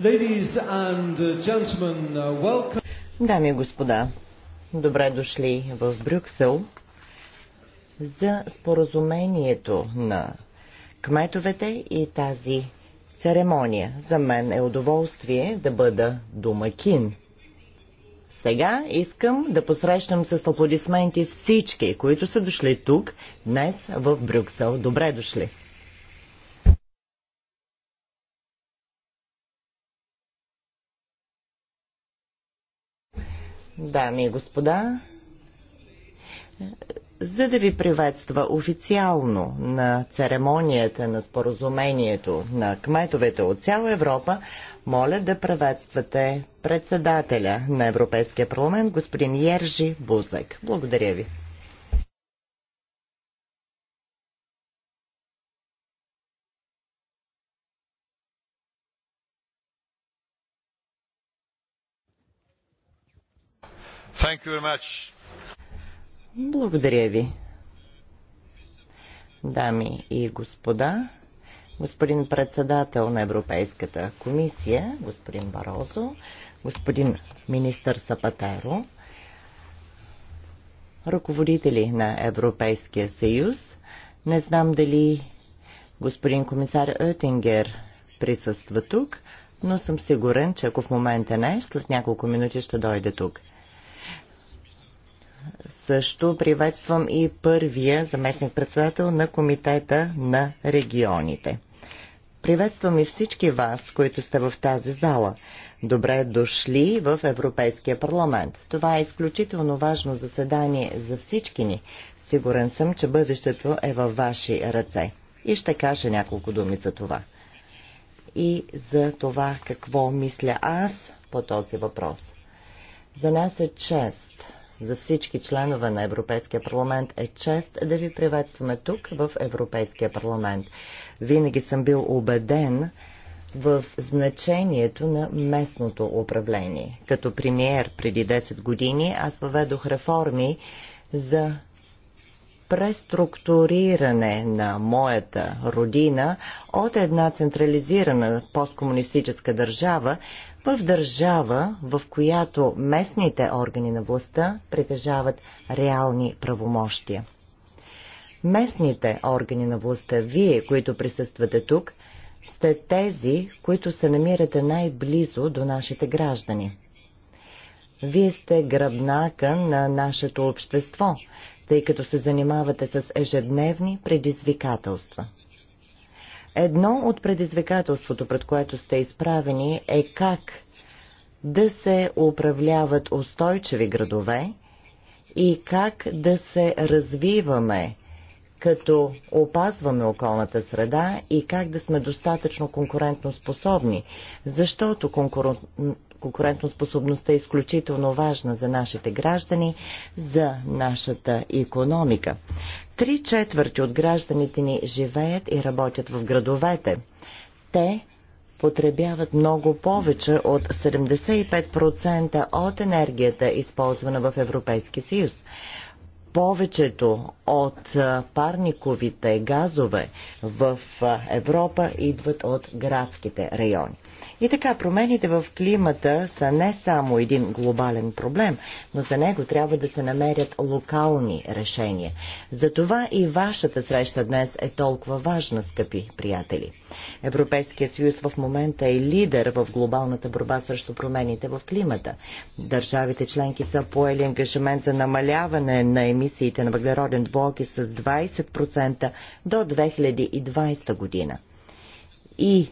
Uh, uh, Дами и господа, добре дошли в Брюксел за споразумението на кметовете и тази церемония. За мен е удоволствие да бъда домакин. Сега искам да посрещам с аплодисменти всички, които са дошли тук днес в Брюксел. Добре дошли! дами и господа, за да ви приветства официално на церемонията на споразумението на кметовете от цяла Европа, моля да приветствате председателя на Европейския парламент, господин Ержи Бузек. Благодаря ви. Thank you very much. Благодаря ви. Дами и господа, господин председател на Европейската комисия, господин Барозо, господин министър Сапатеро, ръководители на Европейския съюз. Не знам дали господин комисар Оетингер присъства тук, но съм сигурен, че ако в момента не, след няколко минути ще дойде тук също приветствам и първия заместник председател на Комитета на регионите. Приветствам и всички вас, които сте в тази зала. Добре дошли в Европейския парламент. Това е изключително важно заседание за всички ни. Сигурен съм, че бъдещето е във ваши ръце. И ще кажа няколко думи за това. И за това какво мисля аз по този въпрос. За нас е чест за всички членове на Европейския парламент е чест да ви приветстваме тук в Европейския парламент. Винаги съм бил убеден в значението на местното управление. Като премиер преди 10 години аз въведох реформи за преструктуриране на моята родина от една централизирана посткомунистическа държава в държава, в която местните органи на властта притежават реални правомощия. Местните органи на властта, вие, които присъствате тук, сте тези, които се намирате най-близо до нашите граждани. Вие сте гръбнака на нашето общество, тъй като се занимавате с ежедневни предизвикателства – Едно от предизвикателството, пред което сте изправени, е как да се управляват устойчиви градове и как да се развиваме като опазваме околната среда и как да сме достатъчно конкурентно способни, защото конкурен конкурентоспособността е изключително важна за нашите граждани, за нашата економика. Три четвърти от гражданите ни живеят и работят в градовете. Те потребяват много повече от 75% от енергията, използвана в Европейския съюз. Повечето от парниковите газове в Европа идват от градските райони. И така, промените в климата са не само един глобален проблем, но за него трябва да се намерят локални решения. Затова и вашата среща днес е толкова важна, скъпи приятели. Европейският съюз в момента е лидер в глобалната борба срещу промените в климата. Държавите членки са поели ангажимент за намаляване на емисиите на въглероден блоки с 20% до 2020 година. И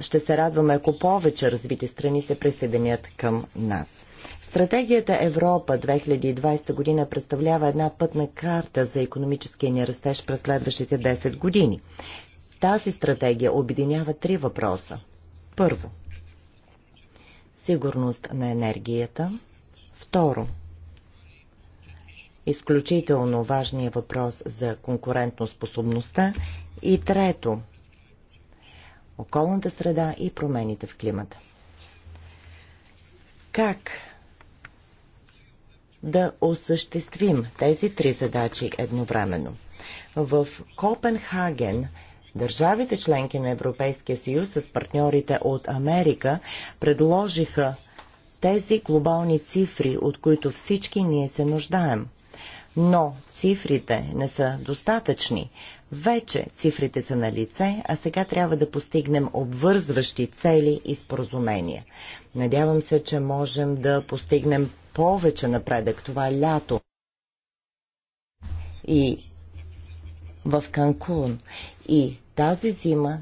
ще се радваме, ако повече развити страни се присъединят към нас. Стратегията Европа 2020 година представлява една пътна карта за економическия ни растеж през следващите 10 години. Тази стратегия обединява три въпроса. Първо – сигурност на енергията. Второ – изключително важния въпрос за конкурентоспособността. И трето – околната среда и промените в климата. Как да осъществим тези три задачи едновременно? В Копенхаген държавите членки на Европейския съюз с партньорите от Америка предложиха тези глобални цифри, от които всички ние се нуждаем – но цифрите не са достатъчни. Вече цифрите са на лице, а сега трябва да постигнем обвързващи цели и споразумения. Надявам се, че можем да постигнем повече напредък това лято. И в Канкун. И тази зима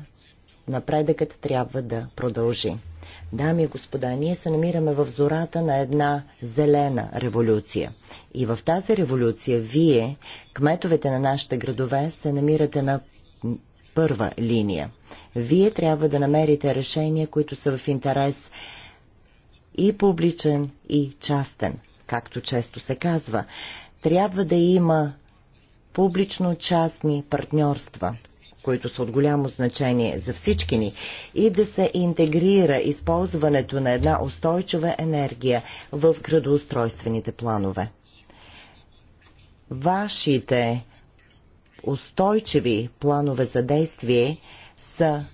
напредъкът трябва да продължи. Дами и господа, ние се намираме в зората на една зелена революция. И в тази революция вие, кметовете на нашите градове, се намирате на първа линия. Вие трябва да намерите решения, които са в интерес и публичен, и частен, както често се казва. Трябва да има публично-частни партньорства, които са от голямо значение за всички ни, и да се интегрира използването на една устойчива енергия в градоустройствените планове. Вашите устойчиви планове за действие са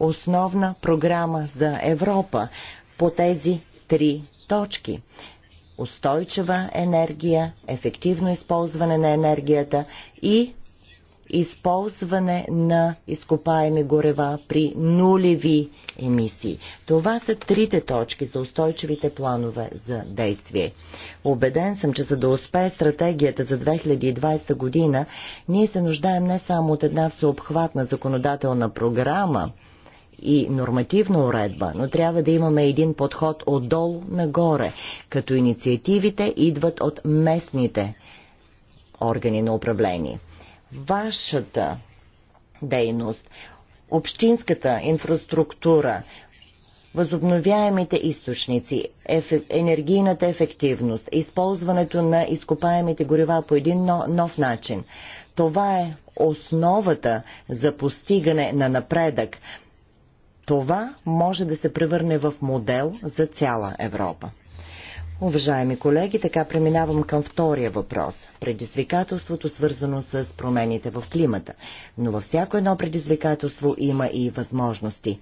основна програма за Европа по тези три точки устойчива енергия, ефективно използване на енергията и използване на изкопаеми горева при нулеви емисии. Това са трите точки за устойчивите планове за действие. Обеден съм, че за да успее стратегията за 2020 година, ние се нуждаем не само от една всеобхватна законодателна програма, и нормативна уредба, но трябва да имаме един подход отдолу нагоре, като инициативите идват от местните органи на управление вашата дейност, общинската инфраструктура, възобновяемите източници, еф, енергийната ефективност, използването на изкопаемите горива по един нов начин. Това е основата за постигане на напредък. Това може да се превърне в модел за цяла Европа. Уважаеми колеги, така преминавам към втория въпрос. Предизвикателството свързано с промените в климата. Но във всяко едно предизвикателство има и възможности.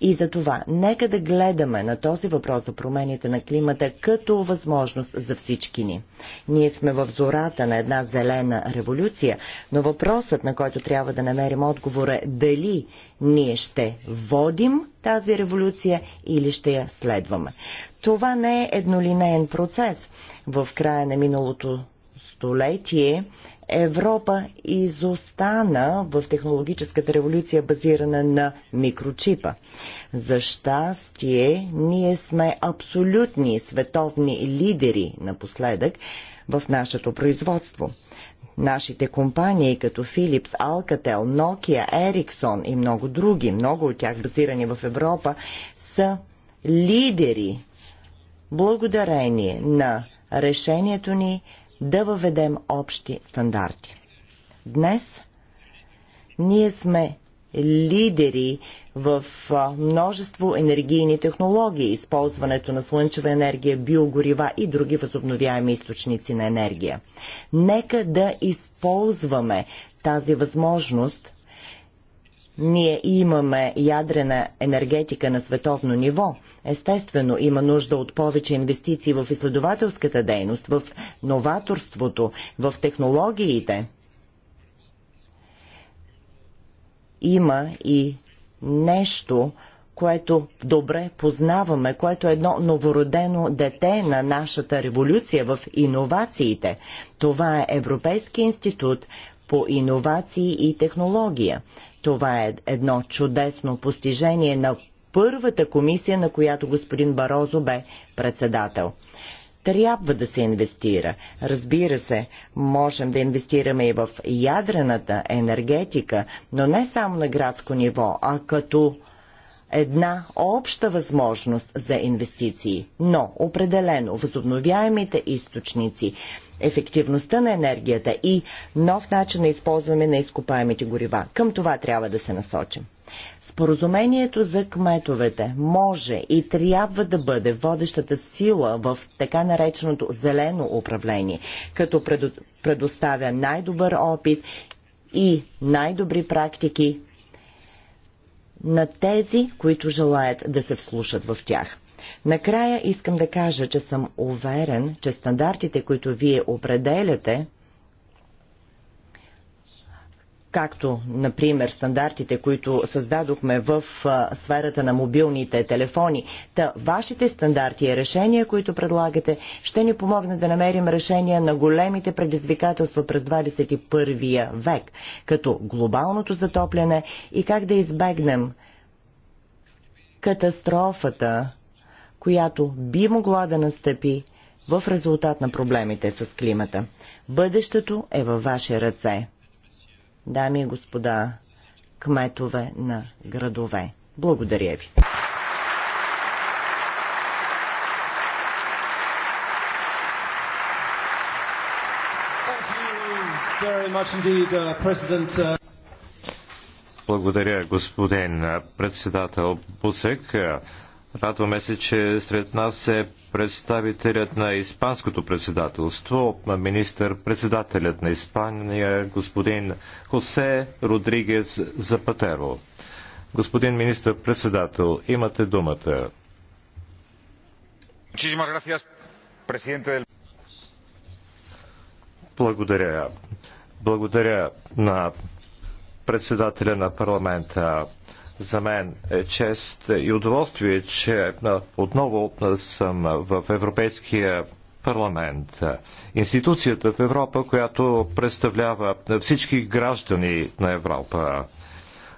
И за това, нека да гледаме на този въпрос за промените на климата като възможност за всички ни. Ние сме в зората на една зелена революция, но въпросът, на който трябва да намерим отговор е дали ние ще водим тази революция или ще я следваме. Това не е еднолинеен процес. В края на миналото столетие Европа изостана в технологическата революция, базирана на микрочипа. За щастие, ние сме абсолютни световни лидери напоследък в нашето производство. Нашите компании като Philips, Alcatel, Nokia, Ericsson и много други, много от тях базирани в Европа, са лидери благодарение на решението ни да въведем общи стандарти. Днес ние сме лидери в множество енергийни технологии, използването на слънчева енергия, биогорива и други възобновяеми източници на енергия. Нека да използваме тази възможност. Ние имаме ядрена енергетика на световно ниво, Естествено, има нужда от повече инвестиции в изследователската дейност, в новаторството, в технологиите. Има и нещо, което добре познаваме, което е едно новородено дете на нашата революция в иновациите. Това е Европейски институт по иновации и технология. Това е едно чудесно постижение на първата комисия, на която господин Барозо бе председател. Трябва да се инвестира. Разбира се, можем да инвестираме и в ядрената енергетика, но не само на градско ниво, а като една обща възможност за инвестиции. Но определено възобновяемите източници, ефективността на енергията и нов начин на използване на изкопаемите горива. Към това трябва да се насочим. Споразумението за кметовете може и трябва да бъде водещата сила в така нареченото зелено управление, като предоставя най-добър опит и най-добри практики на тези, които желаят да се вслушат в тях. Накрая искам да кажа, че съм уверен, че стандартите, които вие определяте, както, например, стандартите, които създадохме в а, сферата на мобилните телефони. Та вашите стандарти и решения, които предлагате, ще ни помогнат да намерим решения на големите предизвикателства през 21 век, като глобалното затопляне и как да избегнем катастрофата, която би могла да настъпи в резултат на проблемите с климата. Бъдещето е във ваши ръце дами и господа кметове на градове. Благодаря ви. Благодаря, господин председател Бусек. Радваме се, че сред нас е представителят на Испанското председателство, министър-председателят на Испания, господин Хосе Родригес Запатеро. Господин министър-председател, имате думата. Благодаря. Благодаря на председателя на парламента. За мен е чест и удоволствие, че отново съм в Европейския парламент. Институцията в Европа, която представлява всички граждани на Европа.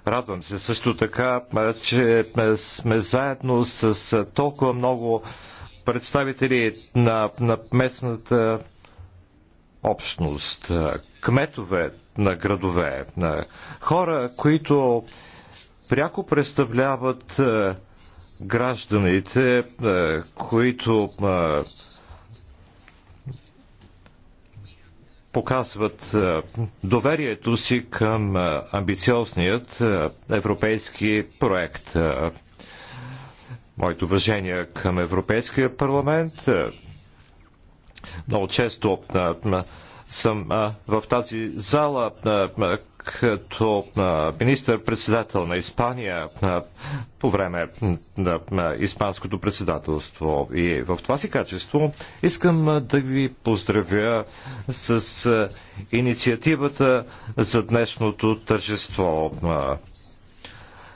Радвам се също така, че сме заедно с толкова много представители на, на местната общност, кметове на градове, на хора, които пряко представляват е, гражданите, е, които е, показват доверието си към амбициозният европейски проект. Моето уважение към Европейския парламент. Много често съм в тази зала като министър-председател на Испания по време на Испанското председателство. И в това си качество искам да ви поздравя с инициативата за днешното тържество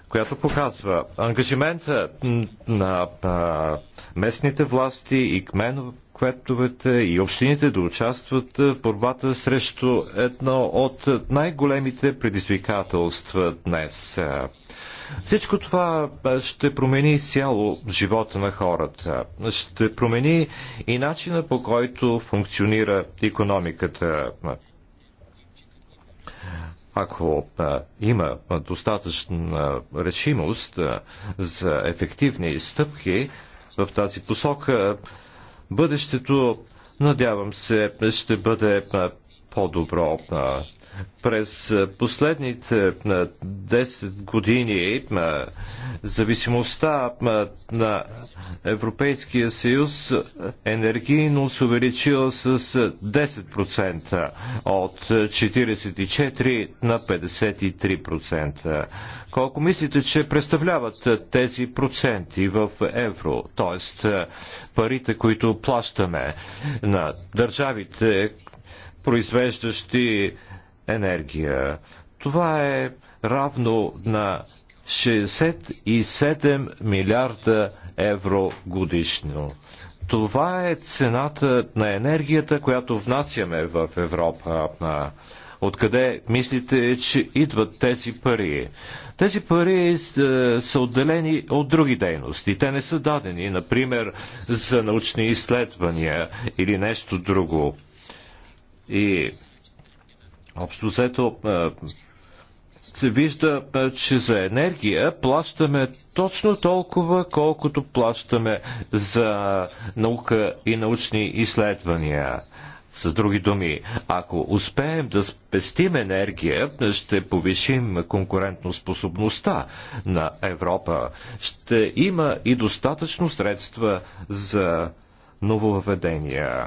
която показва ангажимента на местните власти и кметовете и общините да участват в борбата срещу едно от най-големите предизвикателства днес. Всичко това ще промени изцяло живота на хората. Ще промени и начина по който функционира економиката. Ако има достатъчна решимост за ефективни стъпки в тази посока, бъдещето, надявам се, ще бъде по-добро. През последните 10 години зависимостта на Европейския съюз енергийно се увеличила с 10% от 44 на 53%. Колко мислите, че представляват тези проценти в евро, т.е. парите, които плащаме на държавите, произвеждащи енергия. Това е равно на 67 милиарда евро годишно. Това е цената на енергията, която внасяме в Европа. Откъде мислите, че идват тези пари? Тези пари е, са, отделени от други дейности. Те не са дадени, например, за научни изследвания или нещо друго. И Общо взето е, се вижда, е, че за енергия плащаме точно толкова, колкото плащаме за наука и научни изследвания. С други думи, ако успеем да спестим енергия, ще повишим конкурентноспособността на Европа. Ще има и достатъчно средства за нововведения.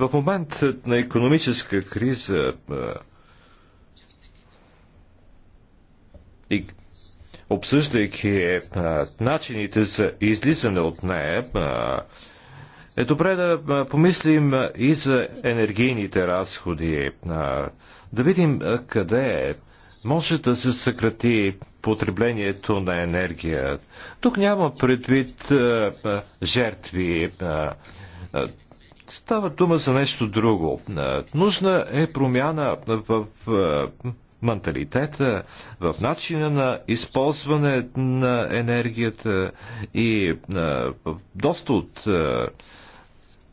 В момент на економическа криза и обсъждайки начините за излизане от нея, е добре да помислим и за енергийните разходи, да видим къде може да се съкрати потреблението на енергия. Тук няма предвид жертви. Става дума за нещо друго. Нужна е промяна в менталитета, в начина на използване на енергията и доста от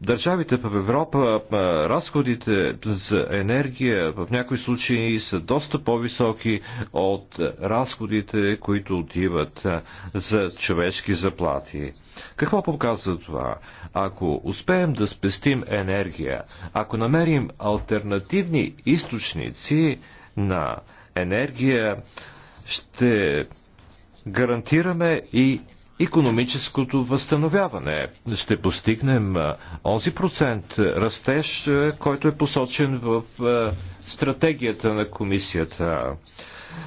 държавите в Европа разходите за енергия в някои случаи са доста по-високи от разходите, които отиват за човешки заплати. Какво показва това? Ако успеем да спестим енергия, ако намерим альтернативни източници на енергия, ще гарантираме и економическото възстановяване. Ще постигнем онзи процент растеж, който е посочен в стратегията на комисията.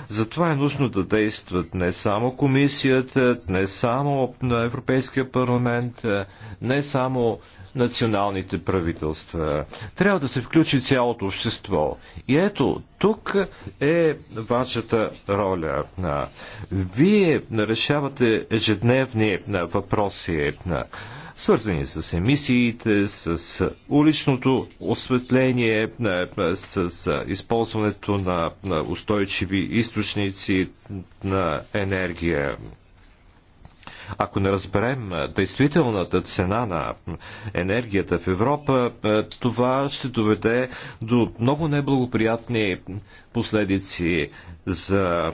Затова е нужно да действат не само комисията, не само на Европейския парламент, не само националните правителства. Трябва да се включи цялото общество. И ето, тук е вашата роля. Вие решавате ежедневни въпроси, свързани с емисиите, с уличното осветление, с използването на устойчиви източници на енергия. Ако не разберем действителната цена на енергията в Европа, това ще доведе до много неблагоприятни последици за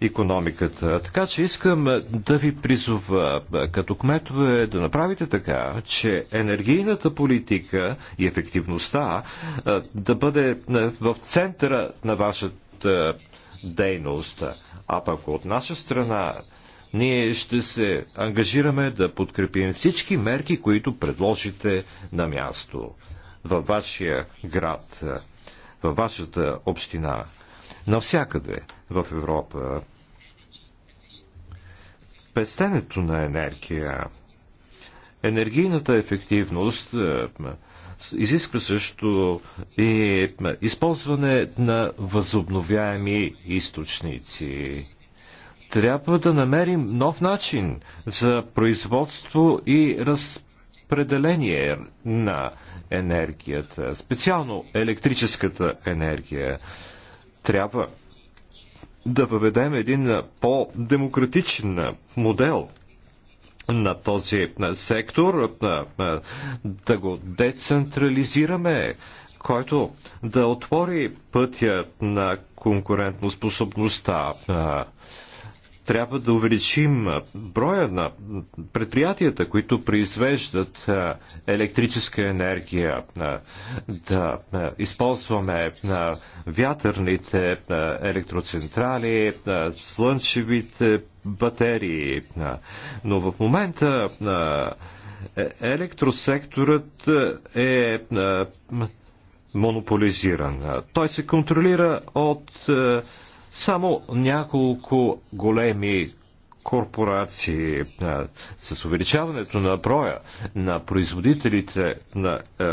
економиката. Така че искам да ви призова като кметове да направите така, че енергийната политика и ефективността да бъде в центъра на вашата дейност. А пък от наша страна ние ще се ангажираме да подкрепим всички мерки, които предложите на място във вашия град, във вашата община, навсякъде в Европа. Пестенето на енергия, енергийната ефективност е, изисква също и е, използване на възобновяеми източници. Трябва да намерим нов начин за производство и разпределение на енергията, специално електрическата енергия. Трябва да въведем един по-демократичен модел на този сектор, да го децентрализираме, който да отвори пътя на конкурентоспособността. Трябва да увеличим броя на предприятията, които произвеждат електрическа енергия, да използваме вятърните електроцентрали, слънчевите батерии. Но в момента е, електросекторът е монополизиран. Той се контролира от само няколко големи корпорации а, е, с увеличаването на броя на производителите на а,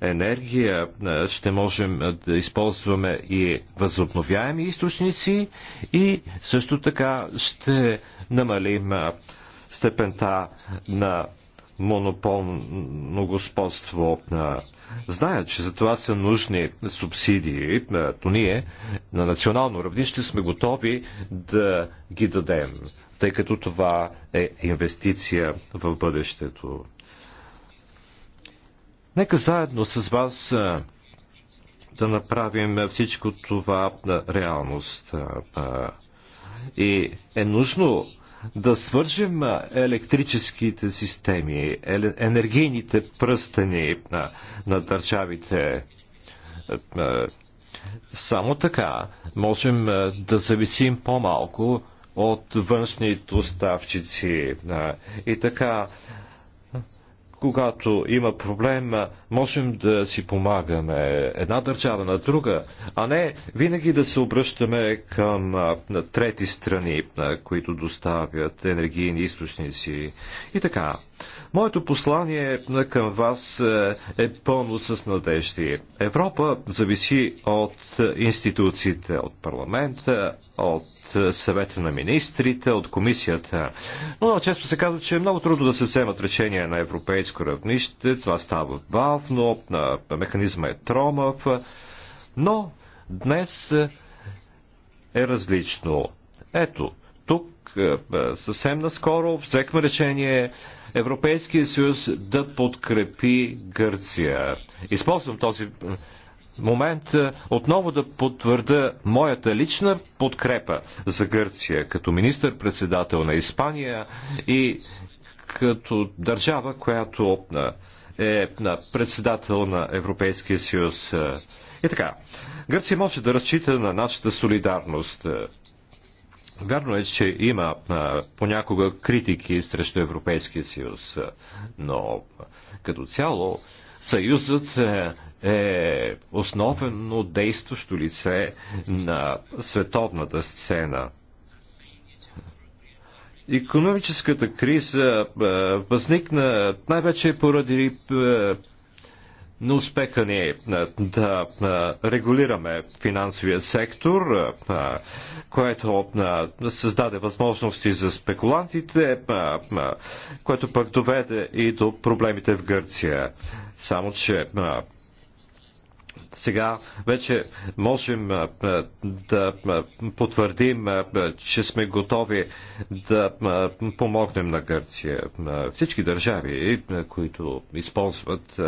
е, енергия а, е, ще можем да използваме и възобновяеми източници и също така ще намалим а, степента на монополно господство. Знаят, че за това са нужни субсидии, то ние на национално равнище сме готови да ги дадем, тъй като това е инвестиция в бъдещето. Нека заедно с вас да направим всичко това на реалност. И е нужно да свържем електрическите системи, енергийните пръстени на, на държавите. Само така можем да зависим по-малко от външни доставчици. И така когато има проблем, можем да си помагаме една държава на друга, а не винаги да се обръщаме към трети страни, които доставят енергийни източници и така. Моето послание към вас е пълно с надежди. Европа зависи от институциите, от парламента, от съвета на министрите, от комисията. Но много често се казва, че е много трудно да се вземат решения на европейско равнище. Това става бавно, механизма е тромав. Но днес е различно. Ето, тук съвсем наскоро взехме решение Европейския съюз да подкрепи Гърция. Използвам този момент е, отново да потвърда моята лична подкрепа за Гърция като министър-председател на Испания и като държава, която е, е председател на Европейския съюз. Е, и така, Гърция може да разчита на нашата солидарност. Вярно е, че има понякога критики срещу Европейския съюз, но като цяло Съюзът е основено действащо лице на световната сцена. Економическата криза е, възникна най-вече поради е, на успеха ни е, да регулираме финансовия сектор, което създаде възможности за спекулантите, което пък доведе и до проблемите в Гърция. Само, че сега вече можем да потвърдим, че сме готови да помогнем на Гърция. Всички държави, които използват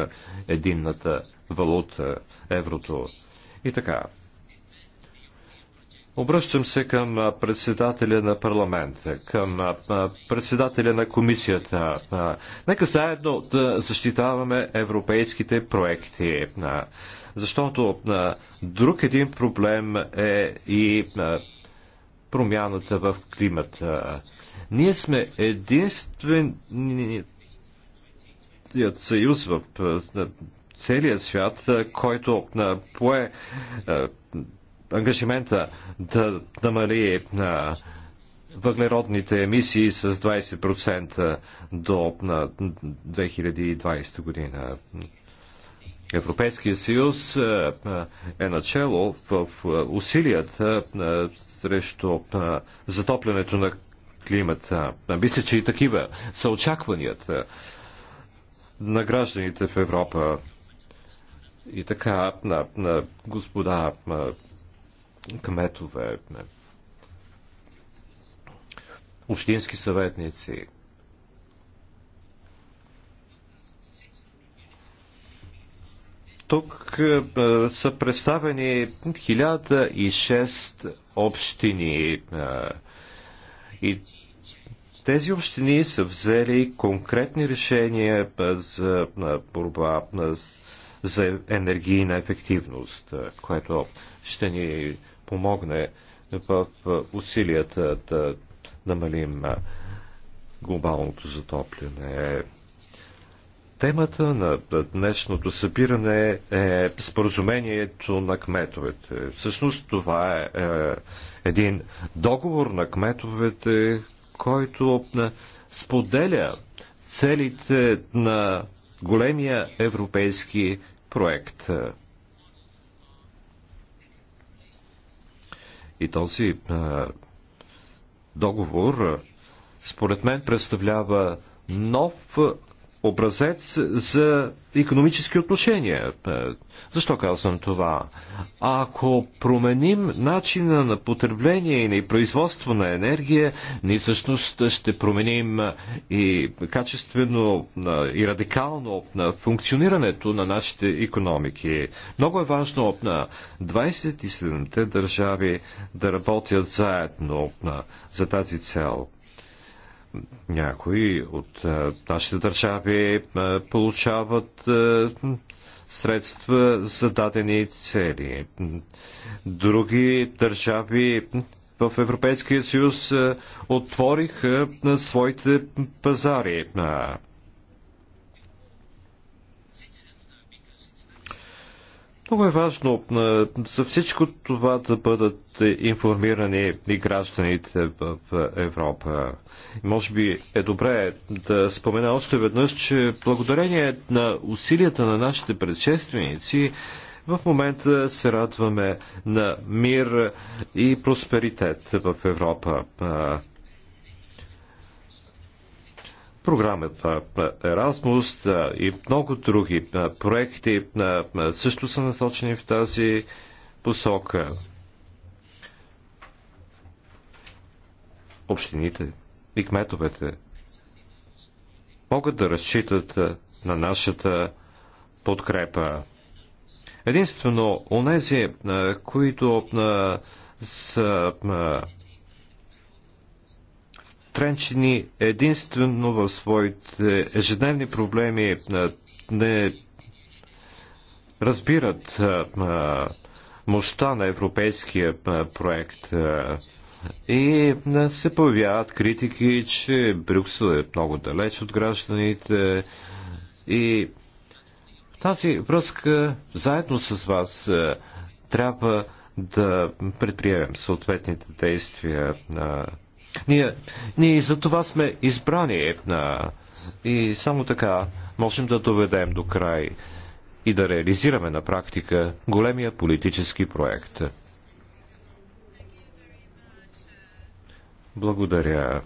единната валута, еврото. И така, Обръщам се към председателя на парламента, към председателя на комисията. Нека заедно да защитаваме европейските проекти, защото друг един проблем е и промяната в климата. Ние сме единственият съюз в целия свят, който пое ангажимента да намали да въглеродните емисии с 20% до на 2020 година. Европейския съюз е начало в усилията срещу затоплянето на климата. Мисля, че и такива са очакванията на гражданите в Европа. И така, на, на господа кметове, общински съветници. Тук е, е, са представени 1006 общини е, и тези общини са взели конкретни решения за борба за енергийна ефективност, което ще ни помогне в усилията да намалим глобалното затопляне. Темата на днешното събиране е споразумението на кметовете. Всъщност това е, е един договор на кметовете, който споделя целите на големия европейски проект. И този договор, според мен, представлява нов образец за економически отношения. Е, защо казвам това? Ако променим начина на потребление и на производство на енергия, ние всъщност ще променим и качествено и радикално на функционирането на нашите економики. Много е важно на 27-те държави да работят заедно за тази цел някои от нашите държави получават средства за дадени цели. Други държави в Европейския съюз отвориха на своите пазари. Много е важно за всичко това да бъдат информирани и гражданите в Европа. Може би е добре да спомена още веднъж, че благодарение на усилията на нашите предшественици, в момента се радваме на мир и просперитет в Европа. Програмата Erasmus и много други проекти също са насочени в тази посока. общините и кметовете могат да разчитат на нашата подкрепа. Единствено, онези, които са втренчени единствено в своите ежедневни проблеми, не разбират мощта на европейския проект. И е, се появяват критики, че Брюксел е много далеч от гражданите и в тази връзка заедно с вас е, трябва да предприемем съответните действия на ние, ние за това сме избрани е, на... и само така можем да доведем до край и да реализираме на практика големия политически проект. Благодаря.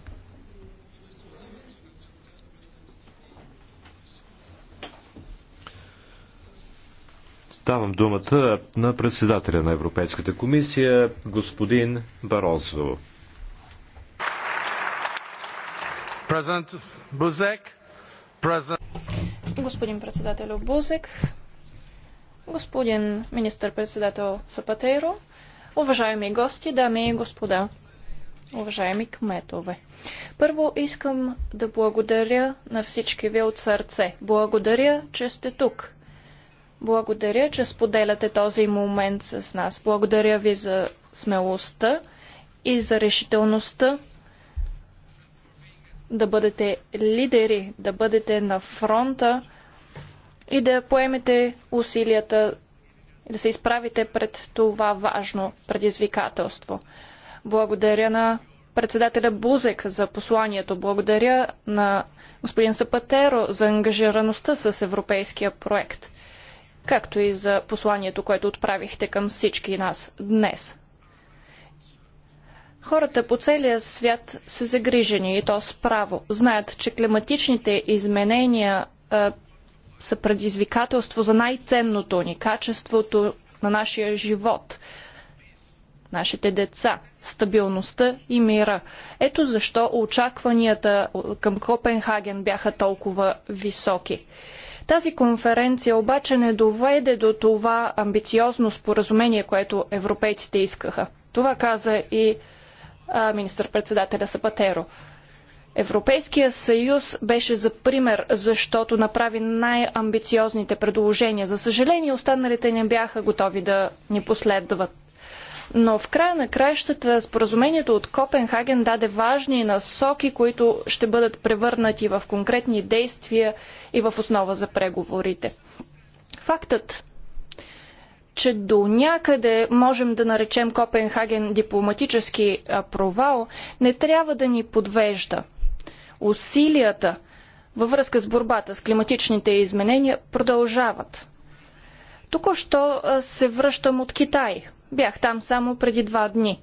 Давам думата на председателя на Европейската комисия, господин Барозо. Президент Бузек, президент... Господин председател Бузек, господин министър-председател Сапатейро, уважаеми гости, дами и господа уважаеми кметове. Първо искам да благодаря на всички ви от сърце. Благодаря, че сте тук. Благодаря, че споделяте този момент с нас. Благодаря ви за смелостта и за решителността да бъдете лидери, да бъдете на фронта и да поемете усилията да се изправите пред това важно предизвикателство. Благодаря на председателя Бузек за посланието. Благодаря на господин Сапатеро за ангажираността с европейския проект, както и за посланието, което отправихте към всички нас днес. Хората по целия свят са загрижени и то справо. Знаят, че климатичните изменения а, са предизвикателство за най-ценното ни качеството на нашия живот – нашите деца, стабилността и мира. Ето защо очакванията към Копенхаген бяха толкова високи. Тази конференция обаче не доведе до това амбициозно споразумение, което европейците искаха. Това каза и министър-председателя Сапатеро. Европейския съюз беше за пример, защото направи най-амбициозните предложения. За съжаление, останалите не бяха готови да ни последват. Но в края на краищата споразумението от Копенхаген даде важни насоки, които ще бъдат превърнати в конкретни действия и в основа за преговорите. Фактът, че до някъде можем да наречем Копенхаген дипломатически провал, не трябва да ни подвежда. Усилията във връзка с борбата с климатичните изменения продължават. Току-що се връщам от Китай. Бях там само преди два дни.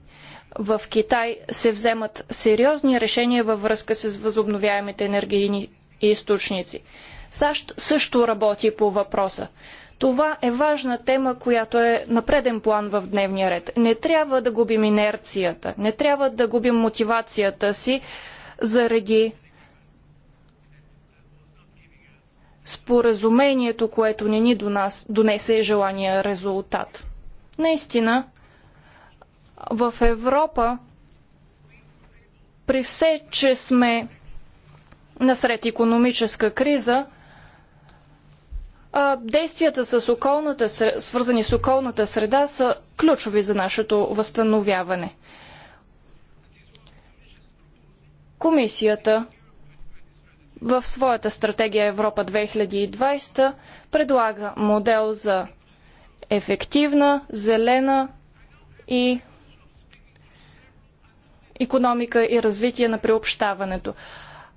В Китай се вземат сериозни решения във връзка с възобновяемите енергийни източници. САЩ също работи по въпроса. Това е важна тема, която е на преден план в дневния ред. Не трябва да губим инерцията, не трябва да губим мотивацията си заради споразумението, което не ни донесе желания резултат. Наистина, в Европа, при все, че сме насред економическа криза, действията с околната, свързани с околната среда са ключови за нашето възстановяване. Комисията в своята стратегия Европа 2020 предлага модел за ефективна, зелена и економика и развитие на приобщаването.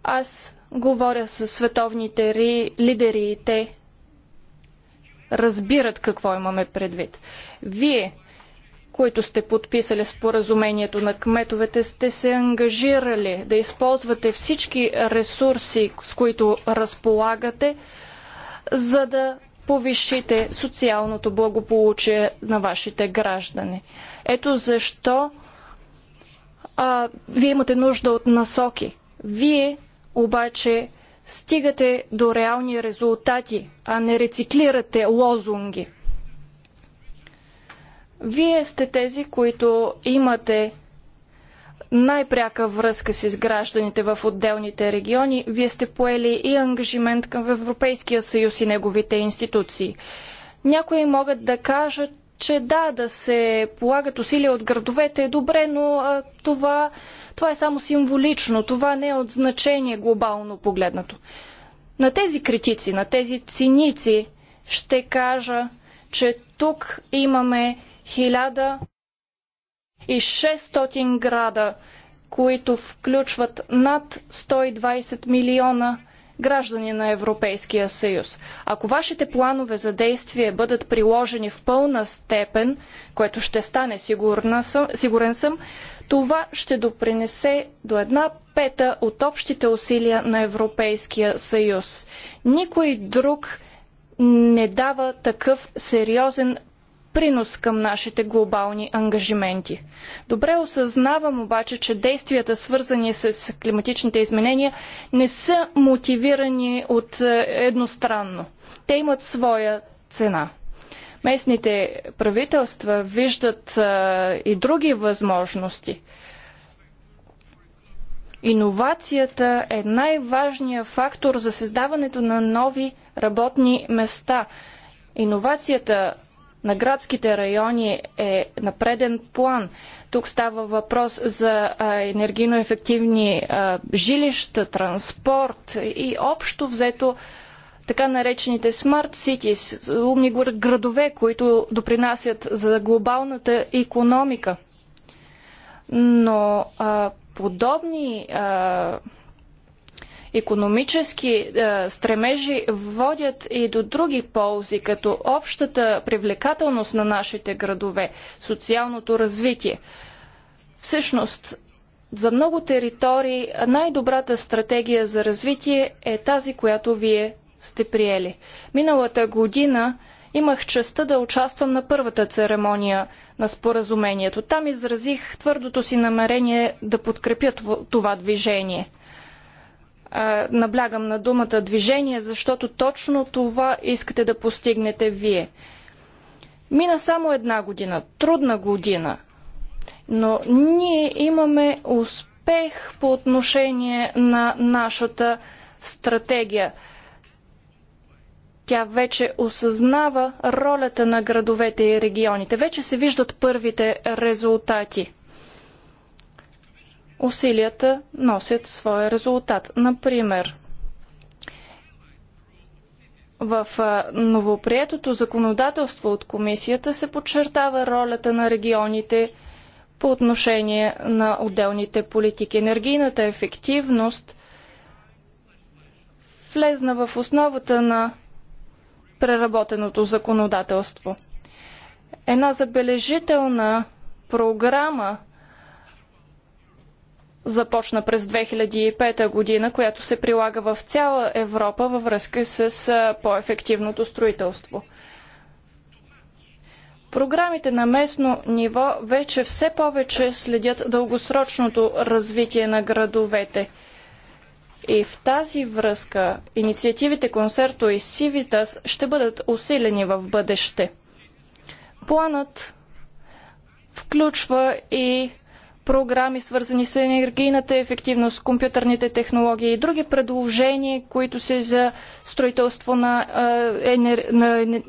Аз говоря с световните лидери и те разбират какво имаме предвид. Вие, които сте подписали споразумението на кметовете, сте се ангажирали да използвате всички ресурси, с които разполагате, за да повишите социалното благополучие на вашите граждани. Ето защо а, вие имате нужда от насоки. Вие обаче стигате до реални резултати, а не рециклирате лозунги. Вие сте тези, които имате най-пряка връзка с гражданите в отделните региони. Вие сте поели и ангажимент към Европейския съюз и неговите институции. Някои могат да кажат, че да, да се полагат усилия от градовете е добре, но а, това, това е само символично, това не е от значение глобално погледнато. На тези критици, на тези циници ще кажа, че тук имаме хиляда и 600 града, които включват над 120 милиона граждани на Европейския съюз. Ако вашите планове за действие бъдат приложени в пълна степен, което ще стане съм, сигурен съм, това ще допринесе до една пета от общите усилия на Европейския съюз. Никой друг не дава такъв сериозен принос към нашите глобални ангажименти. Добре осъзнавам обаче, че действията свързани с климатичните изменения не са мотивирани от е, едностранно. Те имат своя цена. Местните правителства виждат а, е, и други възможности. Иновацията е най-важният фактор за създаването на нови работни места. Иновацията на градските райони е на преден план. Тук става въпрос за енергийно ефективни жилища, транспорт и общо взето така наречените smart cities, умни градове, които допринасят за глобалната економика. Но а, подобни а, економически е, стремежи водят и до други ползи, като общата привлекателност на нашите градове, социалното развитие. Всъщност, за много територии най-добрата стратегия за развитие е тази, която вие сте приели. Миналата година имах честа да участвам на първата церемония на споразумението. Там изразих твърдото си намерение да подкрепя това движение наблягам на думата движение, защото точно това искате да постигнете вие. Мина само една година, трудна година, но ние имаме успех по отношение на нашата стратегия. Тя вече осъзнава ролята на градовете и регионите. Вече се виждат първите резултати усилията носят своя резултат. Например, в новоприетото законодателство от комисията се подчертава ролята на регионите по отношение на отделните политики. Енергийната ефективност влезна в основата на преработеното законодателство. Една забележителна програма започна през 2005 година, която се прилага в цяла Европа във връзка с по-ефективното строителство. Програмите на местно ниво вече все повече следят дългосрочното развитие на градовете. И в тази връзка инициативите Концерто и Сивитас ще бъдат усилени в бъдеще. Планът включва и програми, свързани с енергийната ефективност, компютърните технологии и други предложения, които са за строителство на, енер... на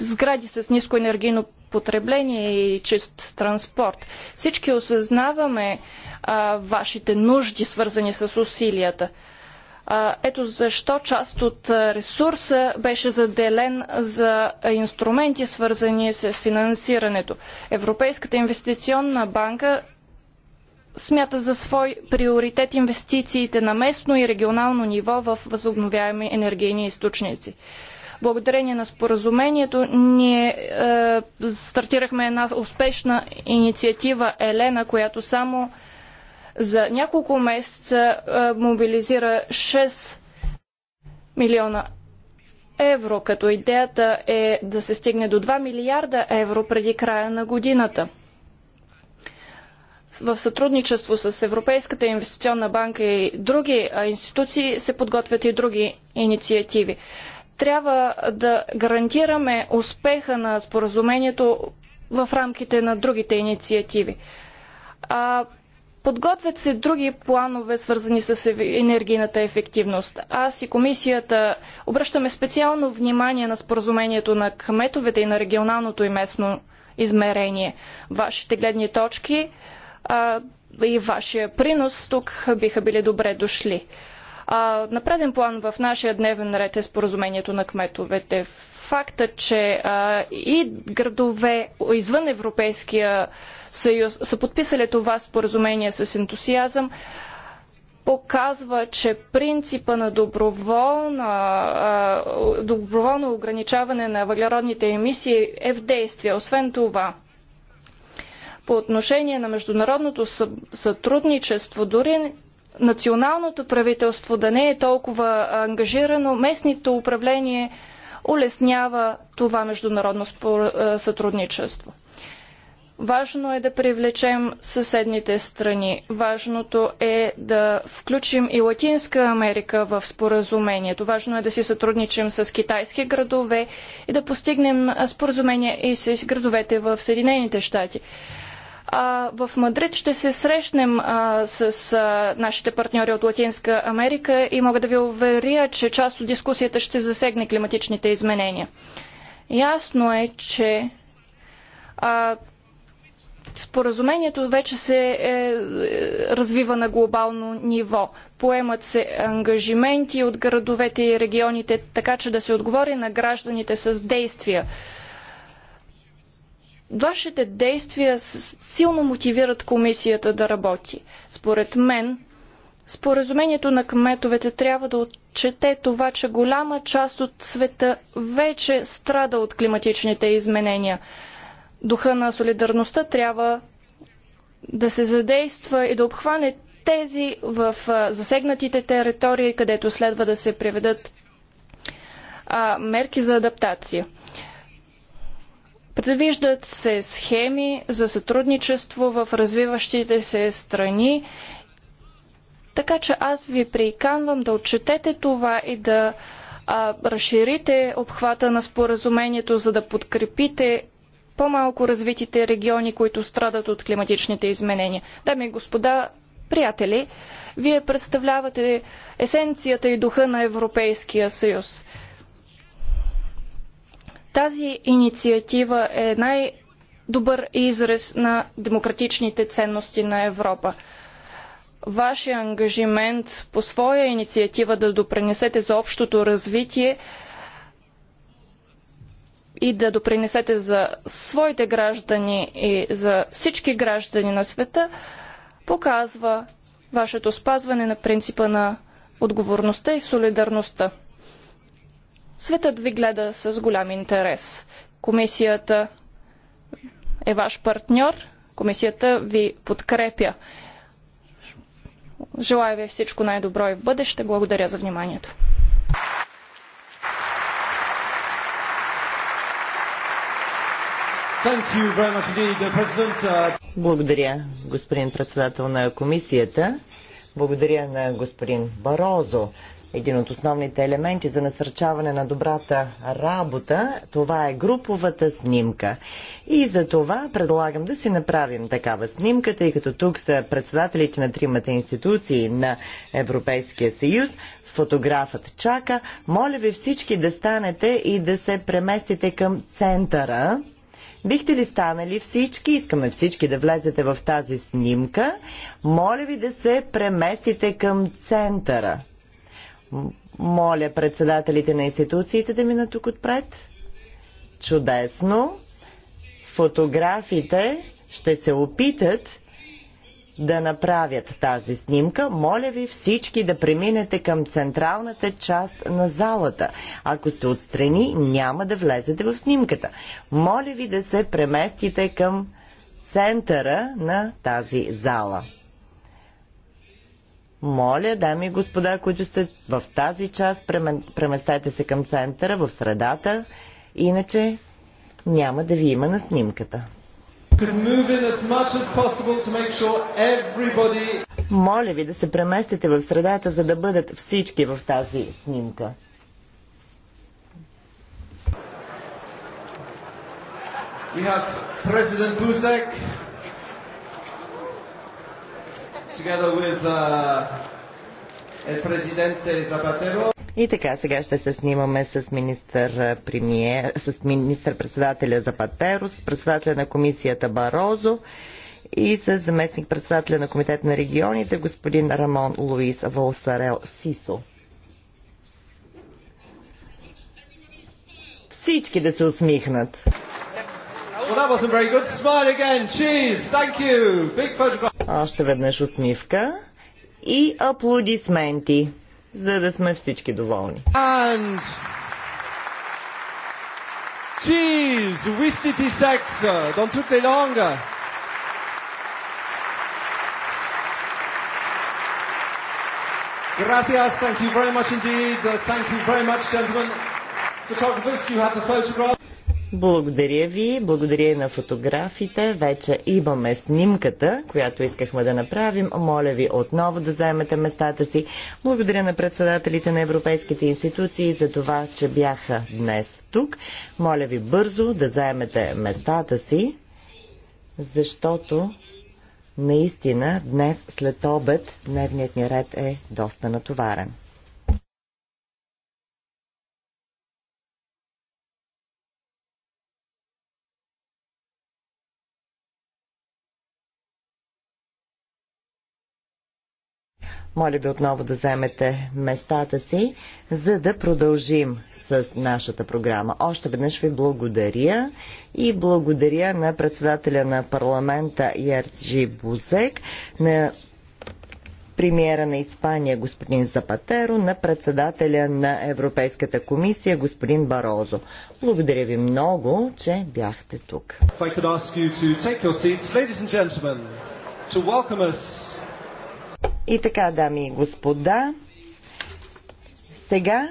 сгради с ниско енергийно потребление и чист транспорт. Всички осъзнаваме а, вашите нужди, свързани с усилията. Ето защо част от ресурса беше заделен за инструменти, свързани с финансирането. Европейската инвестиционна банка смята за свой приоритет инвестициите на местно и регионално ниво в възобновяеми енергийни източници. Благодарение на споразумението ние е, стартирахме една успешна инициатива Елена, която само за няколко месеца мобилизира 6 милиона евро, като идеята е да се стигне до 2 милиарда евро преди края на годината. В сътрудничество с Европейската инвестиционна банка и други институции се подготвят и други инициативи. Трябва да гарантираме успеха на споразумението в рамките на другите инициативи. А, Подготвят се други планове, свързани с енергийната ефективност. Аз и комисията обръщаме специално внимание на споразумението на кметовете и на регионалното и местно измерение. Вашите гледни точки а, и вашия принос тук биха били добре дошли. А, на преден план в нашия дневен ред е споразумението на кметовете. Факта, че а, и градове извън Европейския съюз са подписали това споразумение с ентусиазъм, показва, че принципа на доброволно ограничаване на въглеродните емисии е в действие. Освен това, по отношение на международното сътрудничество, дори националното правителство да не е толкова ангажирано, местното управление улеснява това международно сътрудничество. Важно е да привлечем съседните страни. Важното е да включим и Латинска Америка в споразумението. Важно е да си сътрудничим с китайски градове и да постигнем споразумение и с градовете в Съединените щати. в Мадрид ще се срещнем а, с а, нашите партньори от Латинска Америка и мога да ви уверя, че част от дискусията ще засегне климатичните изменения. Ясно е, че а, Споразумението вече се е, е, развива на глобално ниво. Поемат се ангажименти от градовете и регионите, така че да се отговори на гражданите с действия. Вашите действия силно мотивират комисията да работи. Според мен, споразумението на кметовете трябва да отчете това, че голяма част от света вече страда от климатичните изменения духа на солидарността трябва да се задейства и да обхване тези в засегнатите територии, където следва да се приведат а, мерки за адаптация. Предвиждат се схеми за сътрудничество в развиващите се страни, така че аз ви приканвам да отчетете това и да а, разширите обхвата на споразумението, за да подкрепите по-малко развитите региони, които страдат от климатичните изменения. Дами и господа, приятели, вие представлявате есенцията и духа на Европейския съюз. Тази инициатива е най-добър израз на демократичните ценности на Европа. Вашия ангажимент по своя инициатива да допренесете за общото развитие – и да допринесете за своите граждани и за всички граждани на света, показва вашето спазване на принципа на отговорността и солидарността. Светът ви гледа с голям интерес. Комисията е ваш партньор, комисията ви подкрепя. Желая ви всичко най-добро и в бъдеще. Благодаря за вниманието. Indeed, uh, uh, Благодаря, господин председател на комисията. Благодаря на господин Барозо. Един от основните елементи за насърчаване на добрата работа, това е груповата снимка. И за това предлагам да си направим такава снимка, тъй като тук са председателите на тримата институции на Европейския съюз, фотографът чака. Моля ви всички да станете и да се преместите към центъра Бихте ли станали всички? Искаме всички да влезете в тази снимка. Моля ви да се преместите към центъра. Моля председателите на институциите да минат тук отпред. Чудесно. Фотографите ще се опитат да направят тази снимка, моля ви всички да преминете към централната част на залата. Ако сте отстрани, няма да влезете в снимката. Моля ви да се преместите към центъра на тази зала. Моля, дами и господа, които сте в тази част, преместете се към центъра, в средата, иначе няма да ви има на снимката. Sure everybody... Моля ви да се преместите в средата, за да бъдат всички в тази снимка. We have President Busek together with uh, и така, сега ще се снимаме с министър, премиер, с министър председателя Запатеро, с председателя на комисията Барозо и с заместник председателя на комитет на регионите господин Рамон Луис Волсарел Сисо. Всички да се усмихнат. Well, Още веднъж усмивка и аплодисменти, за да сме всички доволни. And... Cheese, Wistiti Sex, don't took les langues. Gracias, thank you very much indeed. Uh, thank you very much, gentlemen. Photographers, you have the photograph. Благодаря ви, благодаря и на фотографите. Вече имаме снимката, която искахме да направим. Моля ви отново да заемете местата си. Благодаря на председателите на европейските институции за това, че бяха днес тук. Моля ви бързо да заемете местата си, защото наистина днес след обед дневният ни ред е доста натоварен. Моля ви отново да вземете местата си, за да продължим с нашата програма. Още веднъж ви благодаря и благодаря на председателя на парламента Ярджи Бузек, на премиера на Испания господин Запатеро, на председателя на Европейската комисия господин Барозо. Благодаря ви много, че бяхте тук. И така, дами и господа, сега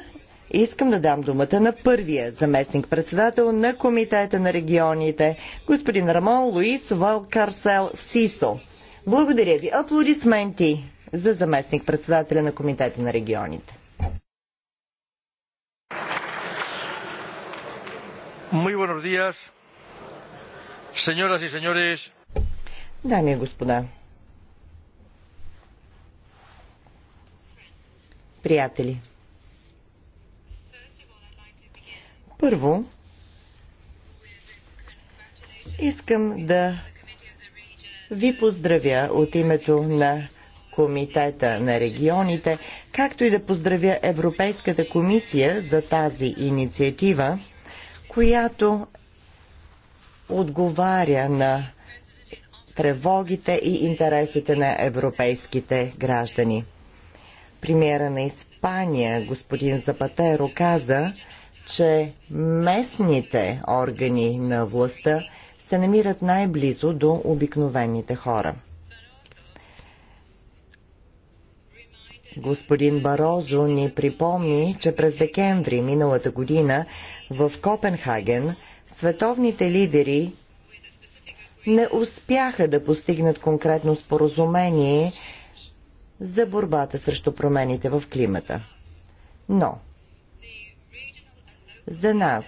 искам да дам думата на първия заместник-председател на Комитета на регионите, господин Рамон Луис Валкарсел Сисо. Благодаря ви. Аплодисменти за заместник-председателя на Комитета на регионите. Muy buenos días, señoras y señores. Дами и господа, приятели. Първо, искам да ви поздравя от името на Комитета на регионите, както и да поздравя Европейската комисия за тази инициатива, която отговаря на тревогите и интересите на европейските граждани премиера на Испания, господин Запатеро, каза, че местните органи на властта се намират най-близо до обикновените хора. Господин Барозо ни припомни, че през декември миналата година в Копенхаген световните лидери не успяха да постигнат конкретно споразумение за борбата срещу промените в климата. Но за нас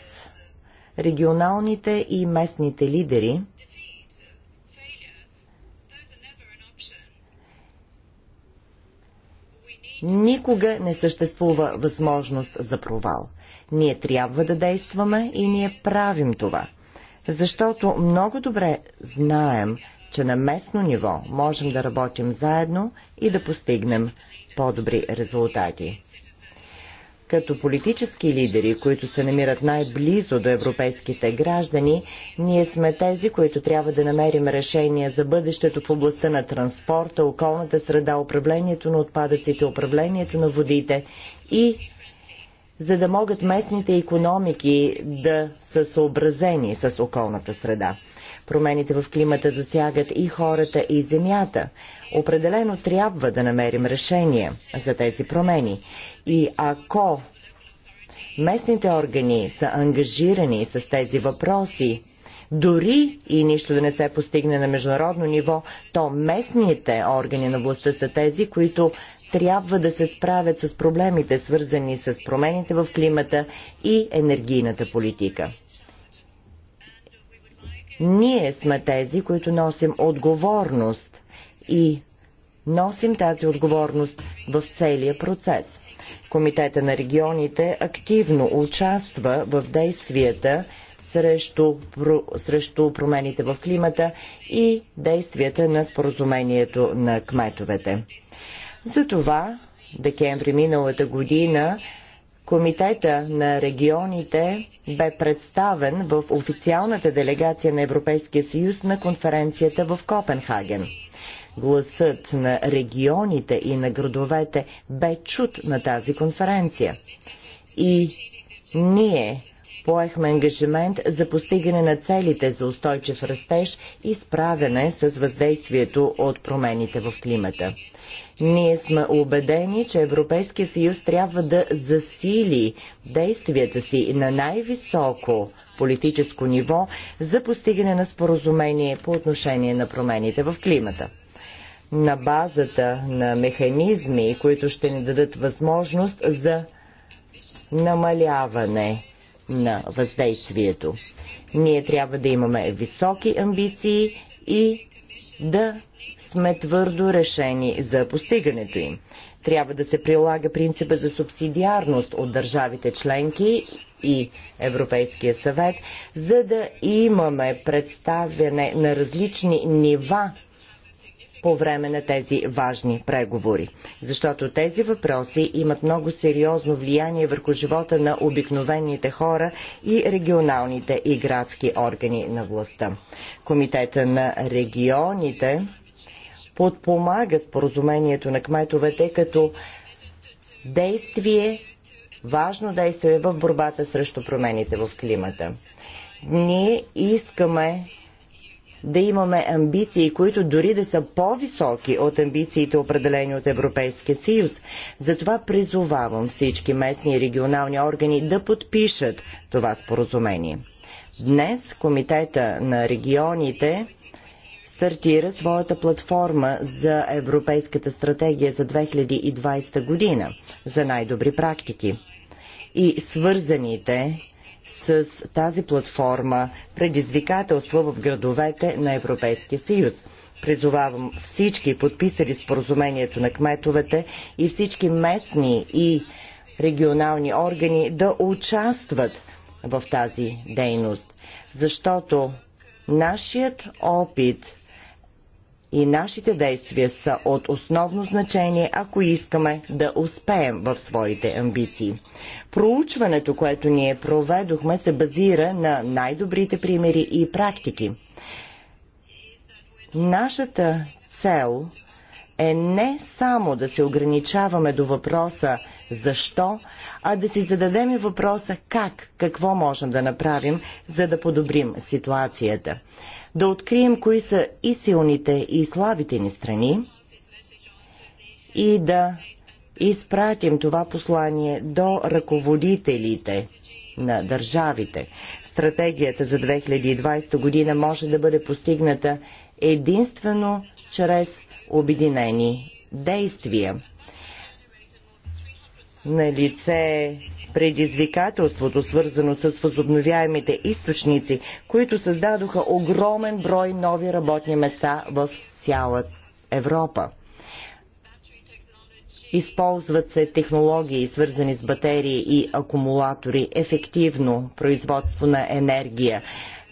регионалните и местните лидери никога не съществува възможност за провал. Ние трябва да действаме и ние правим това. Защото много добре знаем, че на местно ниво можем да работим заедно и да постигнем по-добри резултати. Като политически лидери, които се намират най-близо до европейските граждани, ние сме тези, които трябва да намерим решения за бъдещето в областта на транспорта, околната среда, управлението на отпадъците, управлението на водите и за да могат местните економики да са съобразени с околната среда. Промените в климата засягат и хората, и земята. Определено трябва да намерим решение за тези промени. И ако местните органи са ангажирани с тези въпроси, дори и нищо да не се постигне на международно ниво, то местните органи на властта са тези, които трябва да се справят с проблемите, свързани с промените в климата и енергийната политика. Ние сме тези, които носим отговорност и носим тази отговорност в целия процес. Комитета на регионите активно участва в действията срещу, срещу промените в климата и действията на споразумението на кметовете. Затова декември миналата година Комитета на регионите бе представен в официалната делегация на Европейския съюз на конференцията в Копенхаген. Гласът на регионите и на градовете бе чут на тази конференция. И ние поехме ангажимент за постигане на целите за устойчив растеж и справяне с въздействието от промените в климата. Ние сме убедени, че Европейския съюз трябва да засили действията си на най-високо политическо ниво за постигане на споразумение по отношение на промените в климата. На базата на механизми, които ще ни дадат възможност за намаляване на въздействието. Ние трябва да имаме високи амбиции и да сме твърдо решени за постигането им. Трябва да се прилага принципа за субсидиарност от държавите членки и Европейския съвет, за да имаме представяне на различни нива по време на тези важни преговори. Защото тези въпроси имат много сериозно влияние върху живота на обикновените хора и регионалните и градски органи на властта. Комитета на регионите подпомагат споразумението на кметовете като действие, важно действие в борбата срещу промените в климата. Ние искаме да имаме амбиции, които дори да са по-високи от амбициите определени от Европейския съюз. Затова призовавам всички местни и регионални органи да подпишат това споразумение. Днес Комитета на регионите стартира своята платформа за Европейската стратегия за 2020 година за най-добри практики и свързаните с тази платформа предизвикателства в градовете на Европейския съюз. Призовавам всички подписали споразумението на кметовете и всички местни и регионални органи да участват в тази дейност, защото нашият опит и нашите действия са от основно значение, ако искаме да успеем в своите амбиции. Проучването, което ние проведохме, се базира на най-добрите примери и практики. Нашата цел е не само да се ограничаваме до въпроса защо, а да си зададем и въпроса как, какво можем да направим, за да подобрим ситуацията да открием кои са и силните, и слабите ни страни и да изпратим това послание до ръководителите на държавите. Стратегията за 2020 година може да бъде постигната единствено чрез обединени действия. На лице предизвикателството, свързано с възобновяемите източници, които създадоха огромен брой нови работни места в цяла Европа. Използват се технологии, свързани с батерии и акумулатори, ефективно производство на енергия,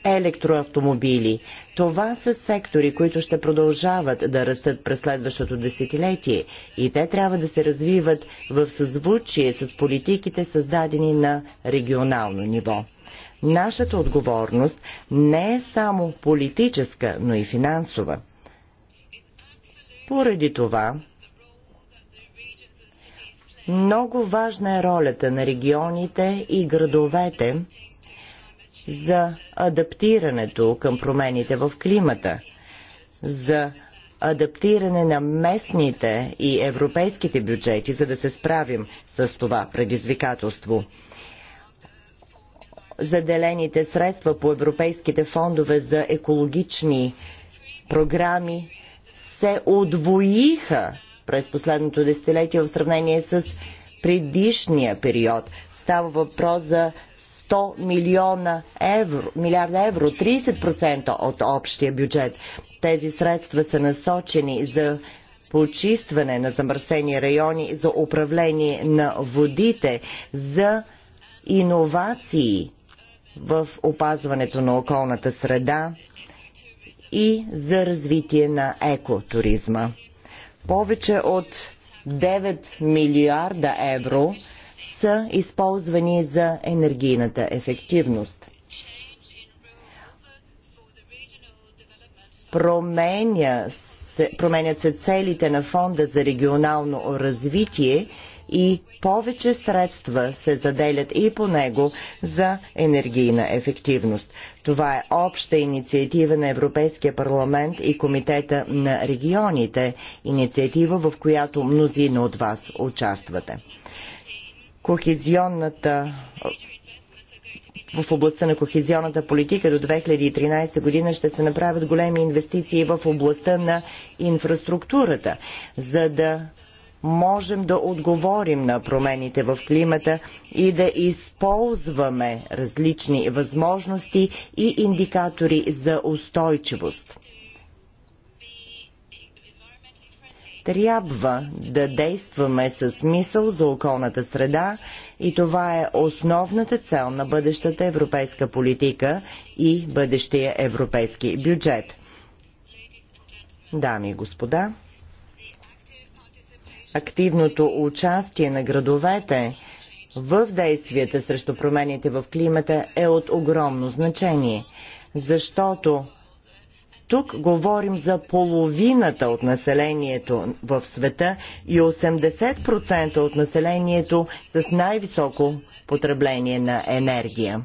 електроавтомобили. Това са сектори, които ще продължават да растат през следващото десетилетие и те трябва да се развиват в съзвучие с политиките, създадени на регионално ниво. Нашата отговорност не е само политическа, но и финансова. Поради това, много важна е ролята на регионите и градовете – за адаптирането към промените в климата, за адаптиране на местните и европейските бюджети, за да се справим с това предизвикателство. Заделените средства по европейските фондове за екологични програми се отвоиха през последното десетилетие в сравнение с предишния период. Става въпрос за 100 милиона евро, милиарда евро, 30% от общия бюджет. Тези средства са насочени за почистване на замърсени райони, за управление на водите, за иновации в опазването на околната среда и за развитие на екотуризма. Повече от 9 милиарда евро са използвани за енергийната ефективност. Променя се, променят се целите на Фонда за регионално развитие и повече средства се заделят и по него за енергийна ефективност. Това е обща инициатива на Европейския парламент и Комитета на регионите, инициатива в която мнозина от вас участвате кохезионната в областта на кохезионната политика до 2013 година ще се направят големи инвестиции в областта на инфраструктурата, за да можем да отговорим на промените в климата и да използваме различни възможности и индикатори за устойчивост. Трябва да действаме с мисъл за околната среда и това е основната цел на бъдещата европейска политика и бъдещия европейски бюджет. Дами и господа, активното участие на градовете в действията срещу промените в климата е от огромно значение, защото тук говорим за половината от населението в света и 80% от населението с най-високо потребление на енергия.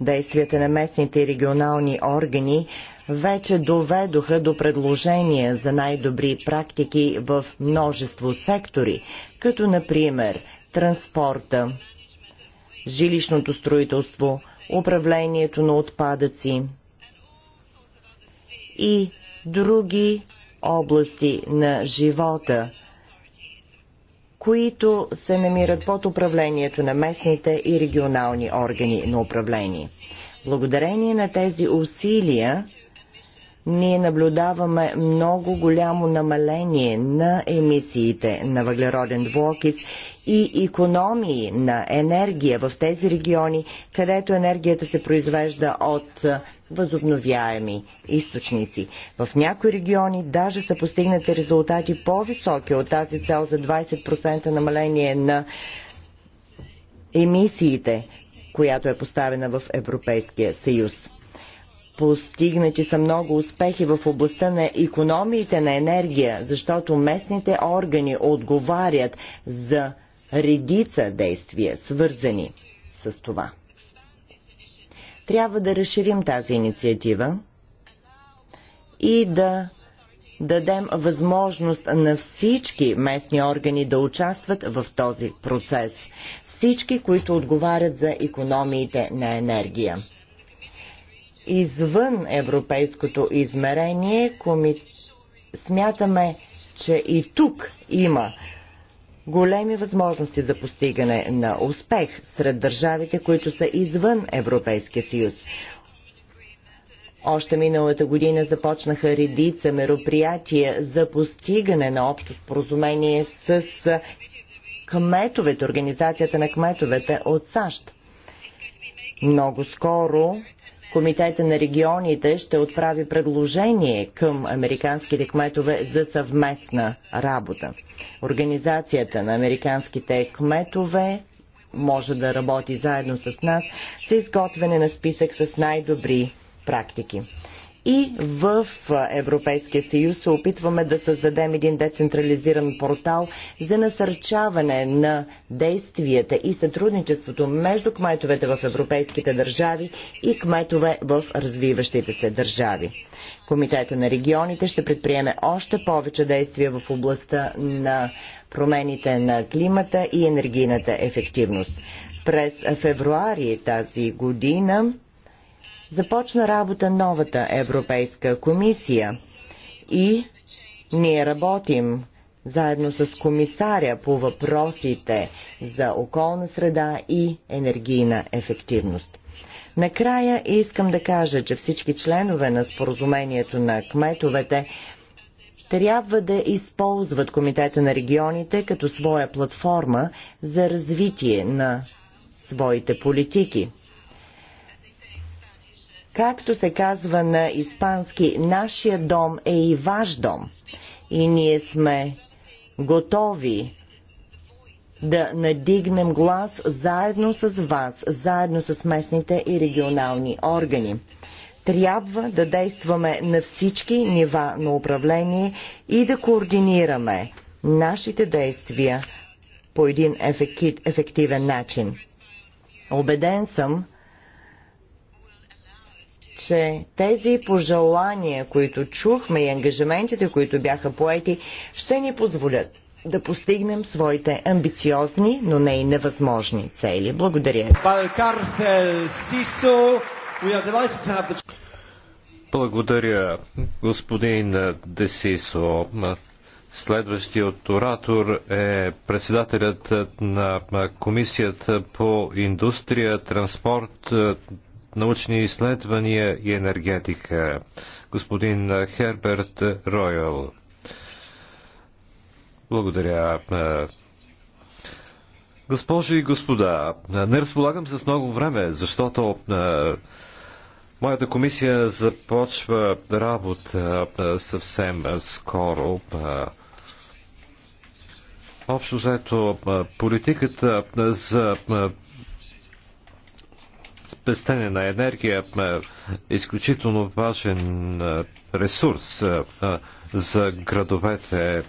Действията на местните и регионални органи вече доведоха до предложения за най-добри практики в множество сектори, като например транспорта, жилищното строителство, управлението на отпадъци и други области на живота, които се намират под управлението на местните и регионални органи на управление. Благодарение на тези усилия, ние наблюдаваме много голямо намаление на емисиите на въглероден двуокис и економии на енергия в тези региони, където енергията се произвежда от възобновяеми източници. В някои региони даже са постигнати резултати по-високи от тази цел за 20% намаление на емисиите, която е поставена в Европейския съюз. Постигнати са много успехи в областта на економиите на енергия, защото местните органи отговарят за редица действия, свързани с това. Трябва да разширим тази инициатива и да дадем възможност на всички местни органи да участват в този процес. Всички, които отговарят за економиите на енергия. Извън европейското измерение, смятаме, че и тук има големи възможности за постигане на успех сред държавите, които са извън Европейския съюз. Още миналата година започнаха редица мероприятия за постигане на общо споразумение с кметовете, организацията на кметовете от САЩ. Много скоро Комитета на регионите ще отправи предложение към американските кметове за съвместна работа. Организацията на американските кметове може да работи заедно с нас за изготвяне на списък с най-добри практики. И в Европейския съюз се опитваме да създадем един децентрализиран портал за насърчаване на действията и сътрудничеството между кметовете в европейските държави и кметове в развиващите се държави. Комитета на регионите ще предприеме още повече действия в областта на промените на климата и енергийната ефективност. През февруари тази година Започна работа новата Европейска комисия и ние работим заедно с комисаря по въпросите за околна среда и енергийна ефективност. Накрая искам да кажа, че всички членове на споразумението на кметовете трябва да използват Комитета на регионите като своя платформа за развитие на своите политики. Както се казва на испански, нашия дом е и ваш дом. И ние сме готови да надигнем глас заедно с вас, заедно с местните и регионални органи. Трябва да действаме на всички нива на управление и да координираме нашите действия по един ефективен начин. Обеден съм, че тези пожелания, които чухме и ангажиментите, които бяха поети, ще ни позволят да постигнем своите амбициозни, но не и невъзможни цели. Благодаря Благодаря, господин Десисо. Следващият оратор е председателят на Комисията по индустрия, транспорт, научни изследвания и енергетика, господин Херберт Ройл. Благодаря. Госпожи и господа, не разполагам с много време, защото моята комисия започва работа съвсем скоро. Общо заето политиката за пестене на енергия е изключително важен е, ресурс е, е, за градовете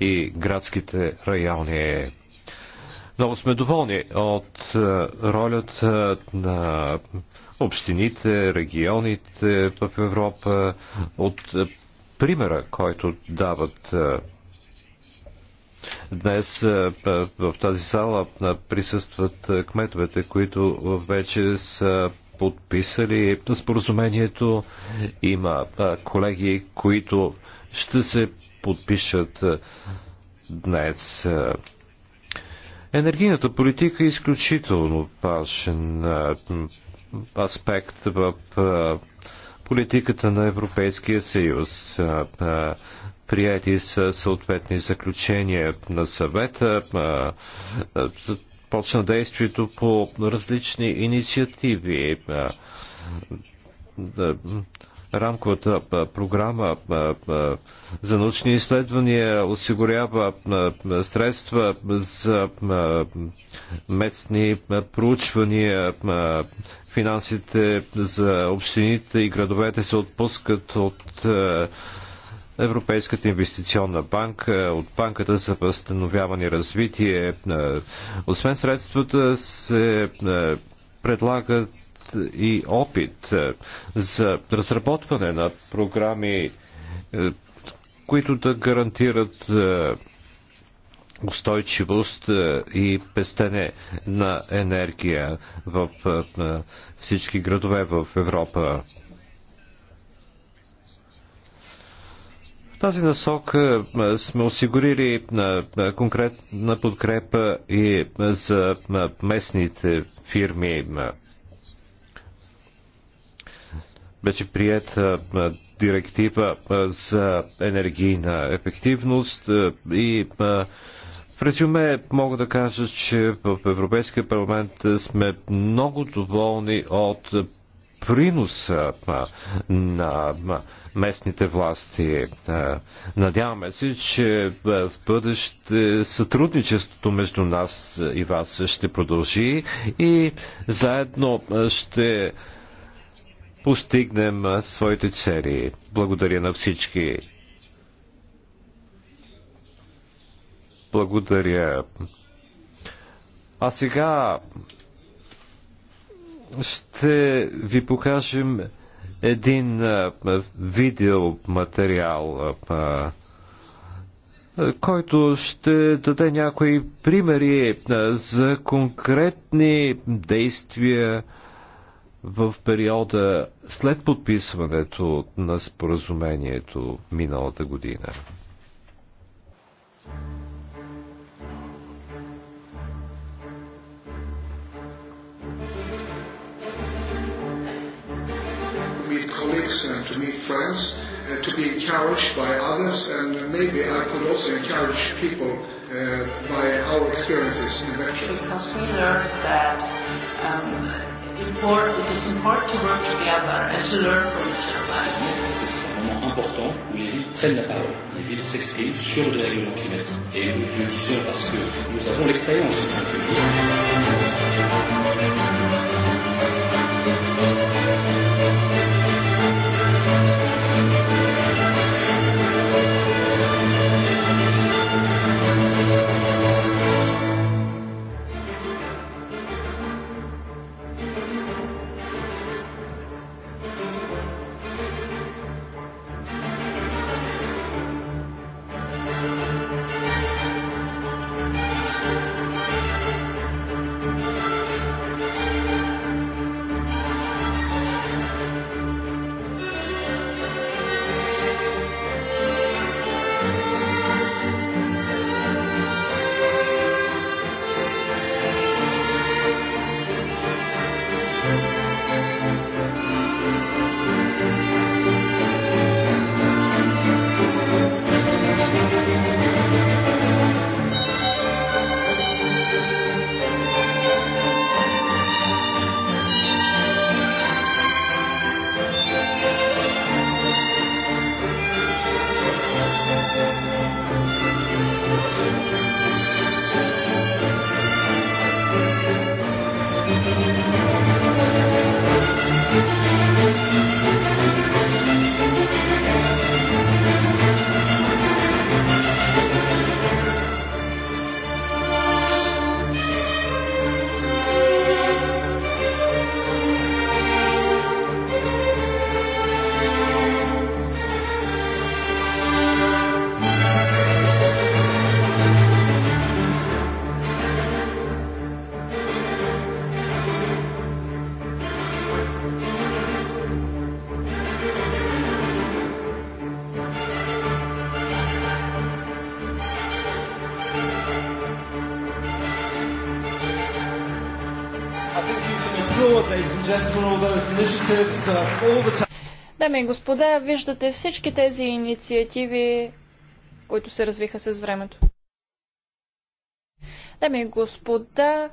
и градските райони. Много сме доволни от ролята на общините, регионите в Европа, от примера, който дават Днес е, в тази сала е, присъстват е, кметовете, които вече са подписали споразумението. Има колеги, които ще се подпишат днес. Енергийната политика е изключително важен аспект в политиката на Европейския съюз. Прияти са съответни заключения на съвета. Почна действието по различни инициативи Рамковата програма за научни изследвания осигурява средства за местни проучвания. Финансите за общините и градовете се отпускат от Европейската инвестиционна банка, от Банката за възстановяване и развитие. Освен средствата се предлагат и опит е, за разработване на програми, е, които да гарантират е, устойчивост и пестене на енергия в всички градове в Европа. В тази насок сме осигурили конкретна подкрепа и за местните фирми. Беше приета директива за енергийна ефективност и в резюме мога да кажа, че в Европейския парламент сме много доволни от приноса на местните власти. Надяваме се, че в бъдеще сътрудничеството между нас и вас ще продължи и заедно ще постигнем своите цели. Благодаря на всички. Благодаря. А сега ще ви покажем един видеоматериал, който ще даде някои примери за конкретни действия, в периода след подписването на споразумението миналата година. Uh, by our experiences in the Because we learned that um, Important, it is important to work together and to learn from each other. Parce que c'est un moment important où les villes prennent la parole, les villes s'expriment sur le dérèglement climatique. Et nous le disons parce que nous avons l'expérience en Uh, Дами и господа, виждате всички тези инициативи, които се развиха с времето. Дами и господа,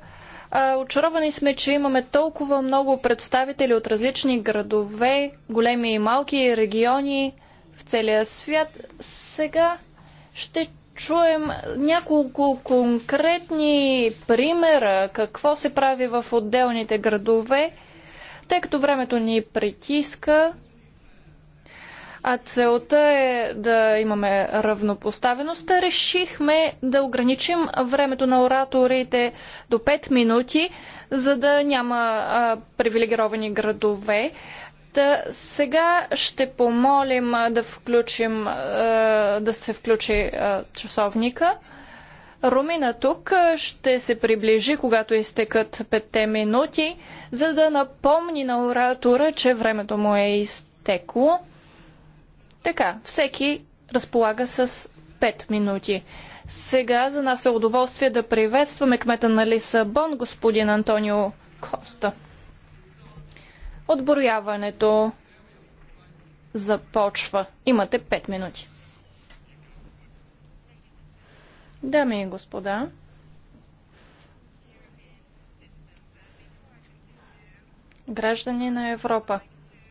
очаровани сме, че имаме толкова много представители от различни градове, големи и малки региони в целия свят. Сега ще чуем няколко конкретни примера какво се прави в отделните градове тъй като времето ни притиска, а целта е да имаме равнопоставеност, решихме да ограничим времето на ораторите до 5 минути, за да няма а, привилегировани градове. Та сега ще помолим да включим, да се включи часовника. Румина тук ще се приближи, когато изтекат петте минути, за да напомни на оратора, че времето му е изтекло. Така, всеки разполага с 5 минути. Сега за нас е удоволствие да приветстваме кмета на Лисабон, господин Антонио Коста. Отброяването започва. Имате 5 минути. Дами и господа, граждани на Европа,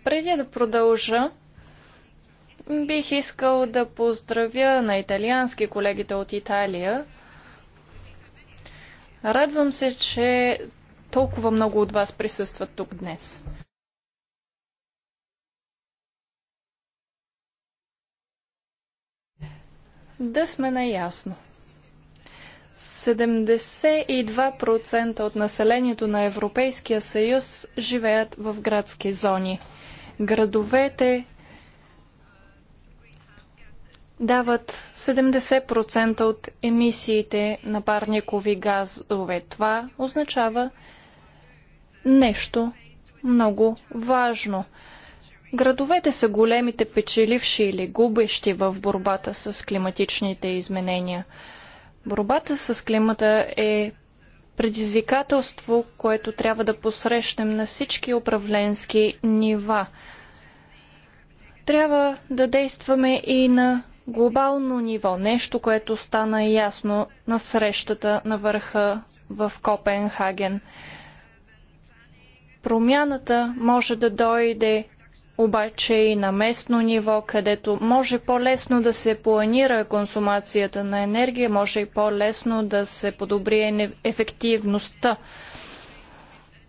преди да продължа, бих искал да поздравя на италиански колегите от Италия. Радвам се, че толкова много от вас присъстват тук днес. Да сме наясно. 72% от населението на Европейския съюз живеят в градски зони. Градовете дават 70% от емисиите на парникови газове. Това означава нещо много важно. Градовете са големите печеливши или губещи в борбата с климатичните изменения – Борбата с климата е предизвикателство, което трябва да посрещнем на всички управленски нива. Трябва да действаме и на глобално ниво, нещо, което стана ясно на срещата на върха в Копенхаген. Промяната може да дойде обаче и на местно ниво, където може по-лесно да се планира консумацията на енергия, може и по-лесно да се подобри ефективността.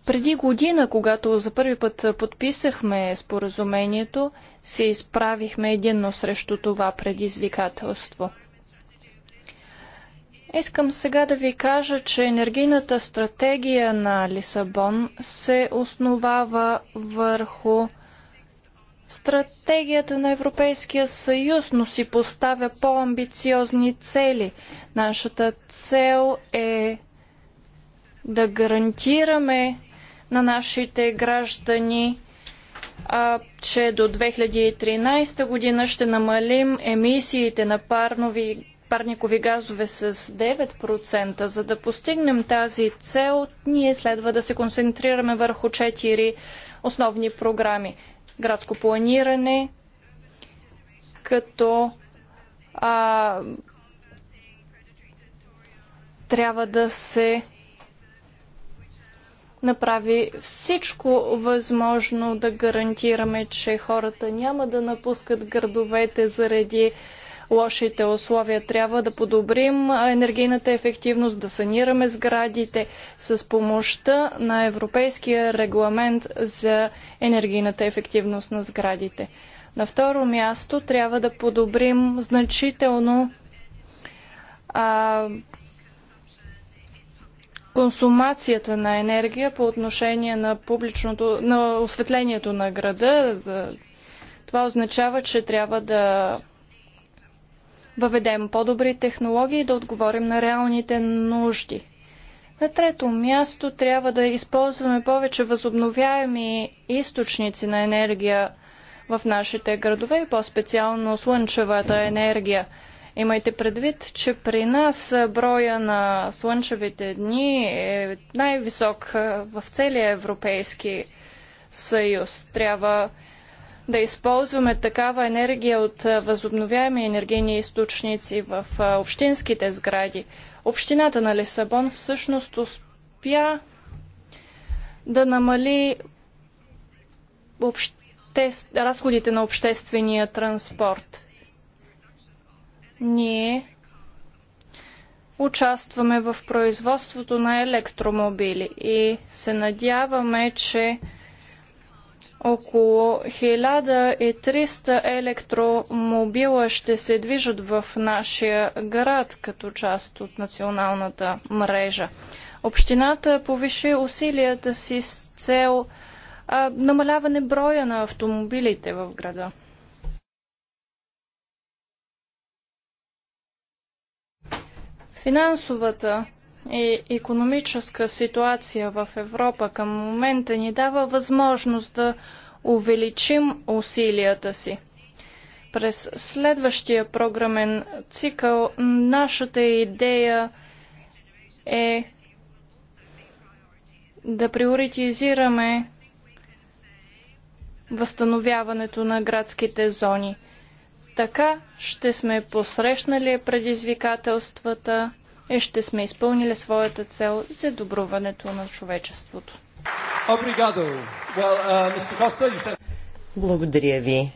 Преди година, когато за първи път подписахме споразумението, се изправихме единно срещу това предизвикателство. Искам сега да ви кажа, че енергийната стратегия на Лисабон се основава върху Стратегията на Европейския съюз, но си поставя по-амбициозни цели. Нашата цел е да гарантираме на нашите граждани, а, че до 2013 година ще намалим емисиите на парнови, парникови газове с 9%. За да постигнем тази цел, ние следва да се концентрираме върху 4 основни програми градско планиране, като а, трябва да се направи всичко възможно да гарантираме, че хората няма да напускат градовете заради лошите условия. Трябва да подобрим енергийната ефективност, да санираме сградите с помощта на Европейския регламент за енергийната ефективност на сградите. На второ място трябва да подобрим значително а, консумацията на енергия по отношение на публичното, на осветлението на града. Това означава, че трябва да въведем по-добри технологии и да отговорим на реалните нужди. На трето място трябва да използваме повече възобновяеми източници на енергия в нашите градове и по-специално слънчевата енергия. Имайте предвид, че при нас броя на слънчевите дни е най-висок в целия Европейски съюз. Трябва да използваме такава енергия от възобновяеми енергийни източници в общинските сгради. Общината на Лисабон всъщност успя да намали обще... разходите на обществения транспорт. Ние участваме в производството на електромобили и се надяваме, че около 1300 електромобила ще се движат в нашия град като част от националната мрежа. Общината повиши усилията си с цел а, намаляване броя на автомобилите в града. Финансовата и економическа ситуация в Европа към момента ни дава възможност да увеличим усилията си. През следващия програмен цикъл нашата идея е да приоритизираме възстановяването на градските зони. Така ще сме посрещнали предизвикателствата и е, ще сме изпълнили своята цел за добруването на човечеството. Uh, Благодаря ви.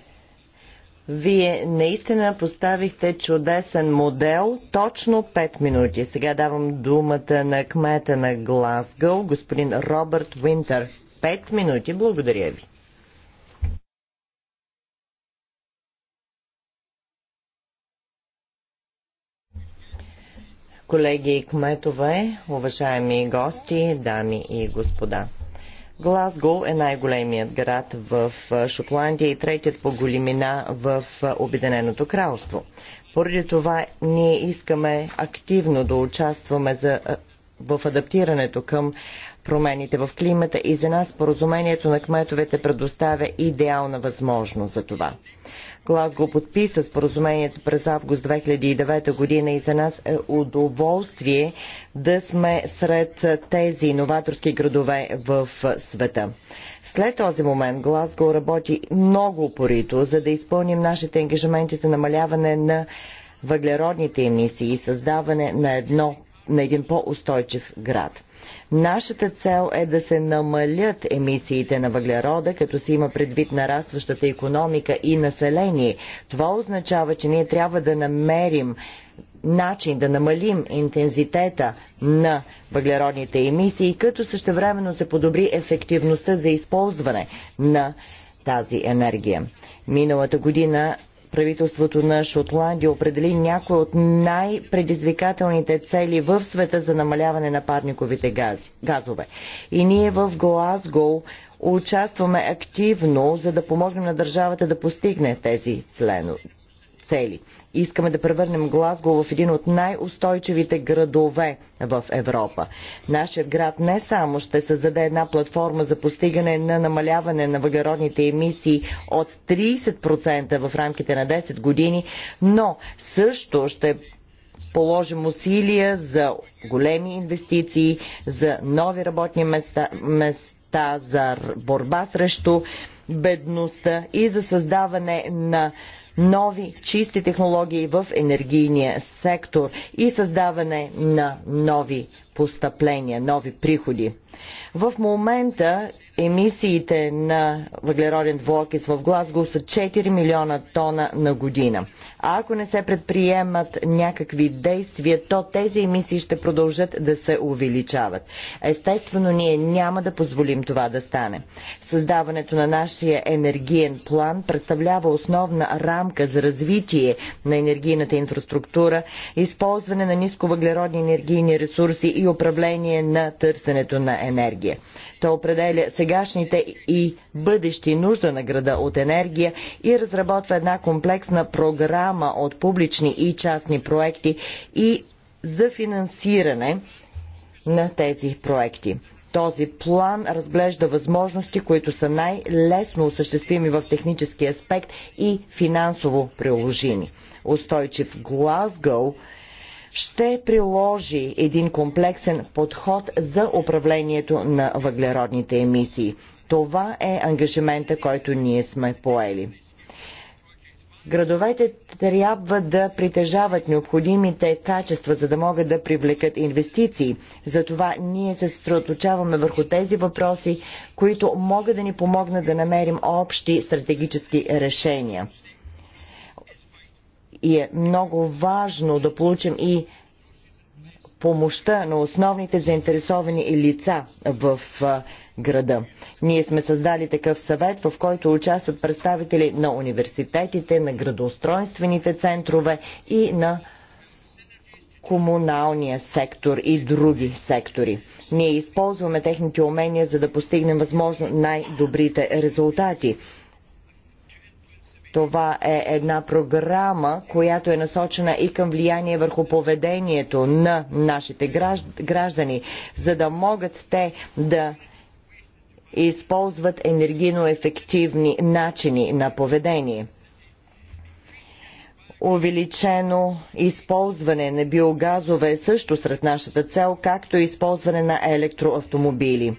Вие наистина поставихте чудесен модел точно 5 минути. Сега давам думата на кмета на Глазгъл, господин Робърт Винтер. 5 минути. Благодаря ви. колеги и кметове, уважаеми гости, дами и господа. Глазго е най-големият град в Шотландия и третият по големина в Обединеното кралство. Поради това ние искаме активно да участваме за, в адаптирането към промените в климата и за нас споразумението на кметовете предоставя идеална възможност за това. Глазго подписа споразумението през август 2009 година и за нас е удоволствие да сме сред тези иноваторски градове в света. След този момент Глазго работи много упорито, за да изпълним нашите ангажименти за намаляване на въглеродните емисии и създаване на едно на един по-устойчив град. Нашата цел е да се намалят емисиите на въглерода, като се има предвид нарастващата економика и население. Това означава, че ние трябва да намерим начин да намалим интензитета на въглеродните емисии, като същевременно се подобри ефективността за използване на тази енергия. Миналата година правителството на Шотландия определи някои от най-предизвикателните цели в света за намаляване на парниковите гази, газове. И ние в Глазгоу участваме активно, за да помогнем на държавата да постигне тези цели искаме да превърнем Глазго в един от най-устойчивите градове в Европа. Нашият град не само ще създаде една платформа за постигане на намаляване на въглеродните емисии от 30% в рамките на 10 години, но също ще положим усилия за големи инвестиции, за нови работни места, места за борба срещу бедността и за създаване на нови чисти технологии в енергийния сектор и създаване на нови постъпления, нови приходи. В момента емисиите на въглероден двуокис в Глазго са 4 милиона тона на година. А ако не се предприемат някакви действия, то тези емисии ще продължат да се увеличават. Естествено, ние няма да позволим това да стане. Създаването на нашия енергиен план представлява основна рамка за развитие на енергийната инфраструктура, използване на нисковъглеродни енергийни ресурси и управление на търсенето на енергия. То определя сега сегашните и бъдещи нужда на града от енергия и разработва една комплексна програма от публични и частни проекти и за финансиране на тези проекти. Този план разглежда възможности, които са най-лесно осъществими в технически аспект и финансово приложими. Устойчив Глазгоу ще приложи един комплексен подход за управлението на въглеродните емисии. Това е ангажимента, който ние сме поели. Градовете трябва да притежават необходимите качества, за да могат да привлекат инвестиции. Затова ние се съсредоточаваме върху тези въпроси, които могат да ни помогнат да намерим общи стратегически решения и е много важно да получим и помощта на основните заинтересовани лица в града. Ние сме създали такъв съвет, в който участват представители на университетите, на градоустройствените центрове и на комуналния сектор и други сектори. Ние използваме техните умения, за да постигнем възможно най-добрите резултати. Това е една програма, която е насочена и към влияние върху поведението на нашите граждани, за да могат те да използват енергийно ефективни начини на поведение. Увеличено използване на биогазове е също сред нашата цел, както и използване на електроавтомобили.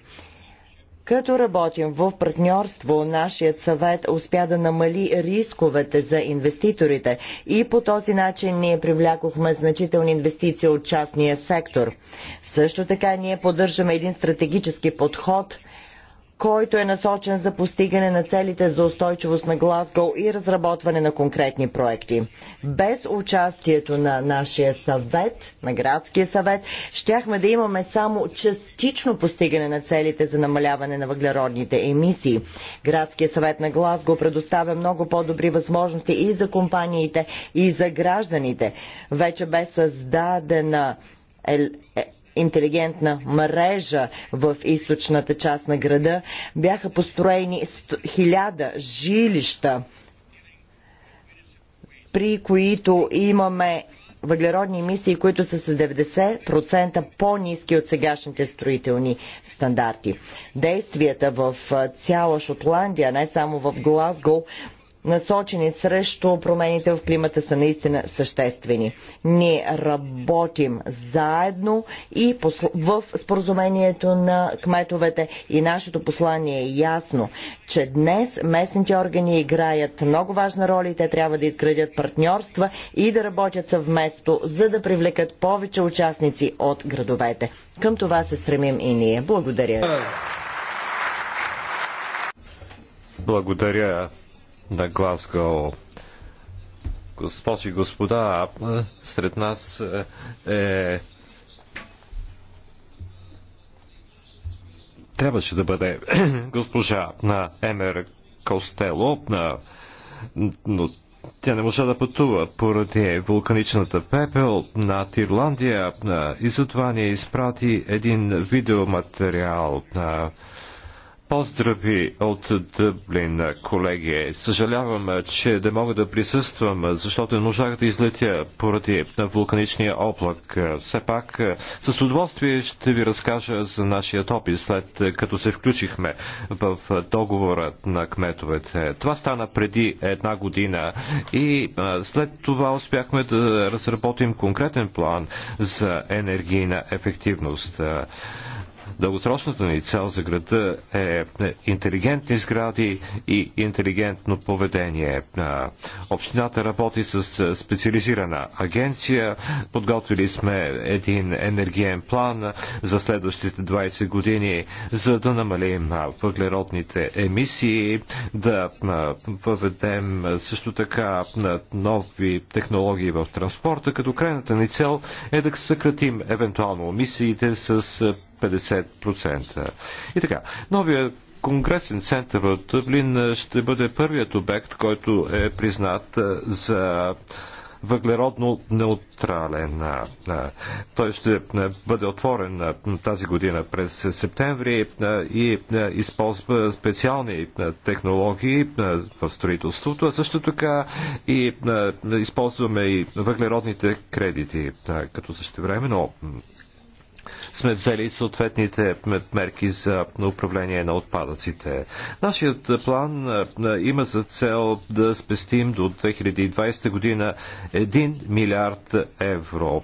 Като работим в партньорство, нашият съвет успя да намали рисковете за инвеститорите и по този начин ние привлякохме значителни инвестиции от частния сектор. Също така ние поддържаме един стратегически подход – който е насочен за постигане на целите за устойчивост на Глазго и разработване на конкретни проекти. Без участието на нашия съвет, на градския съвет, щяхме да имаме само частично постигане на целите за намаляване на въглеродните емисии. Градския съвет на Глазго предоставя много по-добри възможности и за компаниите, и за гражданите. Вече бе създадена е- интелигентна мрежа в източната част на града. Бяха построени хиляда жилища, при които имаме въглеродни емисии, които са с 90% по-низки от сегашните строителни стандарти. Действията в цяла Шотландия, не само в Глазго, насочени срещу промените в климата са наистина съществени. Ние работим заедно и в споразумението на кметовете и нашето послание е ясно, че днес местните органи играят много важна роля и те трябва да изградят партньорства и да работят съвместно, за да привлекат повече участници от градовете. Към това се стремим и ние. Благодаря. Благодаря на Глазго. Госпожи и господа, сред нас е трябваше да бъде госпожа на Емер Костело, но тя не можа да пътува поради вулканичната пепел над Ирландия и затова ни е изпрати един видеоматериал на Поздрави от Дъблин, колеги. Съжалявам, че не мога да присъствам, защото не можах да излетя поради вулканичния облак. Все пак с удоволствие ще ви разкажа за нашия опит, след като се включихме в договора на кметовете. Това стана преди една година и след това успяхме да разработим конкретен план за енергийна ефективност. Дългосрочната ни цел за града е интелигентни сгради и интелигентно поведение. Общината работи с специализирана агенция. Подготвили сме един енергиен план за следващите 20 години, за да намалим въглеродните емисии, да въведем също така нови технологии в транспорта, като крайната ни цел е да съкратим евентуално емисиите с 50%. И така, новия Конгресен център в Дъблин ще бъде първият обект, който е признат за въглеродно неутрален. Той ще бъде отворен тази година през септември и използва специални технологии в строителството, а също така и използваме и въглеродните кредити, като същевременно сме взели съответните мерки за управление на отпадъците. Нашият план е, е, има за цел да спестим до 2020 година 1 милиард евро.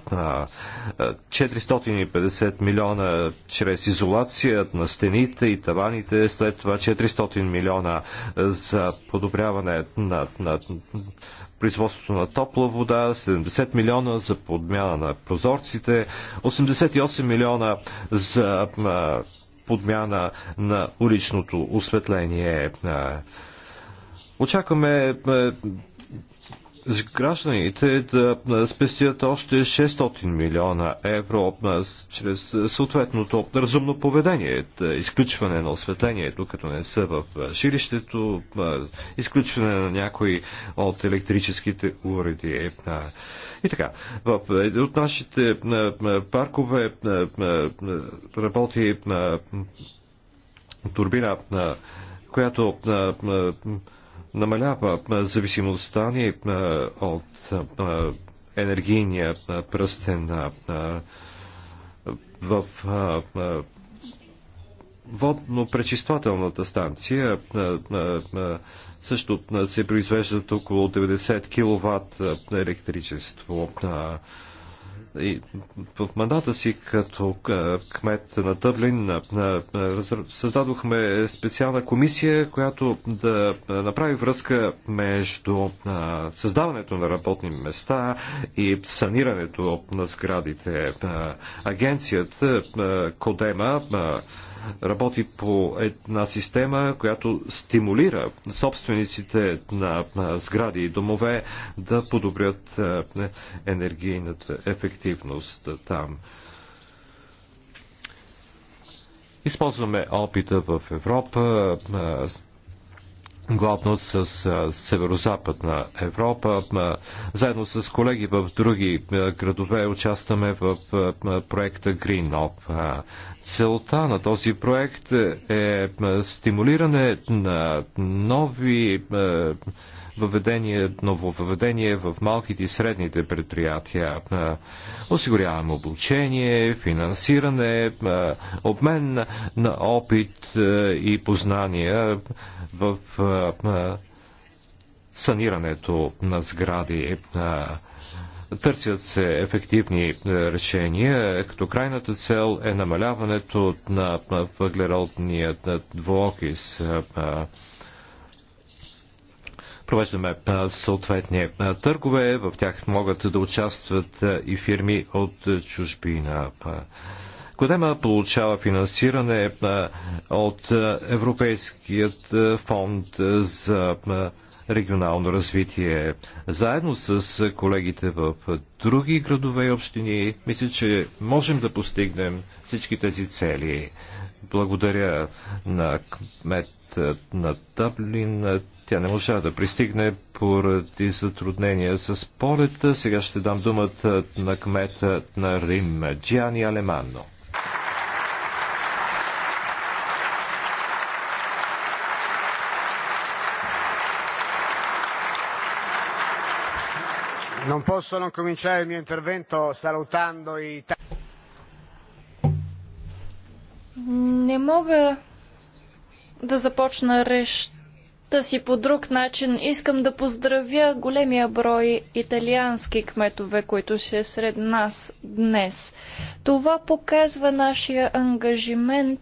450 милиона чрез изолация на стените и таваните, след това 400 милиона за подобряване на, на производството на топла вода, 70 милиона за подмяна на прозорците, 88 милиона за подмяна на уличното осветление. Очакваме гражданите да спестят още 600 милиона евро чрез съответното разумно поведение, изключване на осветлението, като не са в жилището, изключване на някои от електрическите уреди. И така, в един от нашите паркове работи турбина, която намалява зависимостта ни от енергийния пръстен в водно-пречиствателната станция също се произвеждат около 90 кВт електричество. И в мандата си като кмет на Дъблин създадохме специална комисия, която да направи връзка между създаването на работни места и санирането на сградите. Агенцията Кодема работи по една система, която стимулира собствениците на сгради и домове да подобрят е, енергийната ефективност там. Използваме опита в Европа, е, главно с Северо-Западна Европа. Заедно с колеги в други градове участваме в проекта Green Up. Целта на този проект е стимулиране на нови въведение, нововъведение в малките и средните предприятия. Осигуряваме обучение, финансиране, обмен на опит и познания в санирането на сгради. Търсят се ефективни решения, като крайната цел е намаляването на въглеродния двуокис. Провеждаме съответни търгове, в тях могат да участват и фирми от чужбина. Кодема получава финансиране от Европейският фонд за регионално развитие. Заедно с колегите в други градове и общини, мисля, че можем да постигнем всички тези цели. Благодаря на кмет на Таблин, тя не можа да пристигне поради затруднения с полета. Сега ще дам думата на кмета на Рим, Джиани Алеманно. Non posso non cominciare il mio intervento salutando i... Не мога да започна речта си по друг начин. Искам да поздравя големия брой италиански кметове, които са е сред нас днес. Това показва нашия ангажимент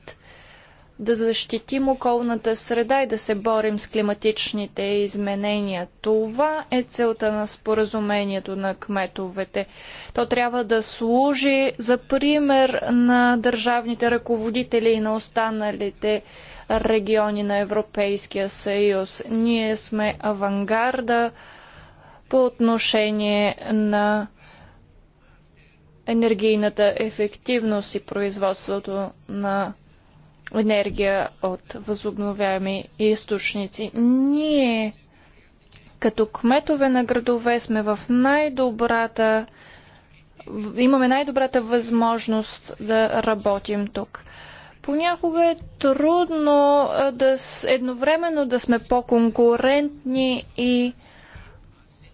да защитим околната среда и да се борим с климатичните изменения. Това е целта на споразумението на кметовете. То трябва да служи за пример на държавните ръководители и на останалите региони на Европейския съюз. Ние сме авангарда по отношение на енергийната ефективност и производството на енергия от възобновяеми източници. Ние като кметове на градове сме в най-добрата имаме най-добрата възможност да работим тук. Понякога е трудно да едновременно да сме по-конкурентни и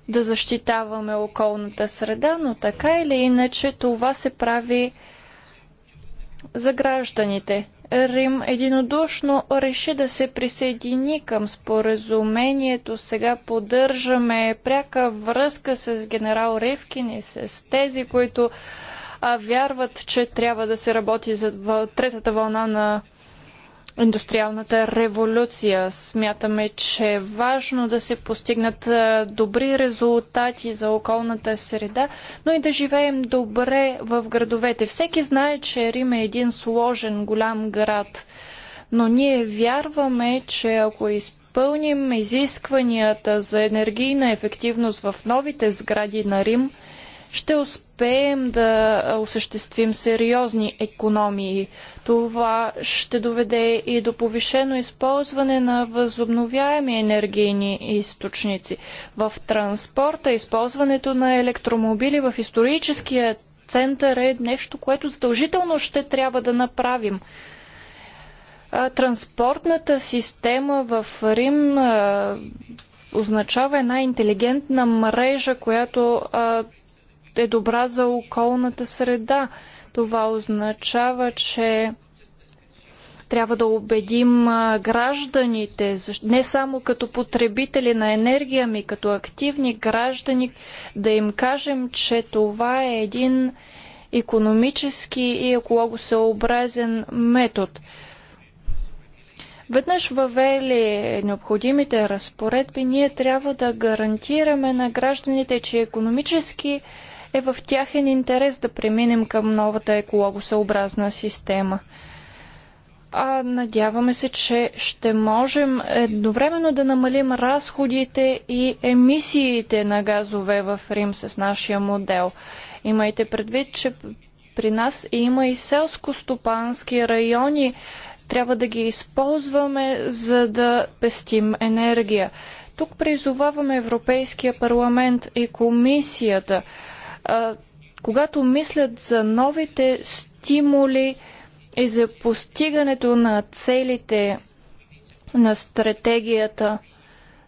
да защитаваме околната среда, но така или иначе това се прави за гражданите. Рим единодушно реши да се присъедини към споразумението. Сега поддържаме пряка връзка с генерал Ривкин и с тези, които а вярват, че трябва да се работи за третата вълна на индустриалната революция. Смятаме, че е важно да се постигнат добри резултати за околната среда, но и да живеем добре в градовете. Всеки знае, че Рим е един сложен, голям град, но ние вярваме, че ако изпълним изискванията за енергийна ефективност в новите сгради на Рим – ще успеем да осъществим сериозни економии. Това ще доведе и до повишено използване на възобновяеми енергийни източници. В транспорта използването на електромобили в историческия център е нещо, което задължително ще трябва да направим. Транспортната система в Рим означава една интелигентна мрежа, която е добра за околната среда. Това означава, че трябва да убедим гражданите, не само като потребители на енергия, ми като активни граждани, да им кажем, че това е един економически и екологосъобразен метод. Веднъж въвели необходимите разпоредби, ние трябва да гарантираме на гражданите, че економически е в тяхен интерес да преминем към новата екологосъобразна система. А надяваме се, че ще можем едновременно да намалим разходите и емисиите на газове в Рим с нашия модел. Имайте предвид, че при нас има и селско-стопански райони. Трябва да ги използваме, за да пестим енергия. Тук призоваваме Европейския парламент и комисията когато мислят за новите стимули и за постигането на целите на стратегията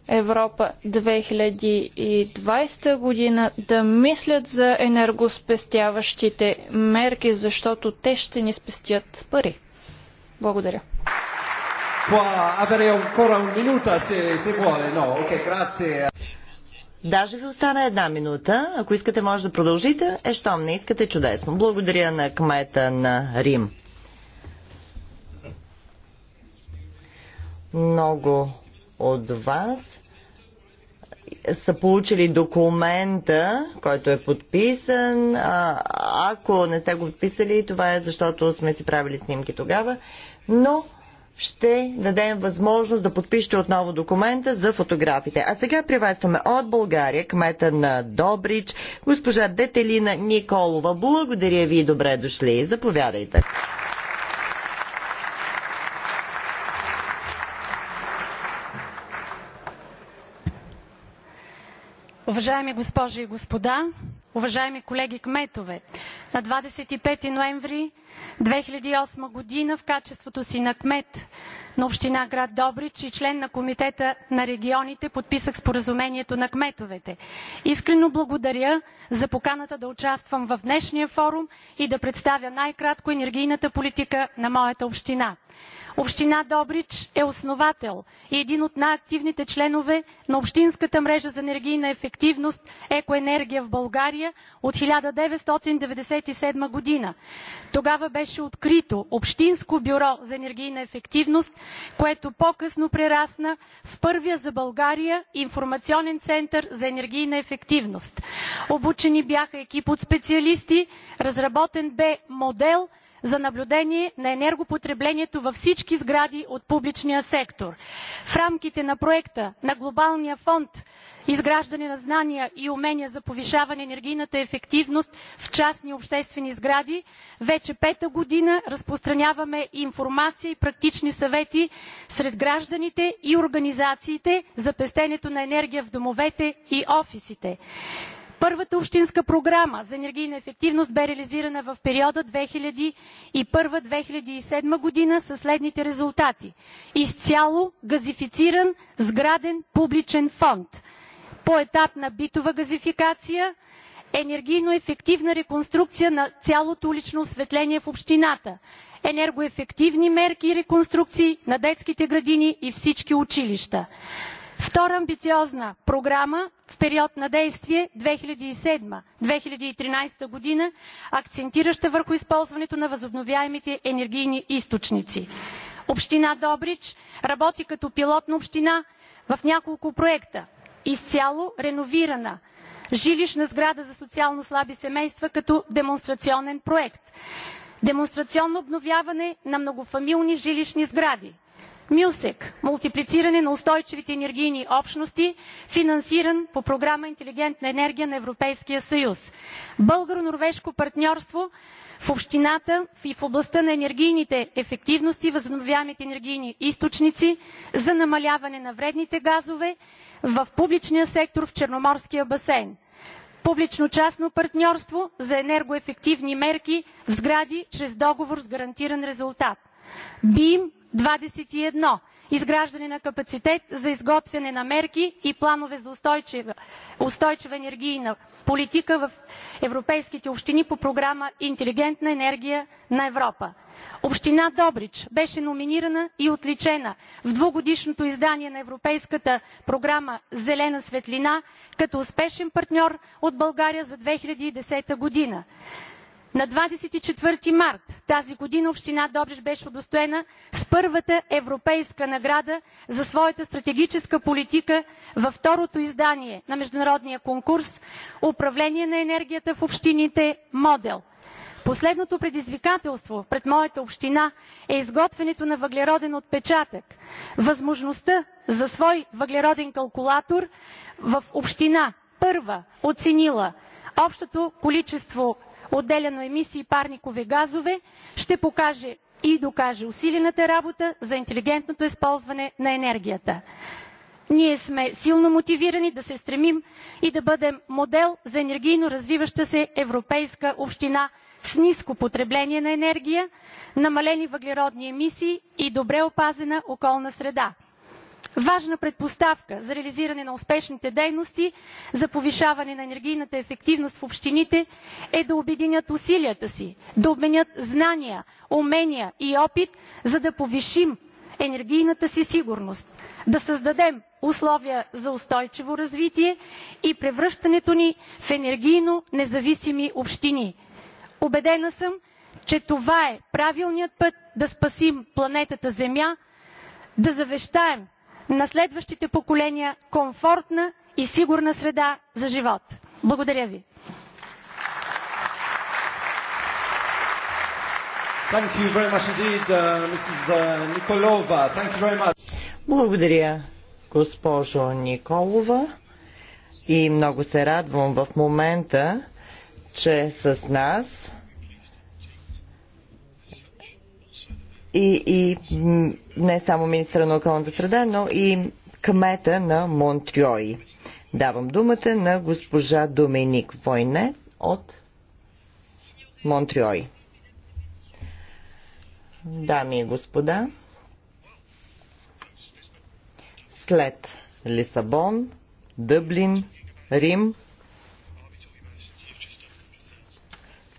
Европа 2020 година, да мислят за енергоспестяващите мерки, защото те ще ни спестят пари. Благодаря. Può avere ancora un minuto se, se vuole, no? Ok, grazie. Даже ви остана една минута. Ако искате, може да продължите. Е, щом не искате, чудесно. Благодаря на кмета на Рим. Много от вас са получили документа, който е подписан. А, ако не сте го подписали, това е защото сме си правили снимки тогава. Но ще дадем възможност да подпишете отново документа за фотографите. А сега приветстваме от България кмета на Добрич, госпожа Детелина Николова. Благодаря ви и добре дошли. Заповядайте. Уважаеми госпожи и господа, уважаеми колеги кметове, на 25 ноември 2008 година в качеството си на кмет на община град Добрич и член на Комитета на регионите подписах споразумението на кметовете. Искрено благодаря за поканата да участвам в днешния форум и да представя най-кратко енергийната политика на моята община. Община Добрич е основател и един от най-активните членове на Общинската мрежа за енергийна ефективност Екоенергия в България от 1997 година. Тогава беше открито Общинско бюро за енергийна ефективност, което по-късно прерасна в първия за България информационен център за енергийна ефективност. Обучени бяха екип от специалисти, разработен бе модел – за наблюдение на енергопотреблението във всички сгради от публичния сектор. В рамките на проекта на Глобалния фонд изграждане на знания и умения за повишаване енергийната ефективност в частни и обществени сгради вече пета година разпространяваме информация и практични съвети сред гражданите и организациите за пестенето на енергия в домовете и офисите. Първата общинска програма за енергийна ефективност бе реализирана в периода 2001-2007 година със следните резултати. Изцяло газифициран сграден публичен фонд. Поетапна битова газификация, енергийно ефективна реконструкция на цялото улично осветление в общината, енергоефективни мерки и реконструкции на детските градини и всички училища. Втора амбициозна програма в период на действие 2007-2013 година, акцентираща върху използването на възобновяемите енергийни източници. Община Добрич работи като пилотна община в няколко проекта. Изцяло реновирана жилищна сграда за социално слаби семейства като демонстрационен проект. Демонстрационно обновяване на многофамилни жилищни сгради мюсек мултиплициране на устойчивите енергийни общности финансиран по програма интелигентна енергия на европейския съюз българо норвежко партньорство в общината и в областта на енергийните ефективности и възобновяемите енергийни източници за намаляване на вредните газове в публичния сектор в черноморския басейн публично частно партньорство за енергоефективни мерки в сгради чрез договор с гарантиран резултат бим 21 изграждане на капацитет за изготвяне на мерки и планове за устойчива, устойчива енергийна политика в европейските общини по програма Интелигентна енергия на Европа. Община Добрич беше номинирана и отличена в двугодишното издание на Европейската програма Зелена светлина като успешен партньор от България за 2010 година. На 24 март тази година община Добрич беше удостоена с първата европейска награда за своята стратегическа политика във второто издание на международния конкурс Управление на енергията в общините Модел. Последното предизвикателство пред моята община е изготвянето на въглероден отпечатък. Възможността за свой въглероден калкулатор в община първа оценила общото количество отделяно емисии парникови газове, ще покаже и докаже усилената работа за интелигентното използване на енергията. Ние сме силно мотивирани да се стремим и да бъдем модел за енергийно развиваща се европейска община с ниско потребление на енергия, намалени въглеродни емисии и добре опазена околна среда важна предпоставка за реализиране на успешните дейности за повишаване на енергийната ефективност в общините е да обединят усилията си, да обменят знания, умения и опит, за да повишим енергийната си сигурност, да създадем условия за устойчиво развитие и превръщането ни в енергийно независими общини. Убедена съм, че това е правилният път да спасим планетата Земя, да завещаем на следващите поколения комфортна и сигурна среда за живот. Благодаря ви. Thank you very much indeed, uh, Mrs. Uh, Nikolova. Thank you very much. Благодаря, госпожо Николова. И много се радвам в момента, че с нас и, и не само министра на околната среда, но и кмета на Монтрьой. Давам думата на госпожа Доминик Войне от Монтрьой. Дами и господа, след Лисабон, Дъблин, Рим,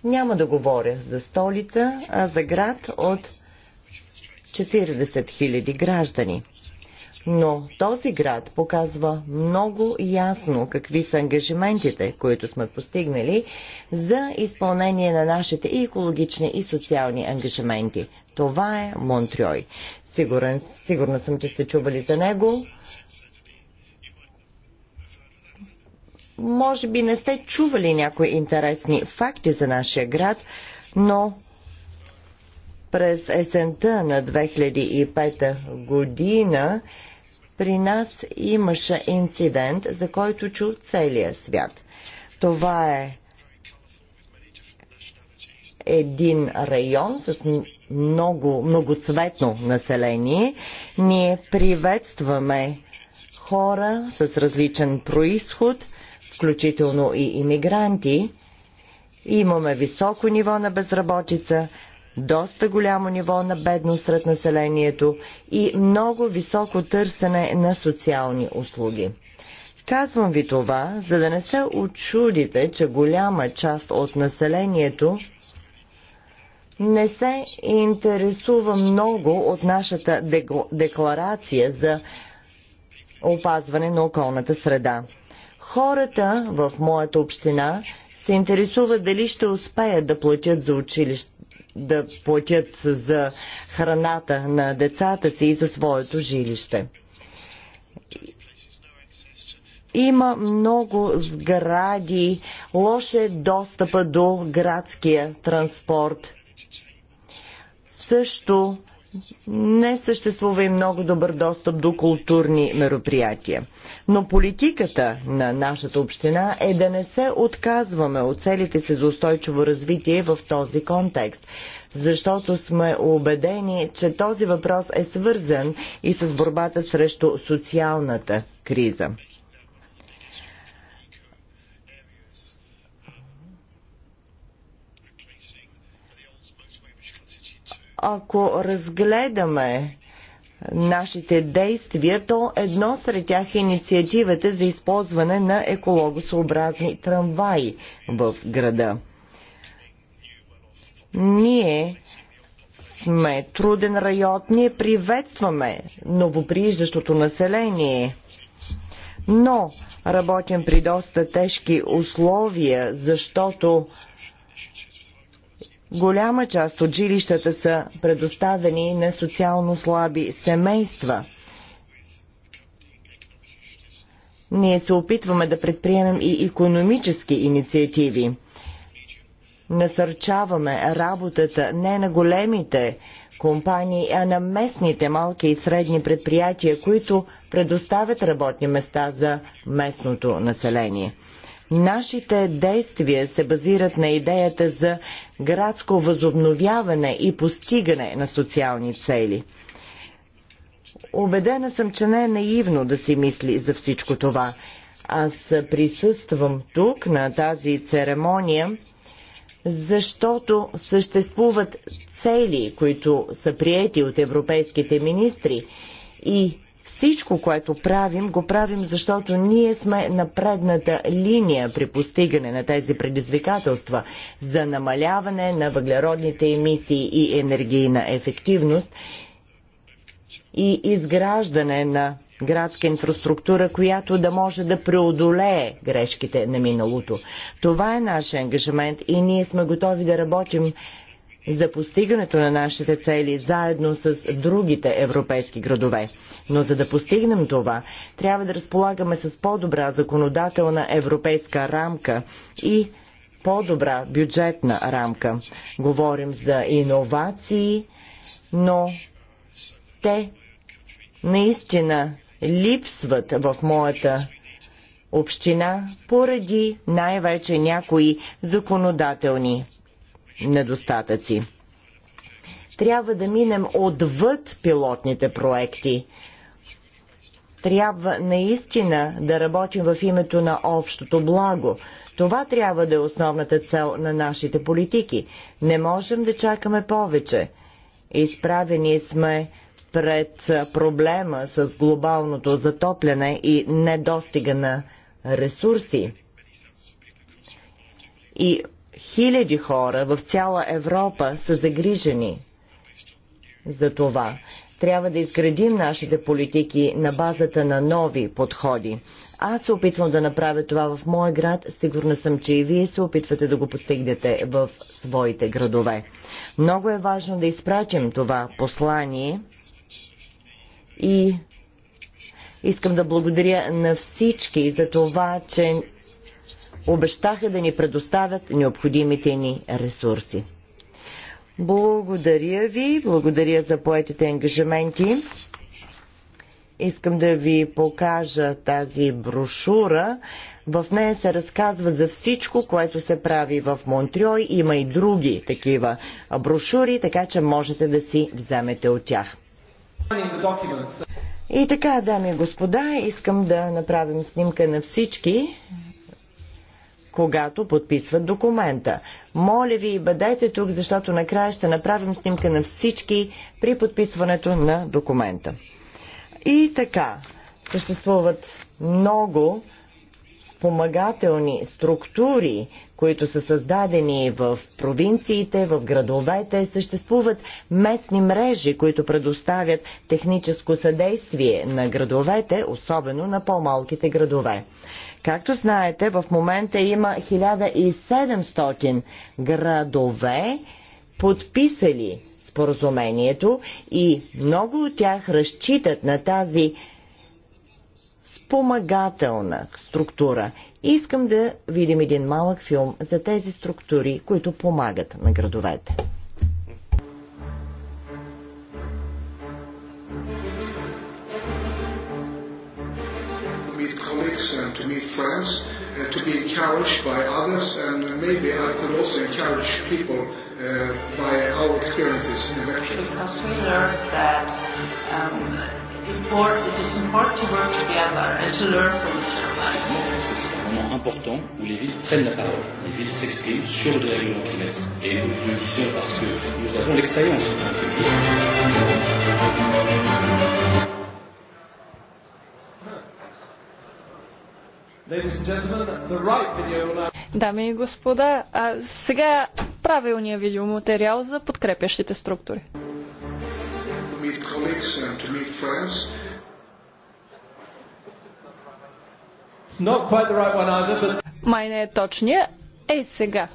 няма да говоря за столица, а за град от 40 000 граждани. Но този град показва много ясно какви са ангажиментите, които сме постигнали за изпълнение на нашите и екологични и социални ангажименти. Това е Монтрьой. Сигурен, сигурна съм, че сте чували за него. Може би не сте чували някои интересни факти за нашия град, но през есента на 2005 година при нас имаше инцидент, за който чу целия свят. Това е един район с много, многоцветно население. Ние приветстваме хора с различен происход, включително и иммигранти. Имаме високо ниво на безработица, доста голямо ниво на бедност сред населението и много високо търсене на социални услуги. Казвам ви това, за да не се очудите, че голяма част от населението не се интересува много от нашата декларация за опазване на околната среда. Хората в моята община се интересуват дали ще успеят да платят за училище да платят за храната на децата си и за своето жилище. Има много сгради, лош е достъпа до градския транспорт. Също не съществува и много добър достъп до културни мероприятия. Но политиката на нашата община е да не се отказваме от целите си за устойчиво развитие в този контекст, защото сме убедени, че този въпрос е свързан и с борбата срещу социалната криза. ако разгледаме нашите действия, то едно сред тях е инициативата за използване на екологосообразни трамваи в града. Ние сме труден район, ние приветстваме новоприиждащото население, но работим при доста тежки условия, защото Голяма част от жилищата са предоставени на социално слаби семейства. Ние се опитваме да предприемем и економически инициативи. Насърчаваме работата не на големите компании, а на местните малки и средни предприятия, които предоставят работни места за местното население. Нашите действия се базират на идеята за градско възобновяване и постигане на социални цели. Обедена съм, че не е наивно да си мисли за всичко това. Аз присъствам тук на тази церемония, защото съществуват цели, които са приети от европейските министри и всичко, което правим, го правим, защото ние сме на предната линия при постигане на тези предизвикателства за намаляване на въглеродните емисии и енергийна ефективност и изграждане на градска инфраструктура, която да може да преодолее грешките на миналото. Това е нашия ангажимент и ние сме готови да работим за постигането на нашите цели заедно с другите европейски градове. Но за да постигнем това, трябва да разполагаме с по-добра законодателна европейска рамка и по-добра бюджетна рамка. Говорим за иновации, но те наистина липсват в моята община поради най-вече някои законодателни недостатъци. Трябва да минем отвъд пилотните проекти. Трябва наистина да работим в името на общото благо. Това трябва да е основната цел на нашите политики. Не можем да чакаме повече. Изправени сме пред проблема с глобалното затопляне и недостига на ресурси. И Хиляди хора в цяла Европа са загрижени за това. Трябва да изградим нашите политики на базата на нови подходи. Аз се опитвам да направя това в моя град. Сигурна съм, че и вие се опитвате да го постигнете в своите градове. Много е важно да изпратим това послание и искам да благодаря на всички за това, че обещаха да ни предоставят необходимите ни ресурси. Благодаря ви, благодаря за поетите ангажименти. Искам да ви покажа тази брошура. В нея се разказва за всичко, което се прави в Монтрой. Има и други такива брошури, така че можете да си вземете от тях. И така, дами и господа, искам да направим снимка на всички когато подписват документа. Моля ви, бъдете тук, защото накрая ще направим снимка на всички при подписването на документа. И така, съществуват много спомагателни структури, които са създадени в провинциите, в градовете, съществуват местни мрежи, които предоставят техническо съдействие на градовете, особено на по-малките градове. Както знаете, в момента има 1700 градове, подписали споразумението и много от тях разчитат на тази спомагателна структура. Искам да видим един малък филм за тези структури, които помагат на градовете. colleagues and to meet friends, uh, to be encouraged by others, and maybe I could also encourage people uh, by our experiences in election. Because we learned that um, import, it is important to work together and to learn from each other. c'est un moment important où les villes prennent la parole, les villes s'expriment sur le dérèglement climatique. Et nous le disons parce que nous avons l'expérience en Дами и господа, а сега правилният видеоматериал за подкрепящите структури. Май не е точния. Ей сега.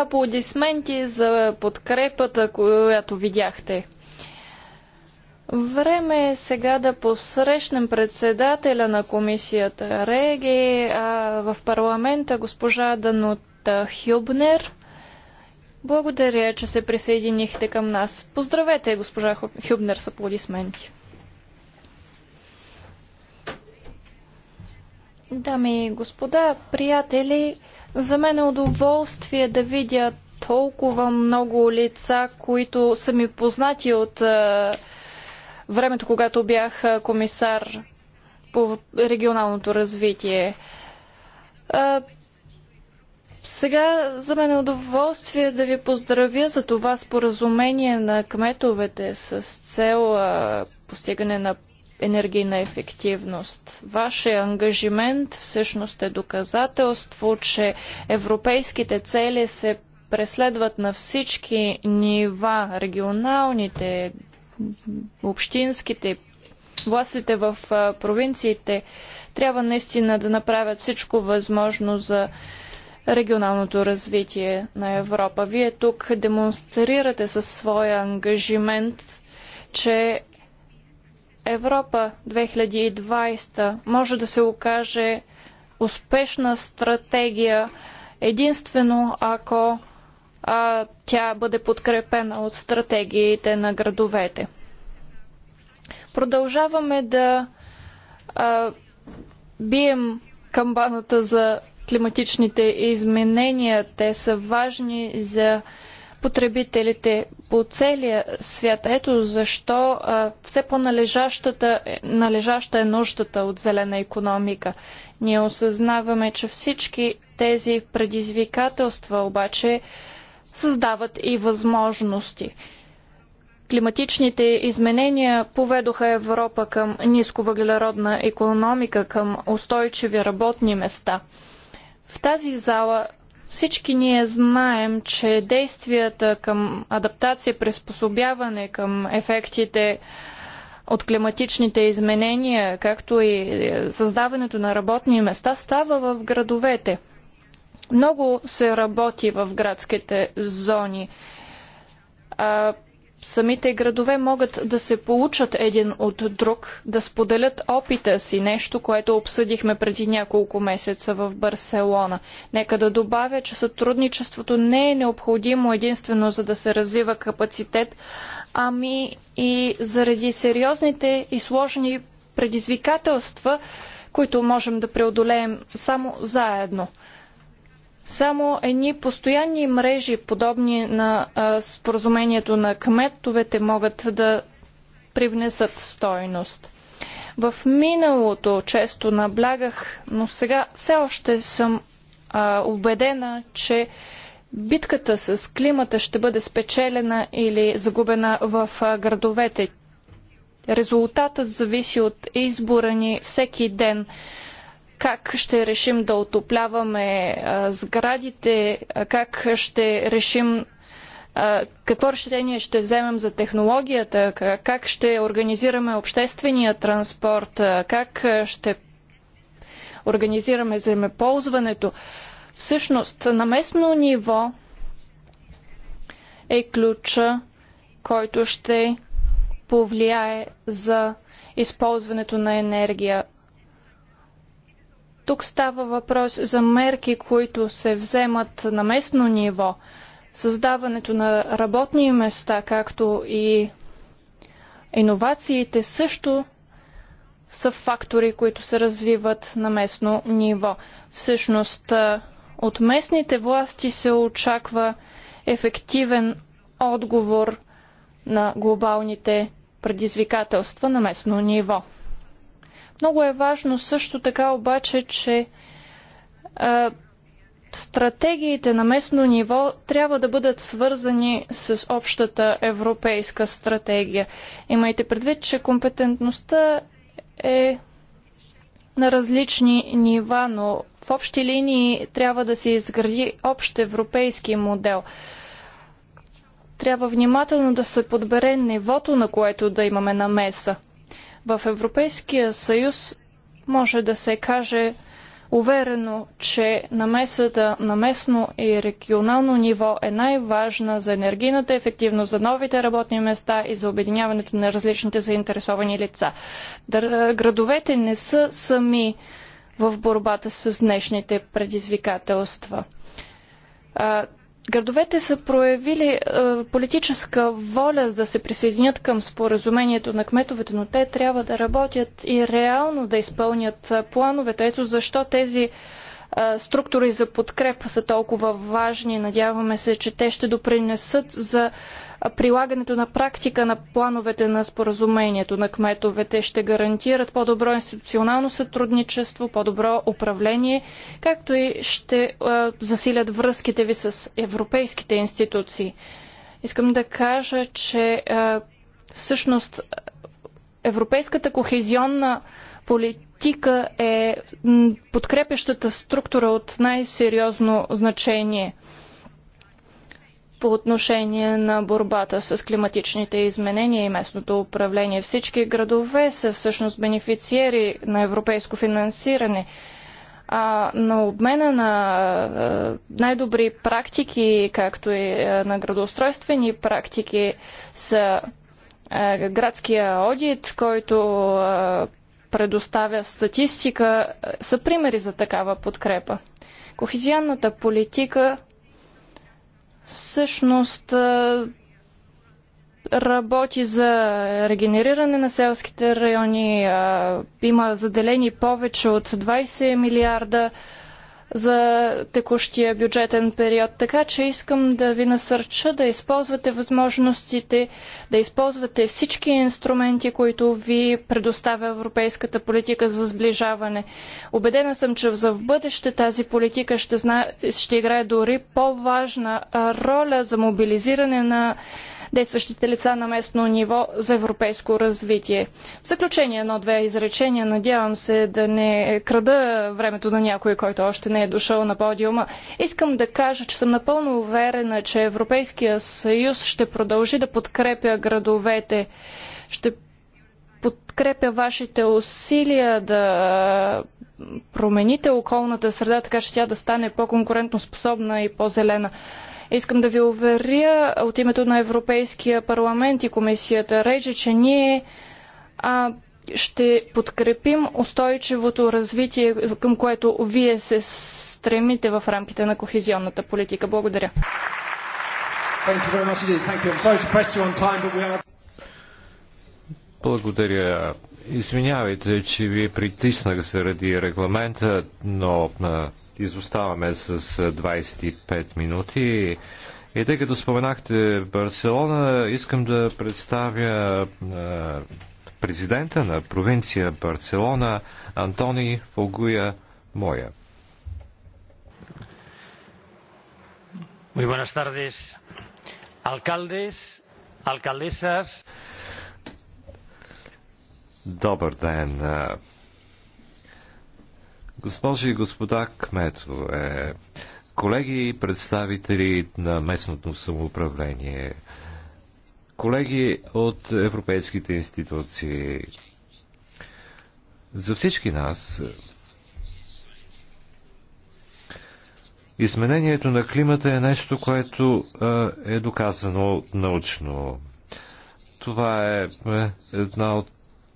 аплодисменти за подкрепата, която видяхте. Време е сега да посрещнем председателя на комисията Реги а в парламента госпожа Данута Хюбнер. Благодаря, че се присъединихте към нас. Поздравете госпожа Хюбнер с аплодисменти. Дами и господа, приятели, за мен е удоволствие да видя толкова много лица, които са ми познати от е, времето, когато бях е, комисар по регионалното развитие. Е, сега за мен е удоволствие да ви поздравя за това споразумение на кметовете с цел е, постигане на енергийна ефективност. Вашия ангажимент всъщност е доказателство, че европейските цели се преследват на всички нива, регионалните, общинските, властите в провинциите трябва наистина да направят всичко възможно за регионалното развитие на Европа. Вие тук демонстрирате със своя ангажимент, че Европа 2020 може да се окаже успешна стратегия единствено ако а, тя бъде подкрепена от стратегиите на градовете. Продължаваме да а, бием камбаната за климатичните изменения. Те са важни за потребителите по целия свят. Ето защо а, все по-належаща належаща е нуждата от зелена економика. Ние осъзнаваме, че всички тези предизвикателства обаче създават и възможности. Климатичните изменения поведоха Европа към нисковъглеродна економика, към устойчиви работни места. В тази зала всички ние знаем, че действията към адаптация, приспособяване към ефектите от климатичните изменения, както и е, създаването на работни места, става в градовете. Много се работи в градските зони самите градове могат да се получат един от друг, да споделят опита си, нещо, което обсъдихме преди няколко месеца в Барселона. Нека да добавя, че сътрудничеството не е необходимо единствено за да се развива капацитет, ами и заради сериозните и сложни предизвикателства, които можем да преодолеем само заедно. Само едни постоянни мрежи, подобни на споразумението на кметовете, могат да привнесат стойност. В миналото често наблягах, но сега все още съм а, убедена, че битката с климата ще бъде спечелена или загубена в а, градовете. Резултатът зависи от избора ни всеки ден как ще решим да отопляваме а, сградите, как ще решим какво решение ще вземем за технологията, как ще организираме обществения транспорт, как ще организираме земеползването. Всъщност, на местно ниво е ключа, който ще повлияе за използването на енергия тук става въпрос за мерки, които се вземат на местно ниво. Създаването на работни места, както и иновациите също са фактори, които се развиват на местно ниво. Всъщност, от местните власти се очаква ефективен отговор на глобалните предизвикателства на местно ниво. Много е важно също така обаче, че а, стратегиите на местно ниво трябва да бъдат свързани с общата европейска стратегия. Имайте предвид, че компетентността е на различни нива, но в общи линии трябва да се изгради общ европейски модел. Трябва внимателно да се подбере нивото, на което да имаме намеса. В Европейския съюз може да се каже уверено, че намесата на местно и регионално ниво е най-важна за енергийната ефективност, за новите работни места и за обединяването на различните заинтересовани лица. Градовете не са сами в борбата с днешните предизвикателства. Градовете са проявили е, политическа воля да се присъединят към споразумението на кметовете, но те трябва да работят и реално да изпълнят е, плановете. Ето защо тези е, структури за подкрепа са толкова важни. Надяваме се, че те ще допринесат за прилагането на практика на плановете на споразумението на кметовете ще гарантират по-добро институционално сътрудничество, по-добро управление, както и ще засилят връзките ви с европейските институции. Искам да кажа, че всъщност европейската кохезионна политика е подкрепящата структура от най-сериозно значение – по отношение на борбата с климатичните изменения и местното управление. Всички градове са всъщност бенефициери на европейско финансиране. А на обмена на най-добри практики, както и на градоустройствени практики, са градския одит, който предоставя статистика, са примери за такава подкрепа. Кохезионната политика всъщност работи за регенериране на селските райони. Има заделени повече от 20 милиарда за текущия бюджетен период. Така че искам да ви насърча да използвате възможностите, да използвате всички инструменти, които ви предоставя европейската политика за сближаване. Обедена съм, че за в бъдеще тази политика ще, зна... ще играе дори по-важна роля за мобилизиране на действащите лица на местно ниво за европейско развитие. В заключение едно-две изречения. Надявам се да не крада времето на някой, който още не е дошъл на подиума. Искам да кажа, че съм напълно уверена, че Европейския съюз ще продължи да подкрепя градовете. Ще подкрепя вашите усилия да промените околната среда, така че тя да стане по конкурентоспособна и по-зелена. Искам да ви уверя от името на Европейския парламент и комисията Реджи, че ние а, ще подкрепим устойчивото развитие, към което вие се стремите в рамките на кохезионната политика. Благодаря. Благодаря. Извинявайте, че ви притиснах заради регламента, но изоставаме с 25 минути. И тъй като споменахте Барселона, искам да представя президента на провинция Барселона Антони Фогуя Моя. Muy buenas tardes, alcaldes, alcaldesas. Добър ден, Госпожи и господа кметове, колеги и представители на местното самоуправление, колеги от европейските институции, за всички нас изменението на климата е нещо, което е доказано научно. Това е, е една от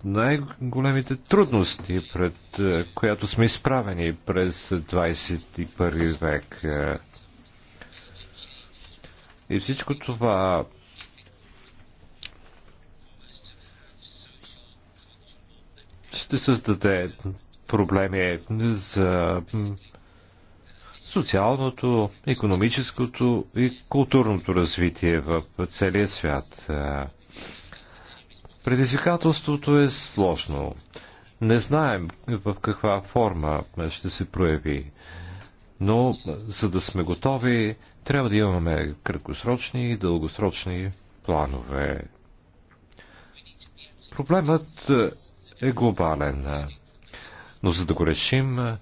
най-големите трудности, пред е, която сме изправени през 21 век. Е, и всичко това ще създаде проблеми за социалното, економическото и културното развитие в целия свят. Е, Предизвикателството е сложно. Не знаем в каква форма ще се прояви. Но за да сме готови, трябва да имаме краткосрочни и дългосрочни планове. Проблемът е глобален. Но за да го решим,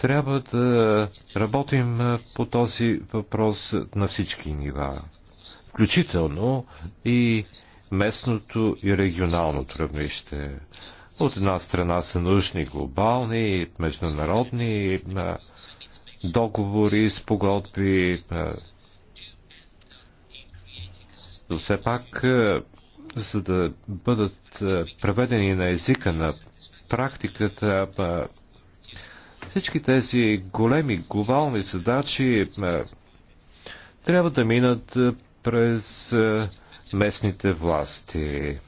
трябва да работим по този въпрос на всички нива, включително и местното и регионалното равнище. От една страна са нужни глобални, международни договори, спогодби. Но все пак, за да бъдат преведени на езика на практиката, всички тези големи глобални задачи трябва да минат през местните власти.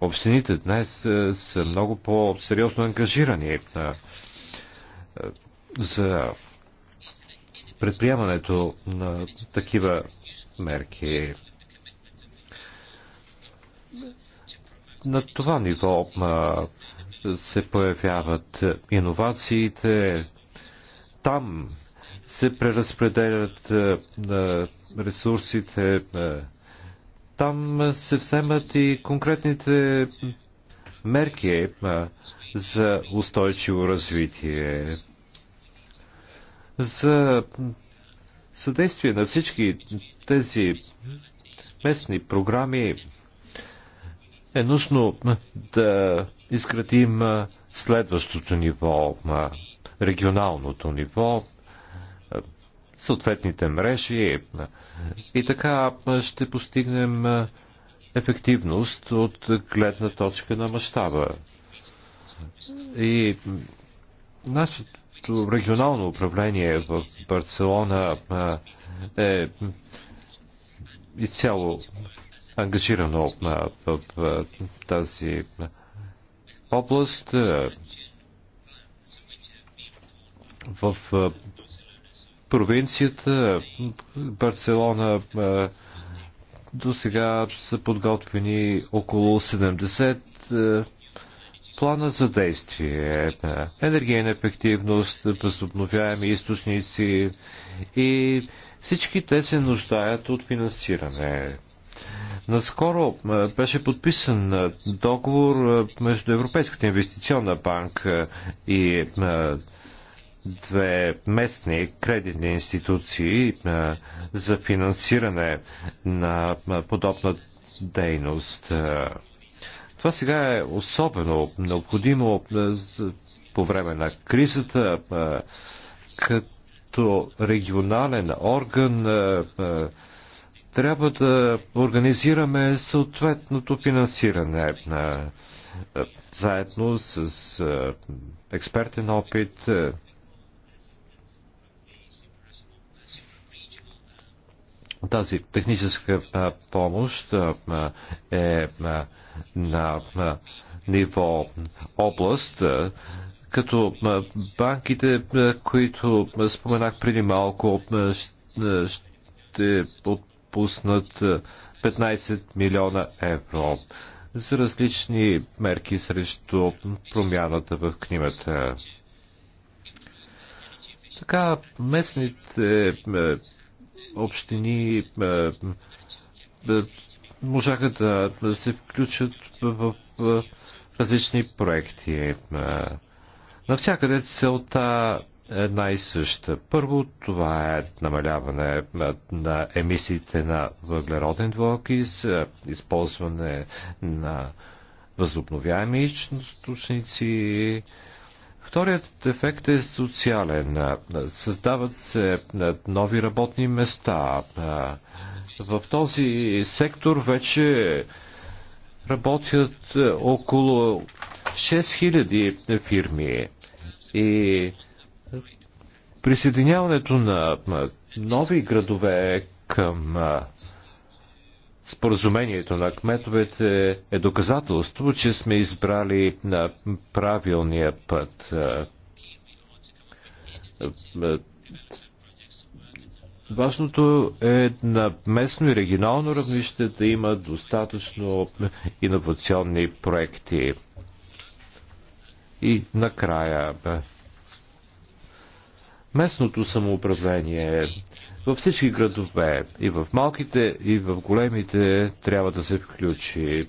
Общините днес е, са много по-сериозно ангажирани е, е, за предприемането на такива мерки. На това ниво се появяват иновациите, там се преразпределят ресурсите, там се вземат и конкретните мерки за устойчиво развитие, за съдействие на всички тези местни програми е нужно да изградим следващото ниво, регионалното ниво, съответните мрежи и така ще постигнем ефективност от гледна точка на мащаба. И нашето регионално управление в Барселона е изцяло ангажирано в тази област. В провинцията Барселона до сега са подготвени около 70 плана за действие, енергийна ефективност, възобновяеми източници и всички те се нуждаят от финансиране. Наскоро беше подписан договор между Европейската инвестиционна банка и две местни кредитни институции за финансиране на подобна дейност. Това сега е особено необходимо по време на кризата, като регионален орган трябва да организираме съответното финансиране заедно с експертен опит, Тази техническа помощ е на ниво област, като банките, които споменах преди малко, ще отпуснат 15 милиона евро за различни мерки срещу промяната в климата. Така местните общини е, е, можаха да, се включат в, различни проекти. Е, навсякъде целта е една и съща. Първо, това е намаляване на емисиите на въглероден двуокис, използване на възобновяеми източници, Вторият ефект е социален. Създават се нови работни места. В този сектор вече работят около 6000 фирми и присъединяването на нови градове към Споразумението на кметовете е доказателство, че сме избрали на правилния път. Важното е на местно и регионално равнище да има достатъчно иновационни проекти. И накрая местното самоуправление във всички градове, и в малките, и в големите, трябва да се включим,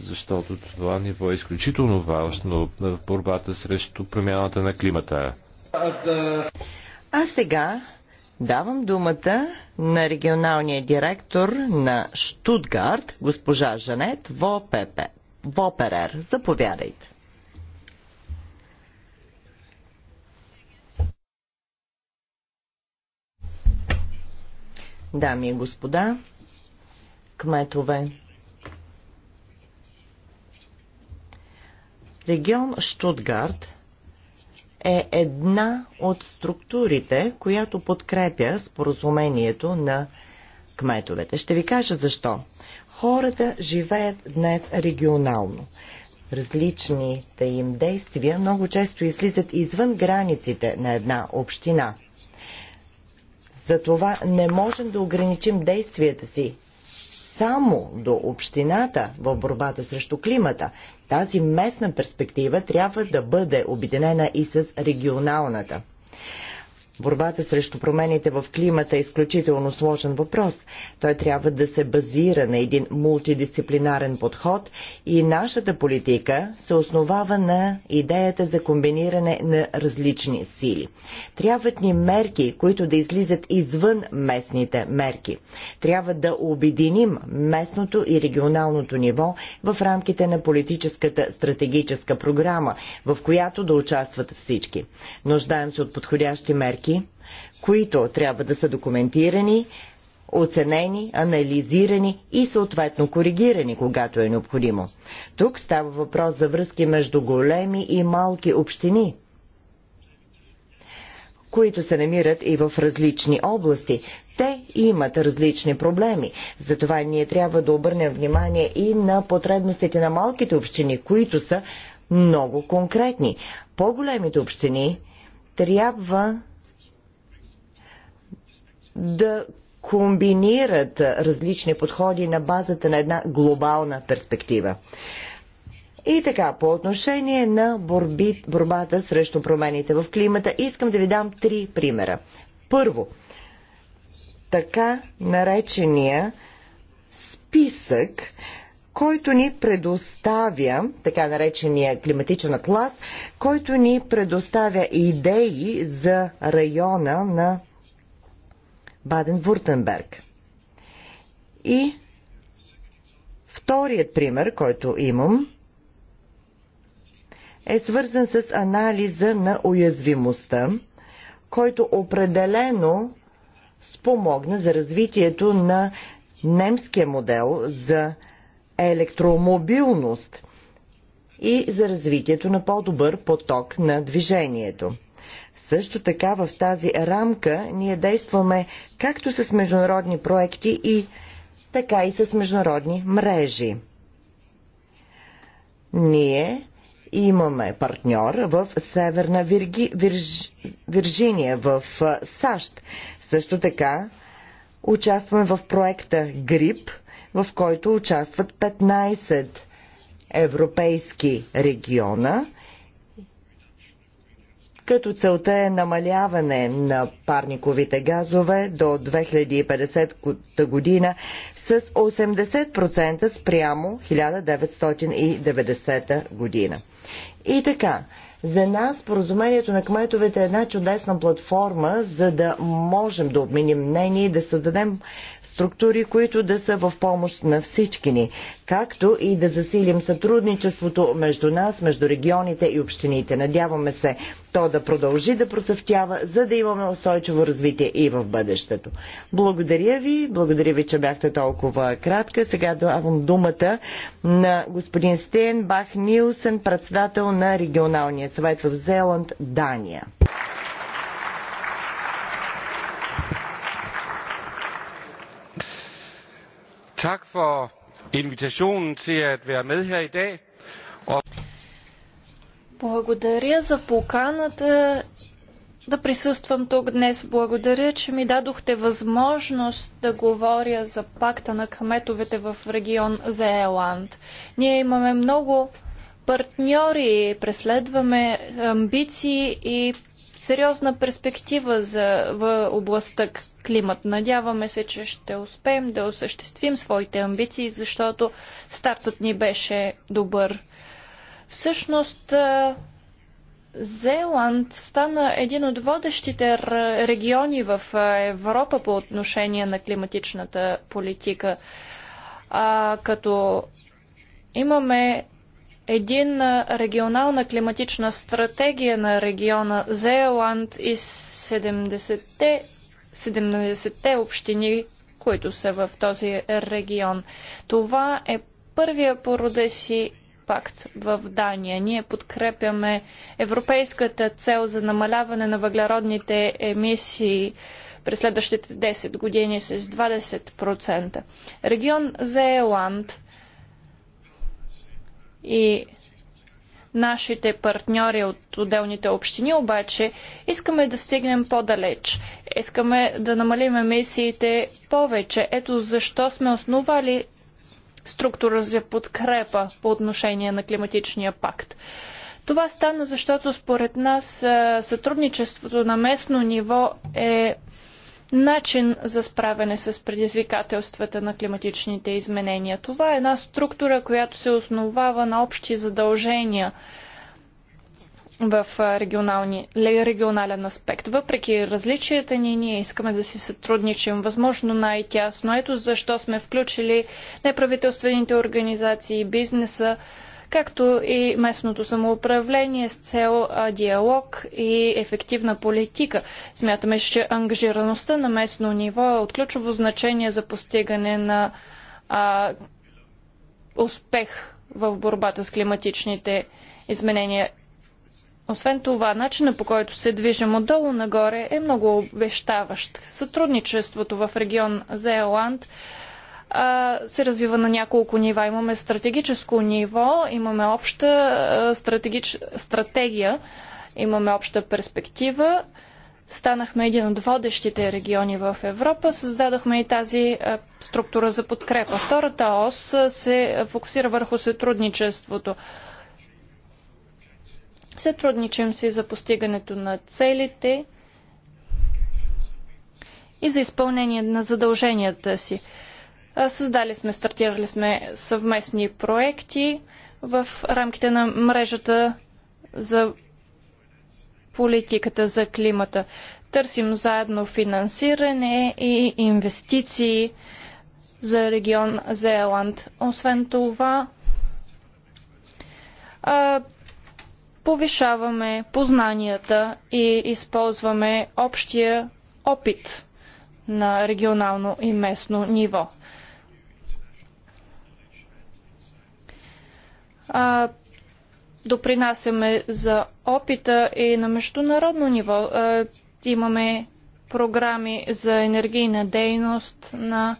защото това ниво е изключително важно в борбата срещу промяната на климата. А сега давам думата на регионалния директор на Штутгарт, госпожа Жанет Воперер. Заповядайте. дами и господа, кметове. Регион Штутгарт е една от структурите, която подкрепя споразумението на кметовете. Ще ви кажа защо. Хората живеят днес регионално. Различните им действия много често излизат извън границите на една община – затова не можем да ограничим действията си само до общината в борбата срещу климата. Тази местна перспектива трябва да бъде обединена и с регионалната. Борбата срещу промените в климата е изключително сложен въпрос. Той трябва да се базира на един мултидисциплинарен подход и нашата политика се основава на идеята за комбиниране на различни сили. Трябват ни мерки, които да излизат извън местните мерки. Трябва да обединим местното и регионалното ниво в рамките на политическата стратегическа програма, в която да участват всички. Нуждаем се от подходящи мерки мерки, които трябва да са документирани, оценени, анализирани и съответно коригирани, когато е необходимо. Тук става въпрос за връзки между големи и малки общини, които се намират и в различни области. Те имат различни проблеми. Затова ние трябва да обърнем внимание и на потребностите на малките общини, които са много конкретни. По-големите общини трябва да комбинират различни подходи на базата на една глобална перспектива. И така, по отношение на борби, борбата срещу промените в климата, искам да ви дам три примера. Първо, така наречения списък, който ни предоставя, така наречения климатичен атлас, който ни предоставя идеи за района на Баден-Вуртенберг. И вторият пример, който имам, е свързан с анализа на уязвимостта, който определено спомогна за развитието на немския модел за електромобилност и за развитието на по-добър поток на движението. Също така в тази рамка ние действаме както с международни проекти и така и с международни мрежи. Ние имаме партньор в Северна Вирги, Вирж, Виржиния, в САЩ. Също така участваме в проекта ГРИП, в който участват 15 европейски региона – като целта е намаляване на парниковите газове до 2050 година с 80% спрямо 1990 година. И така, за нас поразумението на кметовете е една чудесна платформа, за да можем да обменим мнение и да създадем структури, които да са в помощ на всички ни, както и да засилим сътрудничеството между нас, между регионите и общините. Надяваме се то да продължи да процъфтява, за да имаме устойчиво развитие и в бъдещето. Благодаря ви, благодаря ви, че бяхте толкова кратка. Сега давам думата на господин Бах Нилсен, председател на регионалния съвет в Зеланд, Дания. Tak for invitationen til at være med her i dag. Благодаря за поканата да присъствам тук днес. Благодаря, че ми дадохте възможност да говоря за пакта на кметовете в регион Зеланд. Ние имаме много партньори, преследваме амбиции и сериозна перспектива за, в областта климат. Надяваме се, че ще успеем да осъществим своите амбиции, защото стартът ни беше добър. Всъщност, Зеланд стана един от водещите региони в Европа по отношение на климатичната политика. А, като имаме един регионална климатична стратегия на региона Зеланд и 70-те 70 общини, които са в този регион. Това е първия по рода си пакт в Дания. Ние подкрепяме европейската цел за намаляване на въглеродните емисии през следващите 10 години с 20%. Регион Зеланд и нашите партньори от отделните общини, обаче искаме да стигнем по-далеч. Искаме да намалим емисиите повече. Ето защо сме основали структура за подкрепа по отношение на климатичния пакт. Това стана, защото според нас е, сътрудничеството на местно ниво е начин за справяне с предизвикателствата на климатичните изменения. Това е една структура, която се основава на общи задължения в регионален аспект. Въпреки различията ни, ние искаме да си сътрудничим възможно най-тясно. Ето защо сме включили неправителствените организации, бизнеса, както и местното самоуправление с цел диалог и ефективна политика. Смятаме, че ангажираността на местно ниво е от ключово значение за постигане на а, успех в борбата с климатичните изменения. Освен това, начинът по който се движим отдолу нагоре е много обещаващ. Сътрудничеството в регион Зеланд се развива на няколко нива. Имаме стратегическо ниво, имаме обща стратегич... стратегия, имаме обща перспектива. Станахме един от водещите региони в Европа, създадохме и тази структура за подкрепа. Втората ос се фокусира върху сътрудничеството. Сътрудничим си за постигането на целите и за изпълнение на задълженията си. Създали сме, стартирали сме съвместни проекти в рамките на мрежата за политиката за климата. Търсим заедно финансиране и инвестиции за регион Зеланд. Освен това, повишаваме познанията и използваме общия опит на регионално и местно ниво. а, допринасяме за опита и на международно ниво. А, имаме програми за енергийна дейност на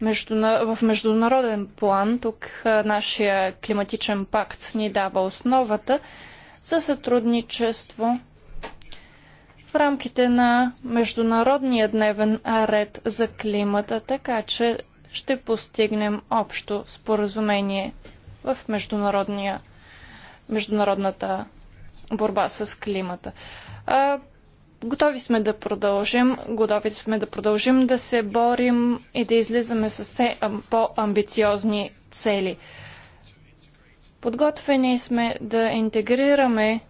междуна... в международен план. Тук а, нашия климатичен пакт ни дава основата за сътрудничество в рамките на Международния дневен ред за климата, така че ще постигнем общо споразумение в международния, международната борба с климата. А, готови сме да продължим, готови сме да продължим да се борим и да излизаме с все по-амбициозни цели. Подготвени сме да интегрираме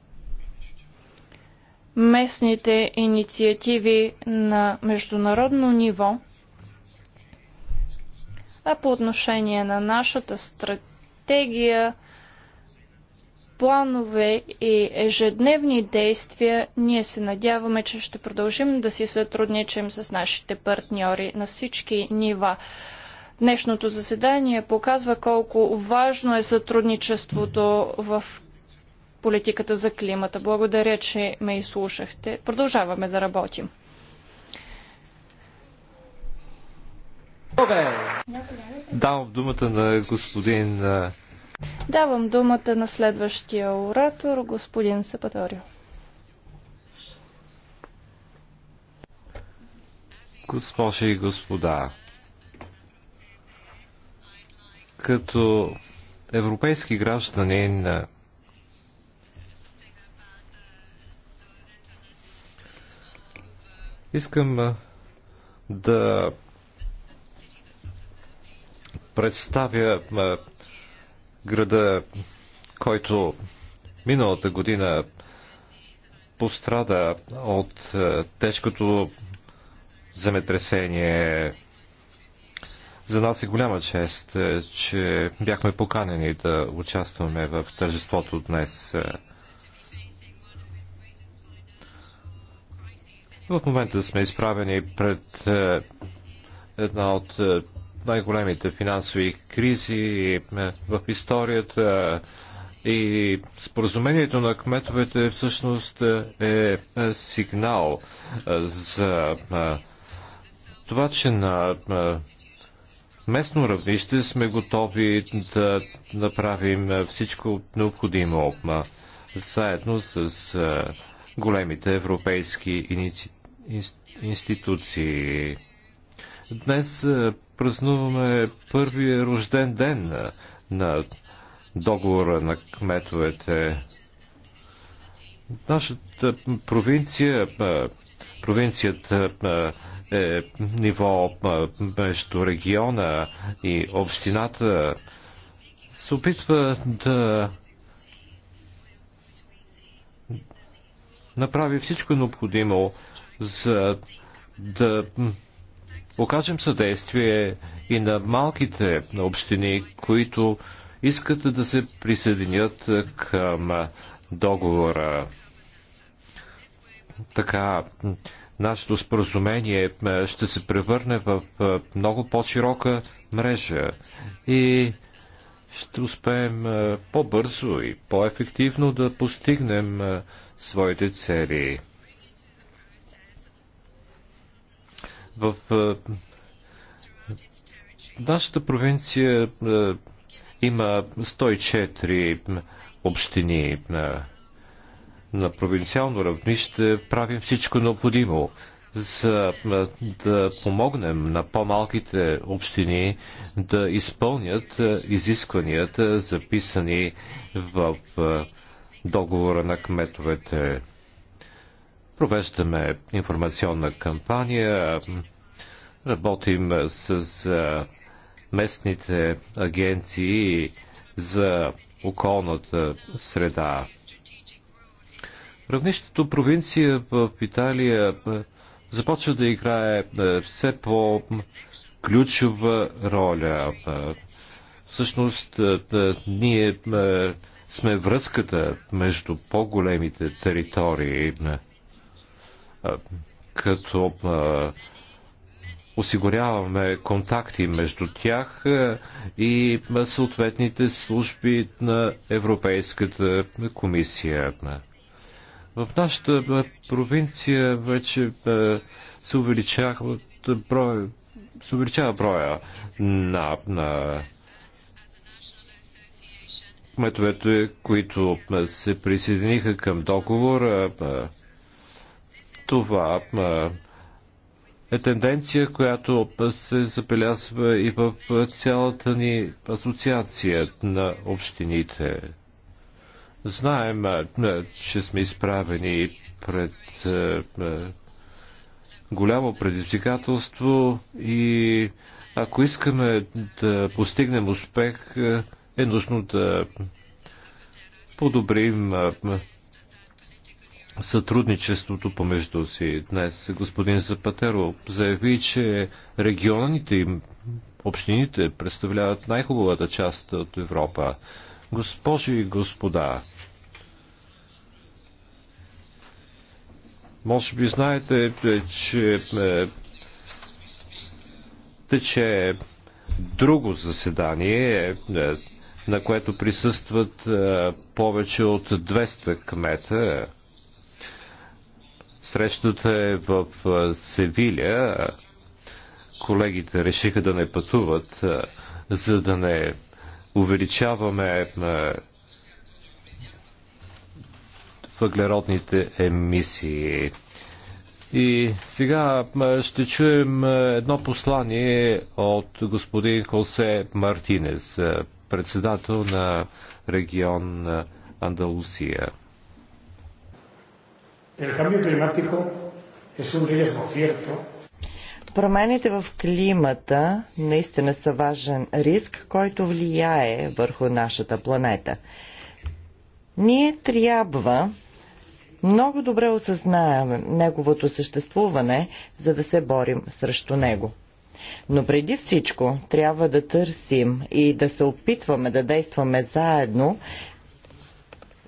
местните инициативи на международно ниво, а по отношение на нашата стратегия, стратегия, планове и ежедневни действия, ние се надяваме, че ще продължим да си сътрудничим с нашите партньори на всички нива. Днешното заседание показва колко важно е сътрудничеството в политиката за климата. Благодаря, че ме изслушахте. Продължаваме да работим. Давам думата на господин... Давам думата на следващия оратор, господин Сапаторио. Госпожи и господа, като европейски гражданин искам да представя града, който миналата година пострада от тежкото земетресение. За нас е голяма чест, че бяхме поканени да участваме в тържеството днес. В момента сме изправени пред една от най-големите финансови кризи в историята и споразумението на кметовете всъщност е сигнал за това, че на местно равнище сме готови да направим всичко необходимо заедно с големите европейски институции. Днес е, празнуваме първия рожден ден на, е, на договора на кметовете. Нашата провинция, е, провинцията е ниво между региона и общината, се опитва да направи всичко необходимо за да окажем съдействие и на малките общини, които искат да се присъединят към договора. Така, нашето споразумение е, ще се превърне в е, много по-широка мрежа и ще успеем е, по-бързо и по-ефективно да постигнем своите цели. В нашата провинция има 104 общини на провинциално равнище. Правим всичко необходимо за да помогнем на по-малките общини да изпълнят изискванията, записани в договора на кметовете. Провеждаме информационна кампания, работим с местните агенции за околната среда. Равнището провинция в Италия започва да играе все по-ключова роля. Всъщност, ние сме връзката между по-големите територии като осигуряваме контакти между тях и съответните служби на Европейската комисия. В нашата провинция вече се увеличава броя, се увеличава броя на, на кметовете, които се присъединиха към договора това е тенденция, която се забелязва и в цялата ни асоциация на общините. Знаем, че сме изправени пред голямо предизвикателство и ако искаме да постигнем успех, е нужно да подобрим сътрудничеството помежду си. Днес господин Запатеро заяви, че регионите и общините представляват най-хубавата част от Европа. Госпожи и господа, може би знаете, че е, тече друго заседание, е, на което присъстват е, повече от 200 кмета Срещата е в Севиля. Колегите решиха да не пътуват, за да не увеличаваме въглеродните емисии. И сега ще чуем едно послание от господин Хосе Мартинес, председател на регион Андалусия. El cambio climático es un riesgo cierto. Промените в климата наистина са важен риск, който влияе върху нашата планета. Ние трябва много добре осъзнаем неговото съществуване, за да се борим срещу него. Но преди всичко трябва да търсим и да се опитваме да действаме заедно,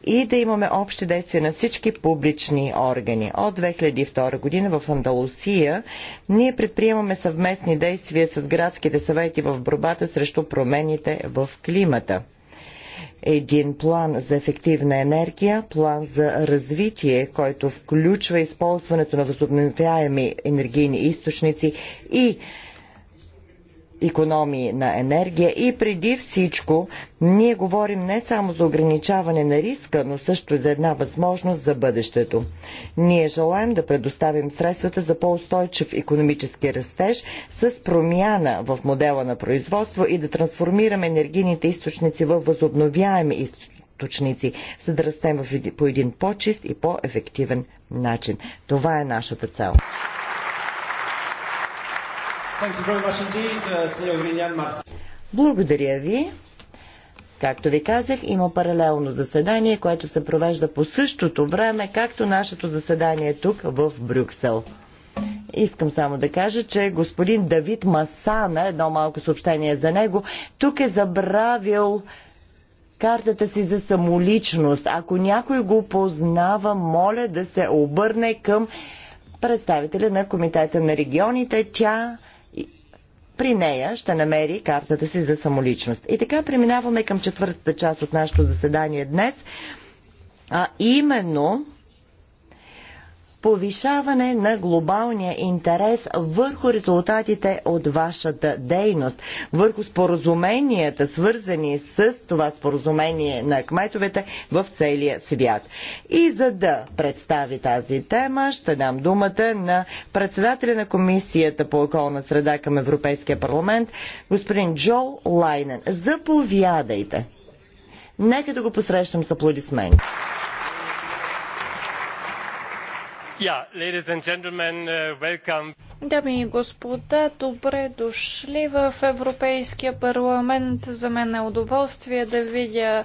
и да имаме общи действия на всички публични органи. От 2002 година в Андалусия ние предприемаме съвместни действия с градските съвети в борбата срещу промените в климата един план за ефективна енергия, план за развитие, който включва използването на възобновяеми енергийни източници и економии на енергия и преди всичко ние говорим не само за ограничаване на риска, но също за една възможност за бъдещето. Ние желаем да предоставим средствата за по-устойчив економически растеж с промяна в модела на производство и да трансформираме енергийните източници в възобновяеми източници източници, за да растем по един по-чист и по-ефективен начин. Това е нашата цел. Uh, Благодаря ви. Както ви казах, има паралелно заседание, което се провежда по същото време, както нашето заседание тук в Брюксел. Искам само да кажа, че господин Давид Масана, едно малко съобщение за него, тук е забравил картата си за самоличност. Ако някой го познава, моля да се обърне към представителя на Комитета на регионите. Тя при нея ще намери картата си за самоличност. И така преминаваме към четвъртата част от нашето заседание днес, а именно повишаване на глобалния интерес върху резултатите от вашата дейност, върху споразуменията, свързани с това споразумение на кметовете в целия свят. И за да представи тази тема, ще дам думата на председателя на Комисията по околна среда към Европейския парламент, господин Джо Лайнен. Заповядайте! Нека да го посрещам с аплодисменти. Yeah, uh, Дами и господа, добре дошли в Европейския парламент. За мен е удоволствие да видя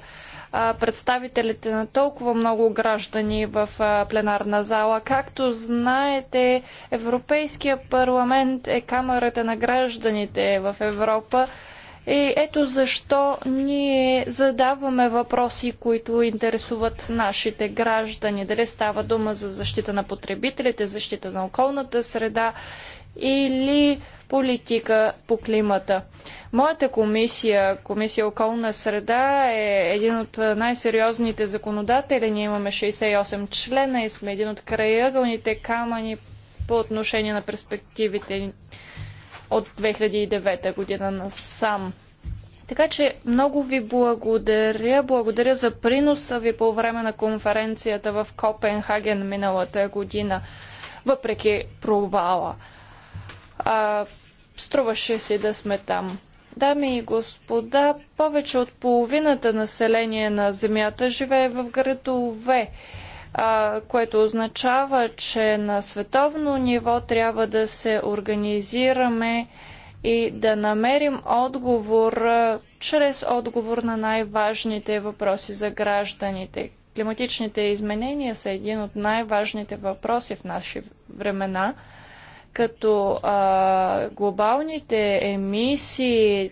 представителите на толкова много граждани в пленарна зала. Както знаете, Европейския парламент е камерата на гражданите в Европа. И ето защо ние задаваме въпроси, които интересуват нашите граждани. Дали става дума за защита на потребителите, защита на околната среда или политика по климата. Моята комисия, Комисия околна среда, е един от най-сериозните законодатели. Ние имаме 68 члена и сме един от крайъгълните камъни по отношение на перспективите от 2009 година насам. Така че много ви благодаря. Благодаря за приноса ви по време на конференцията в Копенхаген миналата година, въпреки провала. А, струваше си да сме там. Дами и господа, повече от половината население на Земята живее в градове което означава, че на световно ниво трябва да се организираме и да намерим отговор чрез отговор на най-важните въпроси за гражданите. Климатичните изменения са един от най-важните въпроси в наши времена, като а, глобалните емисии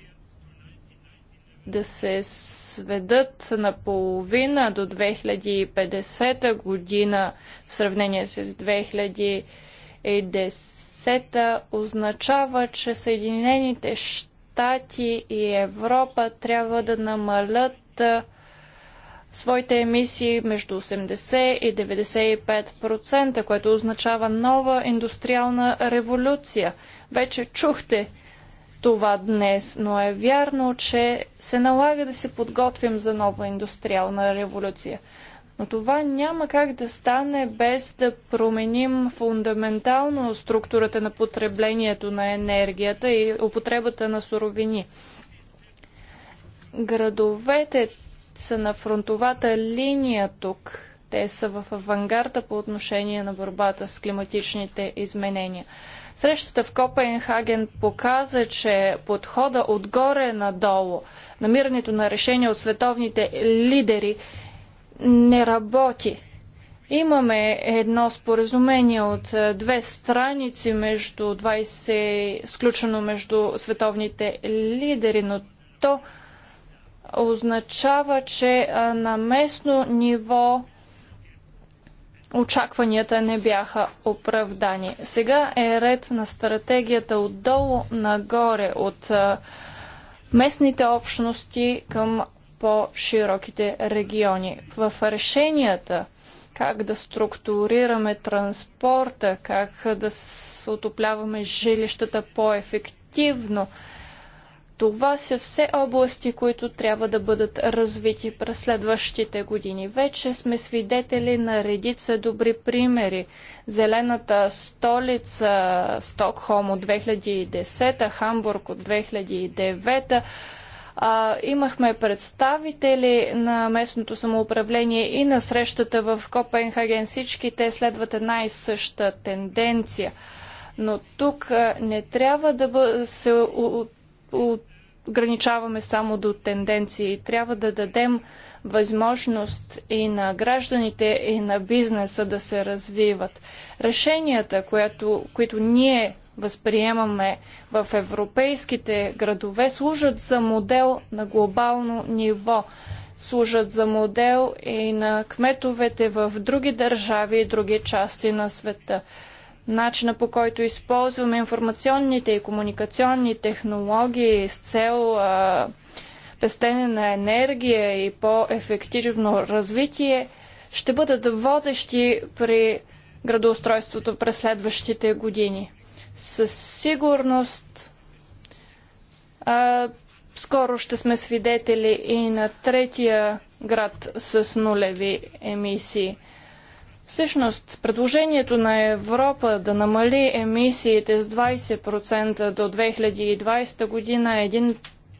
да се сведат наполовина до 2050 година в сравнение с 2010 означава, че Съединените щати и Европа трябва да намалят своите емисии между 80 и 95%, което означава нова индустриална революция. Вече чухте това днес, но е вярно, че се налага да се подготвим за нова индустриална революция. Но това няма как да стане без да променим фундаментално структурата на потреблението на енергията и употребата на суровини. Градовете са на фронтовата линия тук. Те са в авангарда по отношение на борбата с климатичните изменения. Срещата в Копенхаген показа, че подхода отгоре надолу, намирането на решение от световните лидери не работи. Имаме едно споразумение от е, две страници между 20, сключено между световните лидери, но то означава, че е, на местно ниво очакванията не бяха оправдани. Сега е ред на стратегията отдолу нагоре, от местните общности към по-широките региони. В решенията как да структурираме транспорта, как да отопляваме жилищата по-ефективно, това са все области, които трябва да бъдат развити през следващите години. Вече сме свидетели на редица добри примери. Зелената столица Стокхолм от 2010, Хамбург от 2009. А, имахме представители на местното самоуправление и на срещата в Копенхаген. Всички те следват една и съща тенденция. Но тук не трябва да се ограничаваме само до тенденции. Трябва да дадем възможност и на гражданите, и на бизнеса да се развиват. Решенията, което, които ние възприемаме в европейските градове, служат за модел на глобално ниво. Служат за модел и на кметовете в други държави и други части на света начина по който използваме информационните и комуникационни технологии с цел а, пестене на енергия и по-ефективно развитие, ще бъдат водещи при градоустройството през следващите години. Със сигурност а, скоро ще сме свидетели и на третия град с нулеви емисии – Всъщност, предложението на Европа да намали емисиите с 20% до 2020 година е един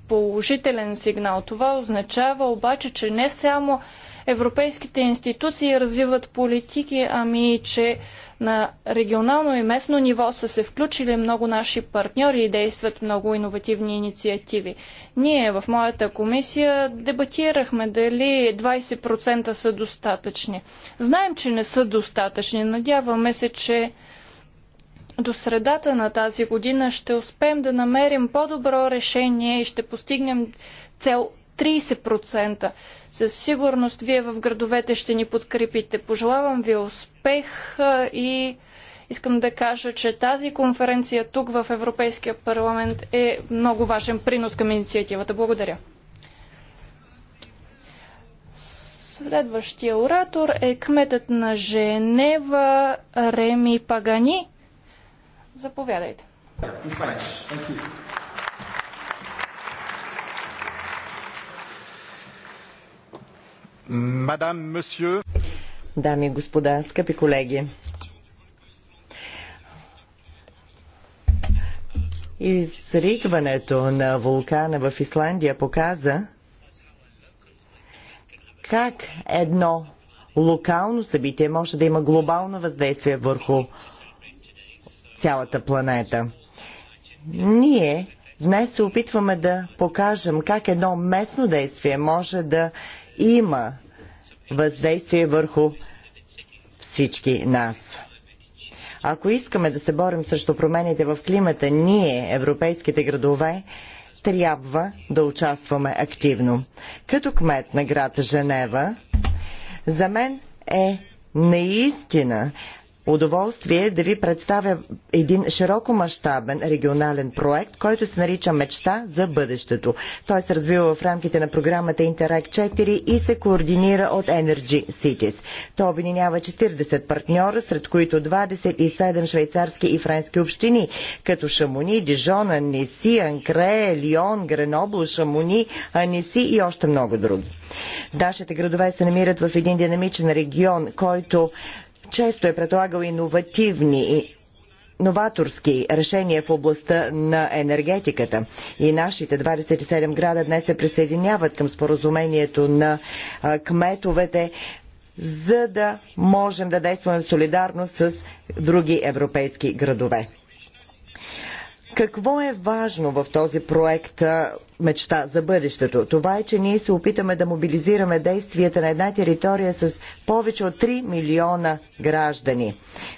положителен сигнал. Това означава обаче, че не само европейските институции развиват политики, ами и че на регионално и местно ниво са се включили много наши партньори и действат много иновативни инициативи. Ние в моята комисия дебатирахме дали 20% са достатъчни. Знаем, че не са достатъчни. Надяваме се, че до средата на тази година ще успеем да намерим по-добро решение и ще постигнем цел 30%. Със сигурност вие в градовете ще ни подкрепите. Пожелавам ви успех и искам да кажа, че тази конференция тук в Европейския парламент е много важен принос към инициативата. Благодаря. Следващия оратор е кметът на Женева Реми Пагани. Заповядайте. Yeah, Дами и господа, скъпи колеги. Изригването на вулкана в Исландия показа как едно локално събитие може да има глобално въздействие върху цялата планета. Ние днес се опитваме да покажем как едно местно действие може да има въздействие върху всички нас. Ако искаме да се борим срещу промените в климата, ние, европейските градове, трябва да участваме активно. Като кмет на град Женева, за мен е наистина удоволствие да ви представя един широко мащабен регионален проект, който се нарича Мечта за бъдещето. Той се развива в рамките на програмата Интерак 4 и се координира от Energy Cities. Той объединява 40 партньора, сред които 27 швейцарски и френски общини, като Шамони, Дижон, Аниси, Анкре, Лион, Гренобл, Шамони, Аниси и още много други. Нашите градове се намират в един динамичен регион, който често е предлагал иновативни и новаторски решения в областта на енергетиката. И нашите 27 града днес се присъединяват към споразумението на кметовете, за да можем да действаме солидарно с други европейски градове. Какво е важно в този проект мечта за бъдещето. Това е, че ние се опитаме да мобилизираме действията на една територия с повече от 3 милиона граждани.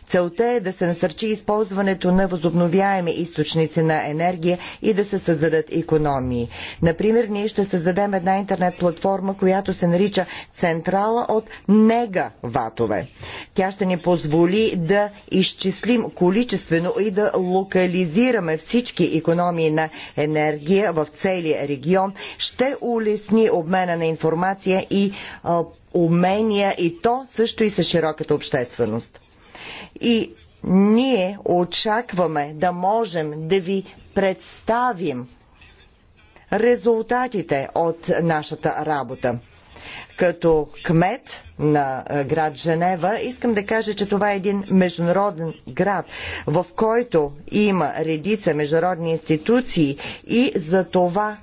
Целта е да се насърчи използването на възобновяеми източници на енергия и да се създадат економии. Например, ние ще създадем една интернет платформа, която се нарича Централа от негаватове. Тя ще ни позволи да изчислим количествено и да локализираме всички економии на енергия в целия целия регион, ще улесни обмена на информация и умения и то също и с широката общественост. И ние очакваме да можем да ви представим резултатите от нашата работа. Като кмет на град Женева, искам да кажа, че това е един международен град, в който има редица международни институции и за това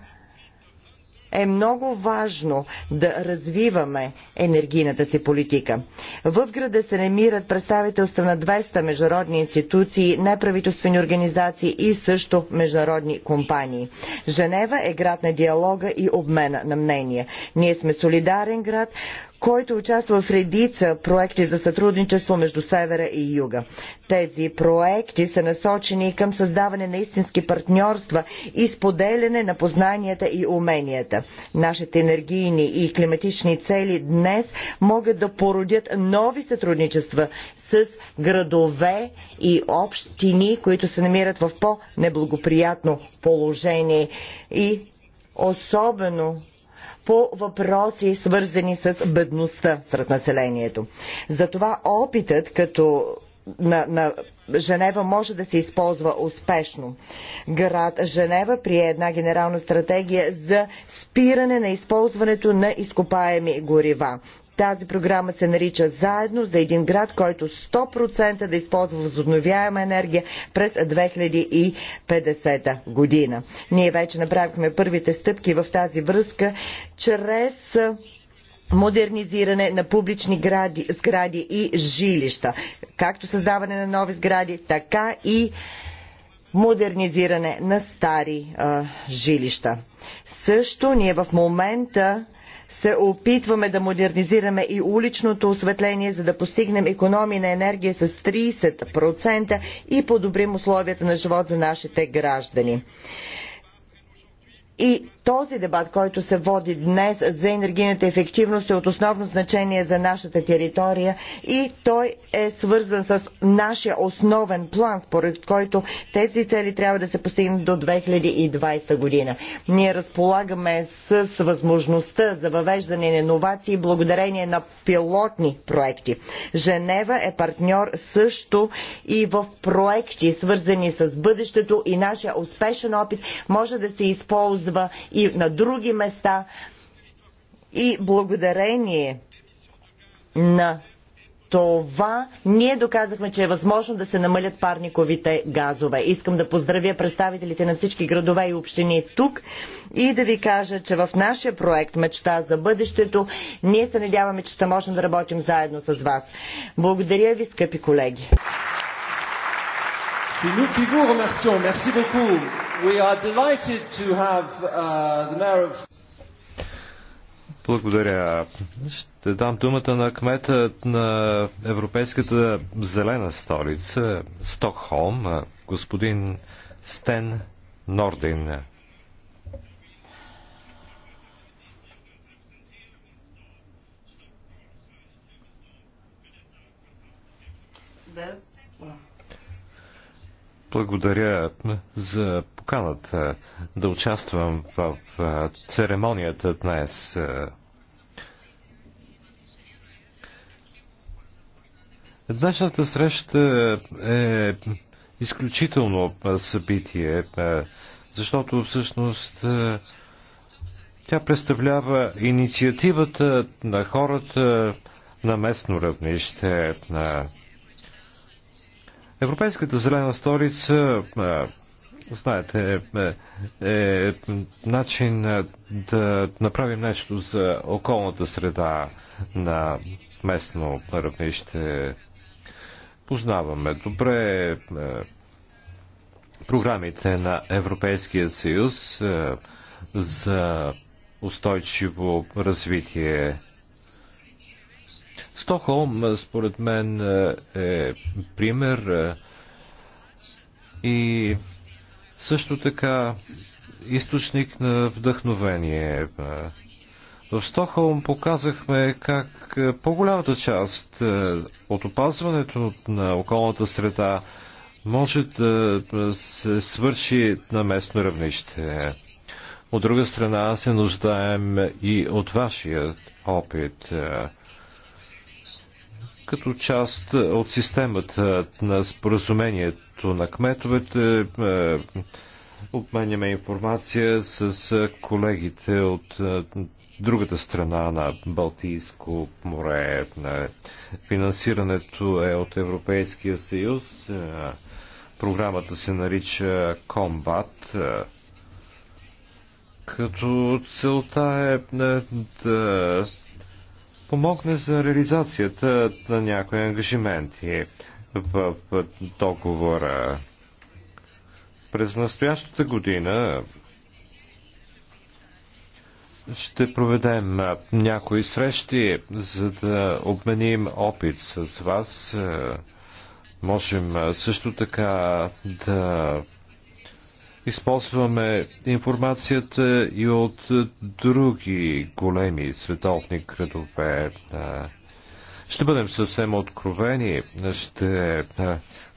е много важно да развиваме енергийната си политика. В града се намират представителства на 200 международни институции, неправителствени организации и също международни компании. Женева е град на диалога и обмена на мнения. Ние сме солидарен град, който участва в редица проекти за сътрудничество между Севера и Юга. Тези проекти са насочени към създаване на истински партньорства и споделяне на познанията и уменията. Нашите енергийни и климатични цели днес могат да породят нови сътрудничества с градове и общини, които се намират в по-неблагоприятно положение и особено по въпроси, свързани с бедността сред населението. Затова опитът като на, на Женева може да се използва успешно. Град Женева прие една генерална стратегия за спиране на използването на изкопаеми горива. Тази програма се нарича Заедно за един град, който 100% да използва възобновяема енергия през 2050 година. Ние вече направихме първите стъпки в тази връзка чрез модернизиране на публични гради, сгради и жилища, както създаване на нови сгради, така и модернизиране на стари а, жилища. Също ние в момента се опитваме да модернизираме и уличното осветление, за да постигнем економии на енергия с 30% и подобрим условията на живот за нашите граждани. И този дебат, който се води днес за енергийната ефективност е от основно значение за нашата територия и той е свързан с нашия основен план, според който тези цели трябва да се постигнат до 2020 година. Ние разполагаме с възможността за въвеждане на иновации благодарение на пилотни проекти. Женева е партньор също и в проекти, свързани с бъдещето и нашия успешен опит може да се използва и на други места. И благодарение на това ние доказахме, че е възможно да се намалят парниковите газове. Искам да поздравя представителите на всички градове и общини тук и да ви кажа, че в нашия проект Мечта за бъдещето ние се надяваме, че ще можем да работим заедно с вас. Благодаря ви, скъпи колеги. C'est nous qui vous remercions. Merci beaucoup. We are delighted to have uh, the mayor of благодаря. Ще дам думата на кмета на Европейската зелена столица, Стокхолм, господин Стен Нордин. Благодаря за поканата да участвам в церемонията днес. Днешната среща е изключително събитие, защото всъщност тя представлява инициативата на хората на местно равнище, на Европейската зелена столица, знаете, е, е начин да направим нещо за околната среда на местно равнище. Познаваме добре програмите на Европейския съюз за устойчиво развитие Стокхолм, е, според мен, е, е пример е, и също така източник на вдъхновение. В Стохолм показахме как по-голямата част от опазването на околната среда може да се свърши на местно равнище. От друга страна се нуждаем и от вашия опит като част е, от системата е, на споразумението на кметовете. Е, обменяме информация с колегите от другата страна на Балтийско море. Финансирането е от Европейския съюз. Програмата се нарича Комбат. Като целта е да помогне за реализацията на някои ангажименти в договора. През настоящата година ще проведем някои срещи, за да обменим опит с вас. Можем също така да Използваме информацията и от други големи световни градове. Ще бъдем съвсем откровени, ще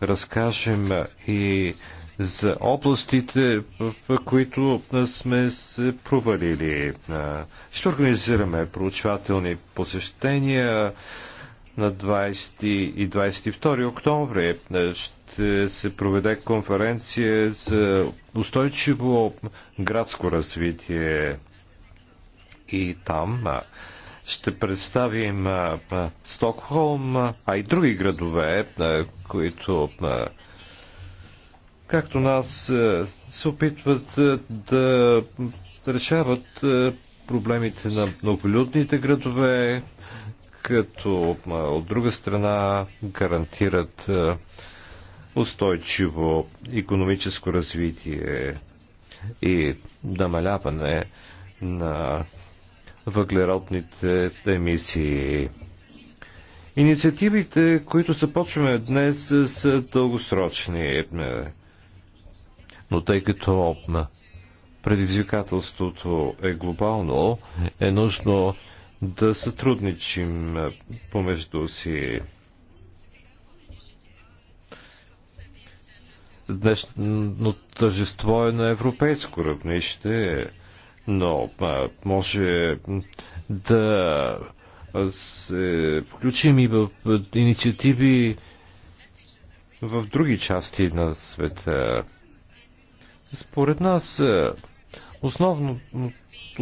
разкажем и за областите, в които сме се провалили. Ще организираме проучвателни посещения, на 20 и 22 октомври е, ще се проведе конференция за устойчиво градско развитие и там ще представим Стокхолм, а и други градове, които както нас се опитват да решават проблемите на многолюдните градове, като от друга страна гарантират устойчиво економическо развитие и намаляване на въглеродните емисии. Инициативите, които започваме днес, са дългосрочни. Е, но тъй като предизвикателството е глобално, е нужно да сътрудничим помежду си. Днешно тържество е на европейско равнище, но може да се включим и в инициативи в други части на света. Според нас основното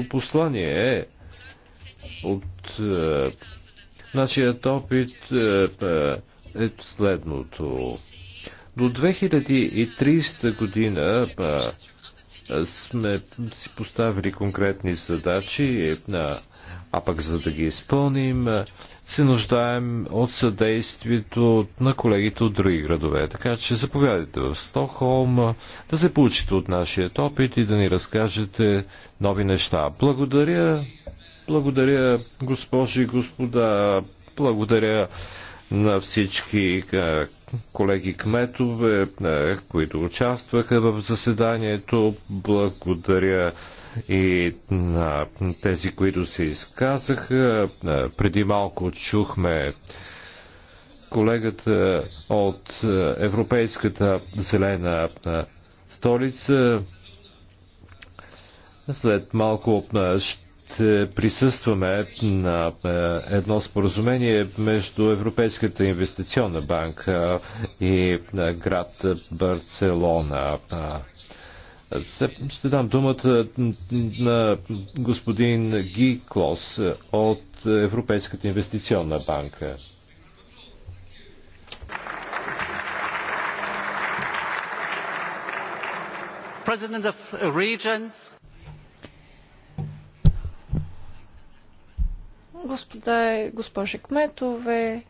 послание е от е, нашият опит е, е, е следното. До 2030 година па, е, сме си поставили конкретни задачи, е, а пък за да ги изпълним, се нуждаем от съдействието на колегите от други градове. Така че заповядайте в Стокхолм да се получите от нашия опит и да ни разкажете нови неща. Благодаря благодаря, госпожи и господа. Благодаря на всички колеги кметове, които участваха в заседанието. Благодаря и на тези, които се изказаха. Преди малко чухме колегата от Европейската зелена столица. След малко ще ще присъстваме на е, едно споразумение между Европейската инвестиционна банка и е, град Барселона. Ще дам думата на господин Ги Клос от Европейската инвестиционна банка. President of Regions, господа и госпожи кметове,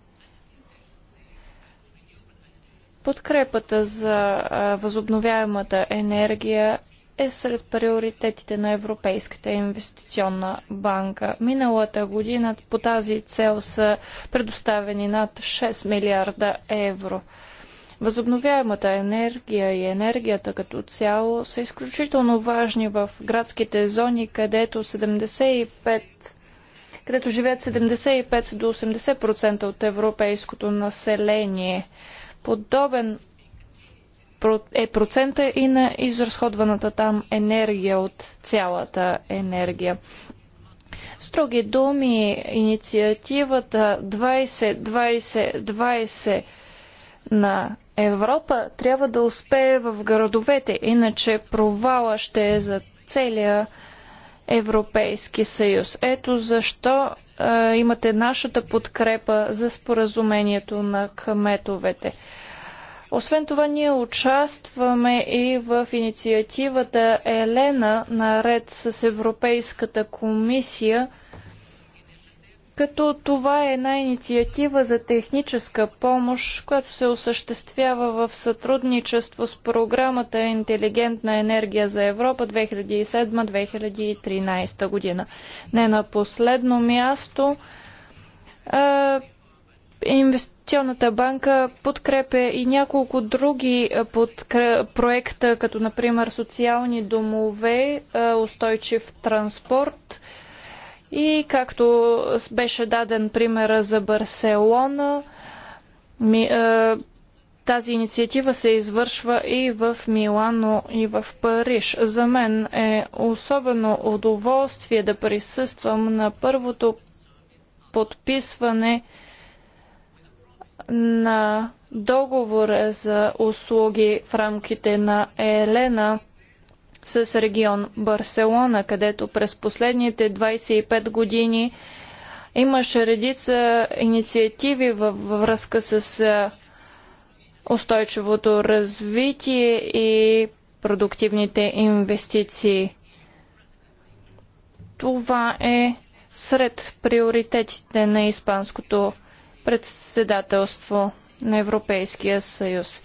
подкрепата за възобновяемата енергия е сред приоритетите на Европейската инвестиционна банка. Миналата година по тази цел са предоставени над 6 милиарда евро. Възобновяемата енергия и енергията като цяло са изключително важни в градските зони, където 75 където живеят 75 до 80% от европейското население. Подобен е процента и на изразходваната там енергия от цялата енергия. Строги думи, инициативата 20-20-20 на Европа трябва да успее в градовете, иначе провала ще е за целия Европейски съюз. Ето защо а, е, имате нашата подкрепа за споразумението на кметовете. Освен това, ние участваме и в инициативата Елена, наред с Европейската комисия – като това е една инициатива за техническа помощ, която се осъществява в сътрудничество с програмата Интелигентна енергия за Европа 2007-2013 година. Не на последно място. инвестиционната банка подкрепя и няколко други подкреп... проекта, като например социални домове, устойчив транспорт и както беше даден примера за Барселона, ми, е, тази инициатива се извършва и в Милано, и в Париж. За мен е особено удоволствие да присъствам на първото подписване на договора за услуги в рамките на Елена – с регион Барселона, където през последните 25 години имаше редица инициативи във връзка с устойчивото развитие и продуктивните инвестиции. Това е сред приоритетите на Испанското председателство на Европейския съюз.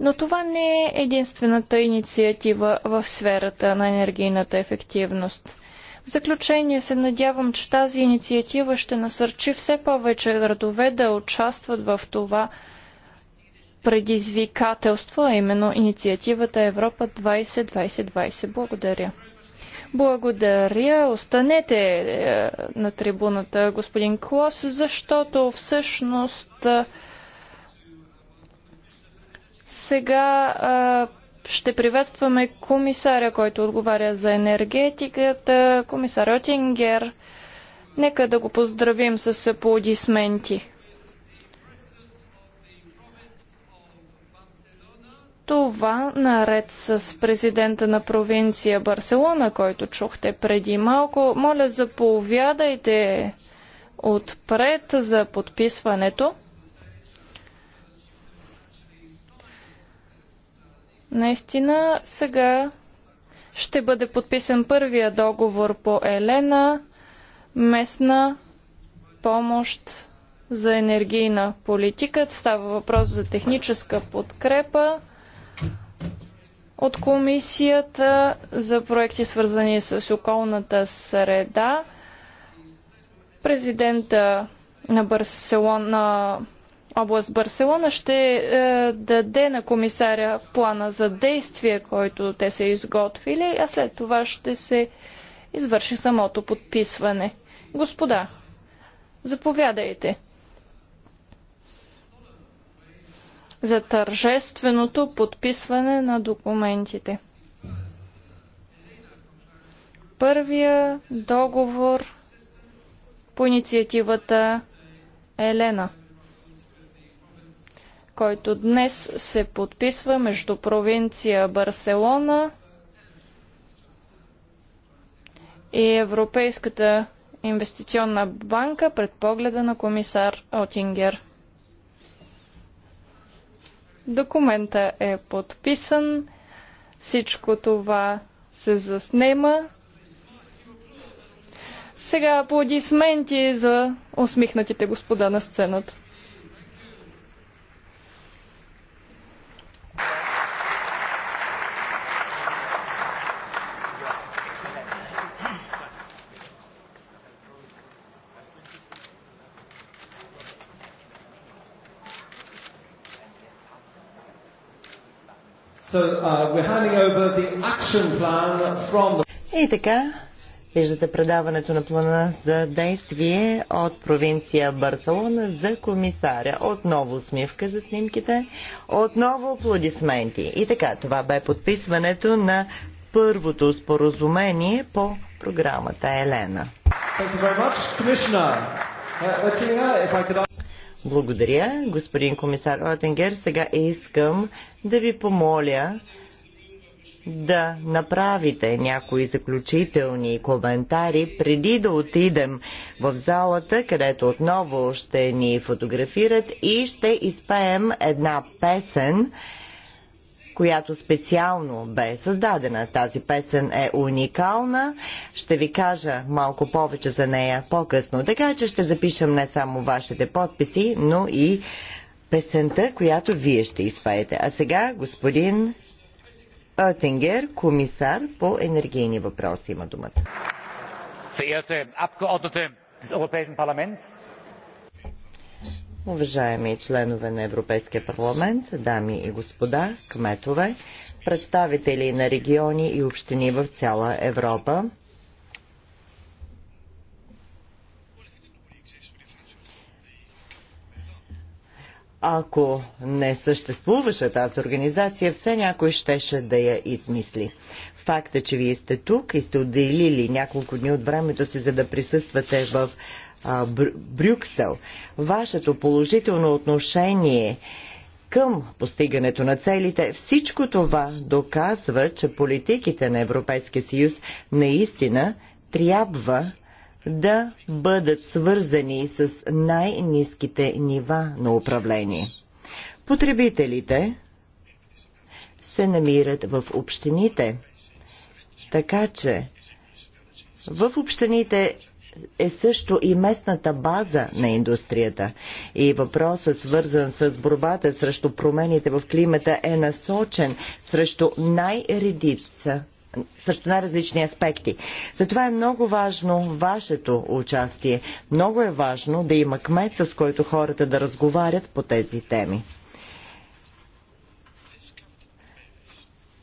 Но това не е единствената инициатива в сферата на енергийната ефективност. В заключение се надявам, че тази инициатива ще насърчи все повече градове да участват в това предизвикателство, а именно инициативата Европа 2020-2020. Благодаря. Благодаря. Останете е, на трибуната, господин Клос, защото всъщност е, сега а, ще приветстваме комисаря, който отговаря за енергетиката, комисар Отингер. Нека да го поздравим с аплодисменти. Това наред с президента на провинция Барселона, който чухте преди малко, моля заповядайте отпред за подписването. Наистина сега ще бъде подписан първия договор по Елена, местна помощ за енергийна политика. Става въпрос за техническа подкрепа от комисията за проекти свързани с околната среда. Президента на Барселона, област Барселона ще е, даде на комисаря плана за действие, който те са изготвили, а след това ще се извърши самото подписване. Господа, заповядайте. За тържественото подписване на документите. Първия договор по инициативата Елена – който днес се подписва между провинция Барселона и Европейската инвестиционна банка пред погледа на комисар Отингер. Документа е подписан, всичко това се заснема. Сега аплодисменти за усмихнатите господа на сцената. So, uh, the... И така, виждате предаването на плана за действие от провинция Барселона за комисаря. Отново усмивка за снимките, отново аплодисменти. И така, това бе подписването на първото споразумение по програмата Елена. Much, Oettinger, uh, uh, could... Благодаря, господин комисар Отенгер. Сега искам да ви помоля да направите някои заключителни коментари преди да отидем в залата, където отново ще ни фотографират и ще изпеем една песен – която специално бе създадена. Тази песен е уникална. Ще ви кажа малко повече за нея по-късно. Така че ще запишем не само вашите подписи, но и песента, която вие ще изпеете. А сега господин Оттингер, комисар по енергийни въпроси, има думата. Verehrte Abgeordnete des Europäischen уважаеми членове на Европейския парламент, дами и господа, кметове, представители на региони и общини в цяла Европа. Ако не съществуваше тази организация, все някой щеше да я измисли. Факта, е, че вие сте тук и сте отделили няколко дни от времето си, за да присъствате в Брюксел. Вашето положително отношение към постигането на целите, всичко това доказва, че политиките на Европейския съюз наистина трябва да бъдат свързани с най-низките нива на управление. Потребителите се намират в общините, така че в общините е също и местната база на индустрията. И въпросът, свързан с борбата срещу промените в климата, е насочен срещу най-редица също най-различни аспекти. Затова е много важно вашето участие. Много е важно да има кмет, с който хората да разговарят по тези теми.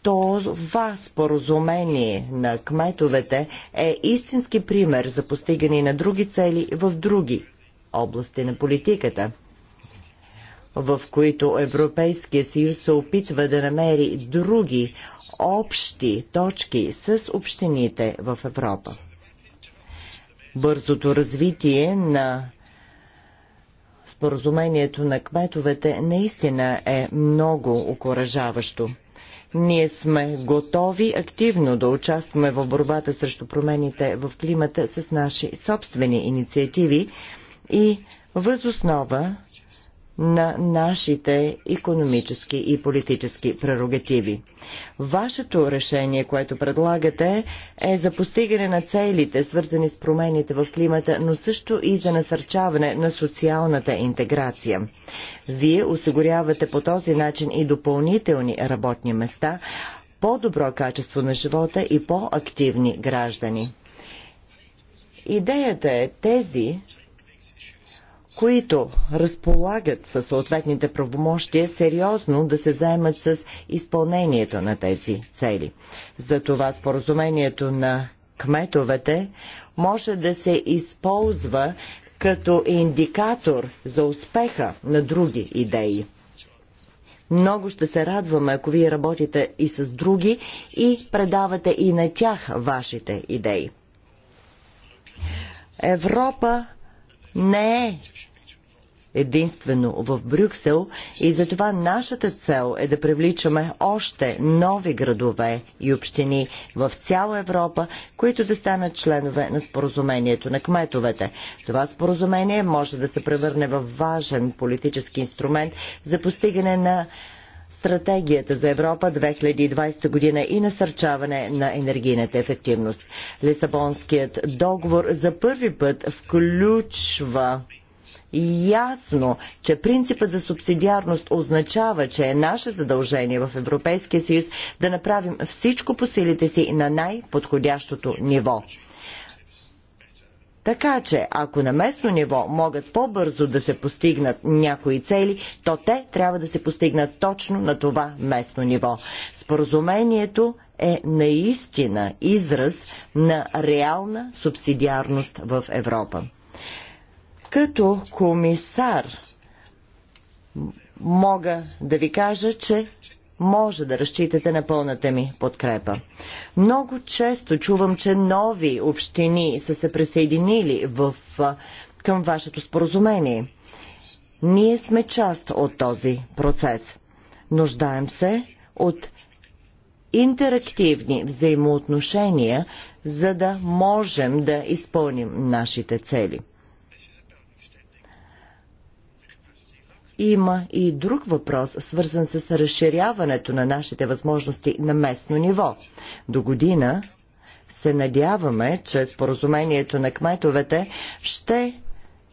Това споразумение на кметовете е истински пример за постигане на други цели в други области на политиката, в които Европейския съюз се опитва да намери други общи точки с общините в Европа. Бързото развитие на споразумението на кметовете наистина е много окоръжаващо. Ние сме готови активно да участваме в борбата срещу промените в климата с наши собствени инициативи и възоснова на нашите економически и политически прерогативи. Вашето решение, което предлагате, е за постигане на целите, свързани с промените в климата, но също и за насърчаване на социалната интеграция. Вие осигурявате по този начин и допълнителни работни места, по-добро качество на живота и по-активни граждани. Идеята е тези, които разполагат със съответните правомощия, сериозно да се заемат с изпълнението на тези цели. Затова споразумението на кметовете може да се използва като индикатор за успеха на други идеи. Много ще се радваме, ако вие работите и с други и предавате и на тях вашите идеи. Европа не е единствено в Брюксел и затова нашата цел е да привличаме още нови градове и общини в цяла Европа, които да станат членове на споразумението на кметовете. Това споразумение може да се превърне в важен политически инструмент за постигане на стратегията за Европа 2020 година и насърчаване на енергийната ефективност. Лисабонският договор за първи път включва ясно, че принципът за субсидиарност означава, че е наше задължение в Европейския съюз да направим всичко по силите си на най-подходящото ниво. Така че, ако на местно ниво могат по-бързо да се постигнат някои цели, то те трябва да се постигнат точно на това местно ниво. Споразумението е наистина израз на реална субсидиарност в Европа. Като комисар мога да ви кажа, че може да разчитате на пълната ми подкрепа. Много често чувам, че нови общини са се присъединили в, към вашето споразумение. Ние сме част от този процес. Нуждаем се от интерактивни взаимоотношения, за да можем да изпълним нашите цели. Има и друг въпрос, свързан с разширяването на нашите възможности на местно ниво. До година се надяваме, че споразумението на кметовете ще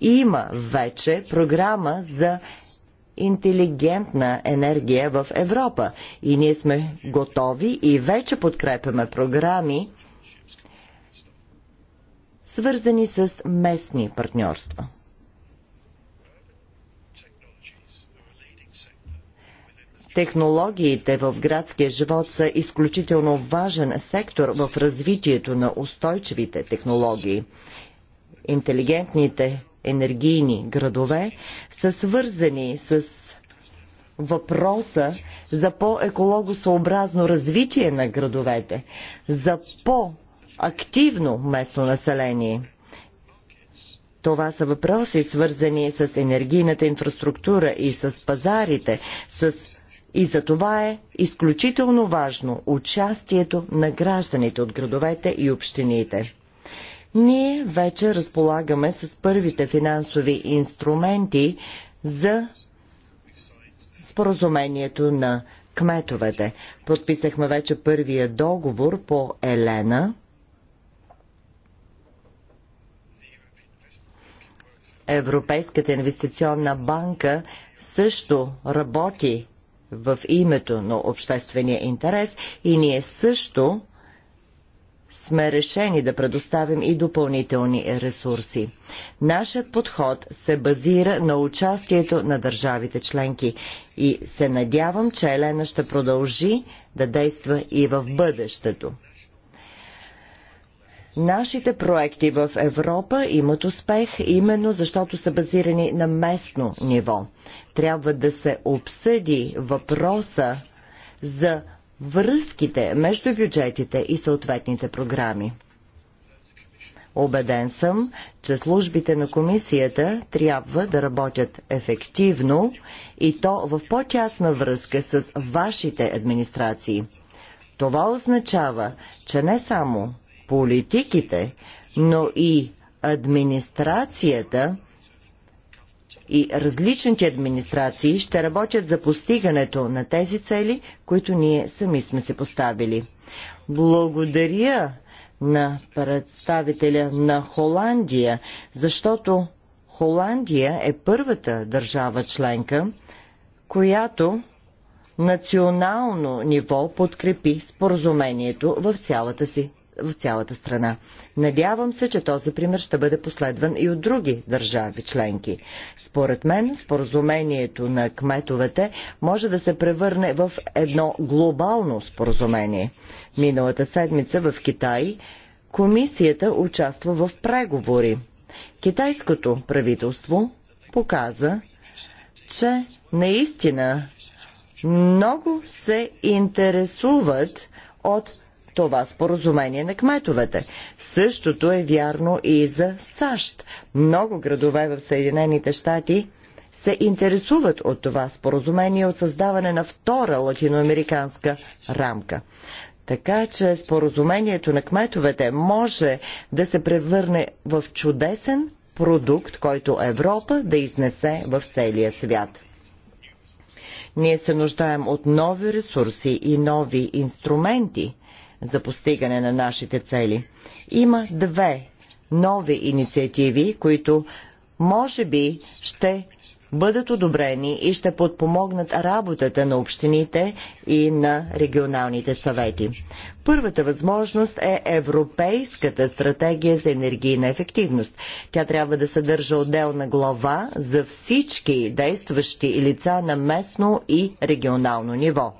има вече програма за интелигентна енергия в Европа. И ние сме готови и вече подкрепяме програми, свързани с местни партньорства. Технологиите в градския живот са изключително важен сектор в развитието на устойчивите технологии. Интелигентните енергийни градове са свързани с въпроса за по-екологосъобразно развитие на градовете, за по-активно местно население. Това са въпроси, свързани с енергийната инфраструктура и с пазарите, с и за това е изключително важно участието на гражданите от градовете и общините. Ние вече разполагаме с първите финансови инструменти за споразумението на кметовете. Подписахме вече първия договор по Елена. Европейската инвестиционна банка също работи в името на обществения интерес и ние също сме решени да предоставим и допълнителни ресурси. Нашият подход се базира на участието на държавите членки и се надявам, че Елена ще продължи да действа и в бъдещето. Нашите проекти в Европа имат успех именно защото са базирани на местно ниво. Трябва да се обсъди въпроса за връзките между бюджетите и съответните програми. Обеден съм, че службите на комисията трябва да работят ефективно и то в по-тясна връзка с вашите администрации. Това означава, че не само политиките, но и администрацията и различните администрации ще работят за постигането на тези цели, които ние сами сме се поставили. Благодаря на представителя на Холандия, защото Холандия е първата държава членка, която национално ниво подкрепи споразумението в цялата си в цялата страна. Надявам се, че този пример ще бъде последван и от други държави членки. Според мен, споразумението на кметовете може да се превърне в едно глобално споразумение. Миналата седмица в Китай комисията участва в преговори. Китайското правителство показа, че наистина много се интересуват от това споразумение на кметовете. Същото е вярно и за САЩ. Много градове в Съединените щати се интересуват от това споразумение от създаване на втора латиноамериканска рамка. Така че споразумението на кметовете може да се превърне в чудесен продукт, който Европа да изнесе в целия свят. Ние се нуждаем от нови ресурси и нови инструменти, за постигане на нашите цели. Има две нови инициативи, които може би ще бъдат одобрени и ще подпомогнат работата на общините и на регионалните съвети. Първата възможност е Европейската стратегия за енергийна ефективност. Тя трябва да съдържа отделна глава за всички действащи лица на местно и регионално ниво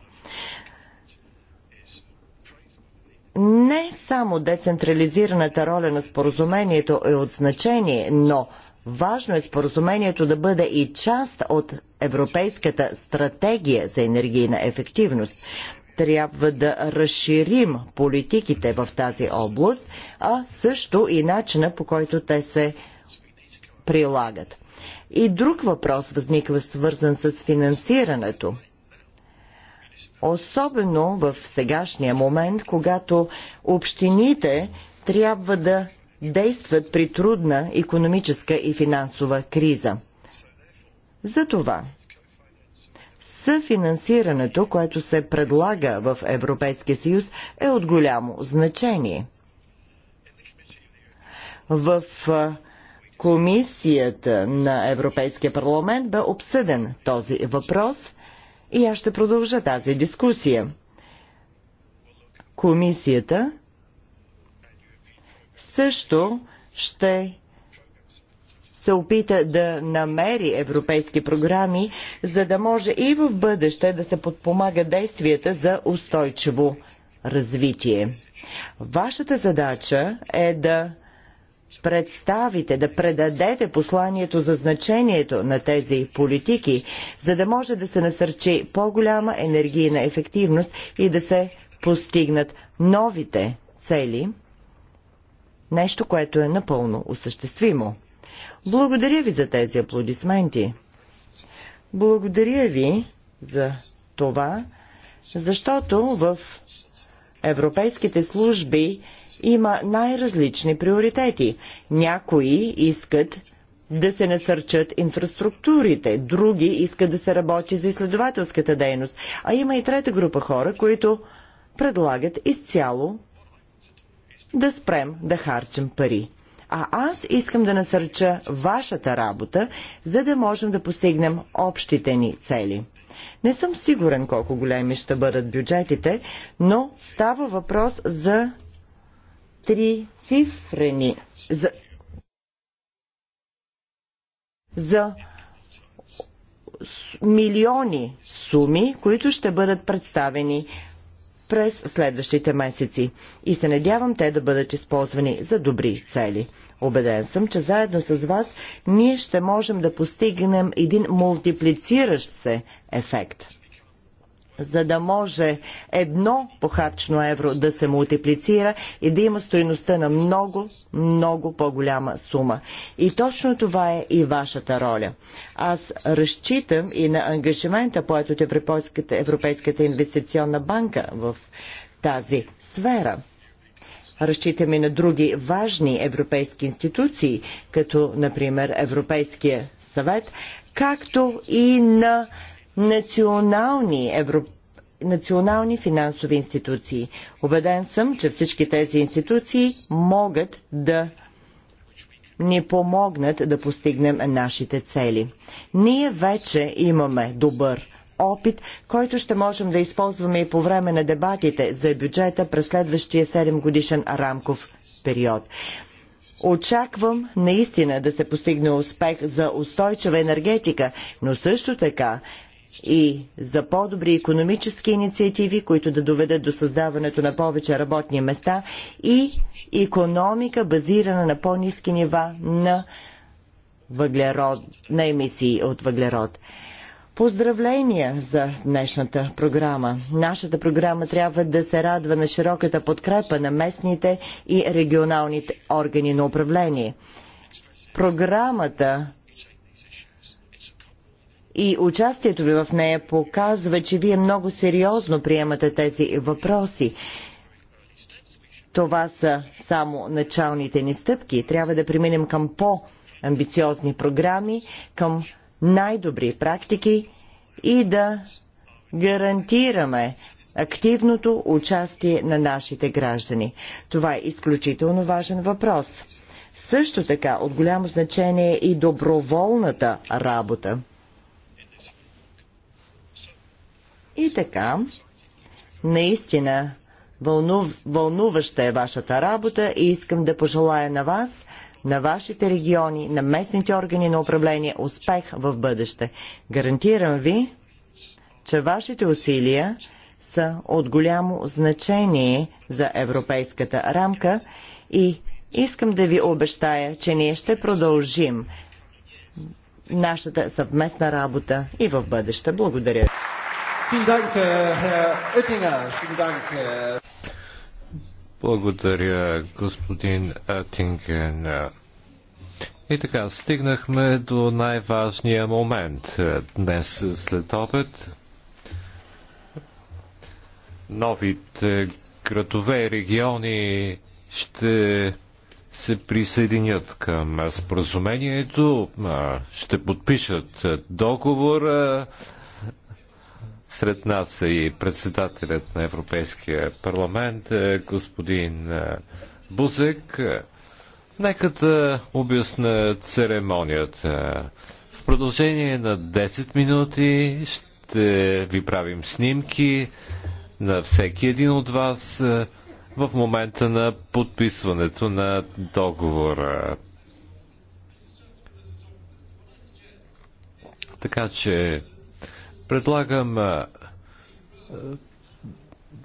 не само децентрализираната роля на споразумението е от значение, но важно е споразумението да бъде и част от Европейската стратегия за енергийна ефективност. Трябва да разширим политиките в тази област, а също и начина по който те се прилагат. И друг въпрос възниква свързан с финансирането – Особено в сегашния момент, когато общините трябва да действат при трудна економическа и финансова криза. Затова съфинансирането, което се предлага в Европейския съюз, е от голямо значение. В комисията на Европейския парламент бе обсъден този въпрос и аз ще продължа тази дискусия. Комисията също ще се опита да намери европейски програми, за да може и в бъдеще да се подпомага действията за устойчиво развитие. Вашата задача е да представите, да предадете посланието за значението на тези политики, за да може да се насърчи по-голяма енергийна ефективност и да се постигнат новите цели, нещо, което е напълно осъществимо. Благодаря ви за тези аплодисменти. Благодаря ви за това, защото в европейските служби има най-различни приоритети. Някои искат да се насърчат инфраструктурите, други искат да се работи за изследователската дейност, а има и трета група хора, които предлагат изцяло да спрем да харчим пари. А аз искам да насърча вашата работа, за да можем да постигнем общите ни цели. Не съм сигурен колко големи ще бъдат бюджетите, но става въпрос за три цифрени за, за милиони суми, които ще бъдат представени през следващите месеци и се надявам те да бъдат използвани за добри цели. Обеден съм, че заедно с вас ние ще можем да постигнем един мултиплициращ се ефект за да може едно похарчено евро да се мултиплицира и да има стоеността на много, много по-голяма сума. И точно това е и вашата роля. Аз разчитам и на ангажимента, поет от Европейската, Европейската инвестиционна банка в тази сфера. Разчитаме на други важни европейски институции, като например Европейския съвет, както и на национални европейски национални финансови институции. Обеден съм, че всички тези институции могат да ни помогнат да постигнем нашите цели. Ние вече имаме добър опит, който ще можем да използваме и по време на дебатите за бюджета през следващия 7 годишен рамков период. Очаквам наистина да се постигне успех за устойчива енергетика, но също така и за по-добри економически инициативи, които да доведат до създаването на повече работни места и економика базирана на по-низки нива на, въглерод, на емисии от въглерод. Поздравления за днешната програма. Нашата програма трябва да се радва на широката подкрепа на местните и регионалните органи на управление. Програмата и участието ви в нея показва, че вие много сериозно приемате тези въпроси. Това са само началните ни стъпки. Трябва да преминем към по-амбициозни програми, към най-добри практики и да гарантираме активното участие на нашите граждани. Това е изключително важен въпрос. Също така от голямо значение е и доброволната работа. И така, наистина, вълнув, вълнуваща е вашата работа и искам да пожелая на вас, на вашите региони, на местните органи на управление успех в бъдеще. Гарантирам ви, че вашите усилия са от голямо значение за европейската рамка и искам да ви обещая, че ние ще продължим нашата съвместна работа и в бъдеще. Благодаря ви. Äh, äh, Благодаря, господин Тинген. И така, стигнахме до най-важния момент е, днес след обед. Новите градове и региони ще се присъединят към споразумението, ще подпишат договора сред нас е и председателят на Европейския парламент, е, господин е, Бузек. Нека да обясна церемонията. В продължение на 10 минути ще ви правим снимки на всеки един от вас е, в момента на подписването на договора. Така че Предлагам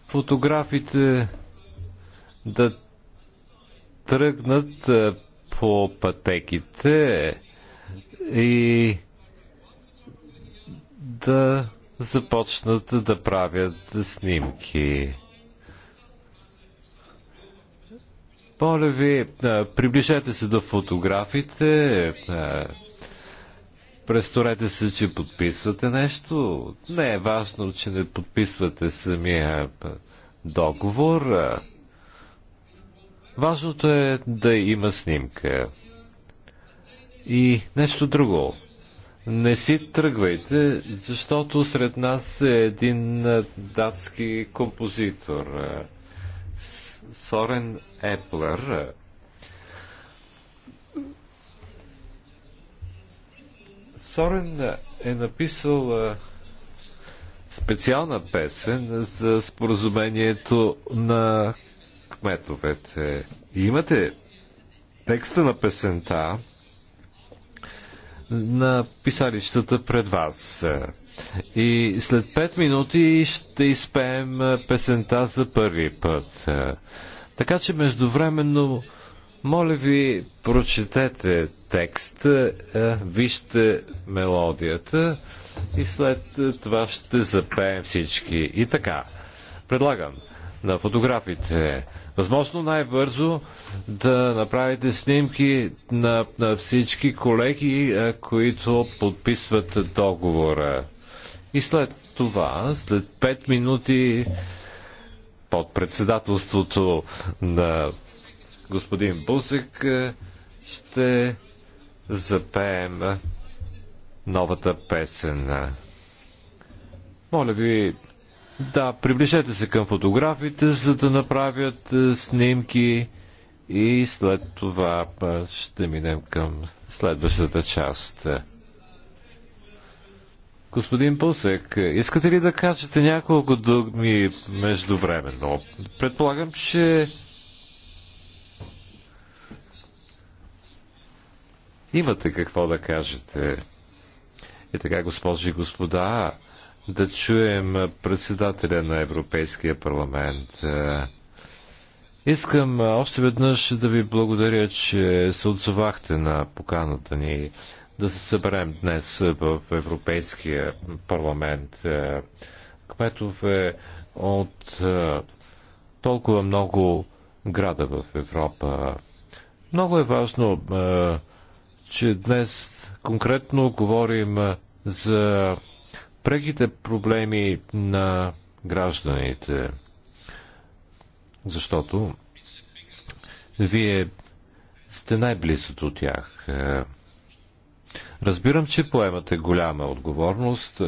фотографите да тръгнат по пътеките и да започнат да правят снимки. Моля ви, приближете се до фотографите, Престорете се, че подписвате нещо. Не е важно, че не подписвате самия договор. Важното е да има снимка. И нещо друго. Не си тръгвайте, защото сред нас е един датски композитор. Сорен Еплер Сорен е, е написал е, специална песен за споразумението на кметовете. И имате текста на песента на писалищата пред вас. И след 5 минути ще изпеем е, песента за първи път. Така че междувременно моля ви, прочетете текст, е, вижте мелодията и след това ще запеем всички. И така, предлагам на фотографите възможно най-бързо да направите снимки на, на всички колеги, е, които подписват договора. И след това, след 5 минути под председателството на господин Бусек е, ще запеем новата песен. Моля ви, да, приближете се към фотографите, за да направят е, снимки и след това е, ще минем към следващата част. Господин Пусек, искате ли да кажете няколко думи междувременно? Предполагам, че Имате какво да кажете. И така, госпожи и господа, да чуем председателя на Европейския парламент. Искам още веднъж да ви благодаря, че се отзовахте на поканата ни да се съберем днес в Европейския парламент. Кметове от толкова много града в Европа. Много е важно че днес конкретно говорим за преките проблеми на гражданите. Защото вие сте най-близо до тях. Разбирам, че поемате голяма отговорност.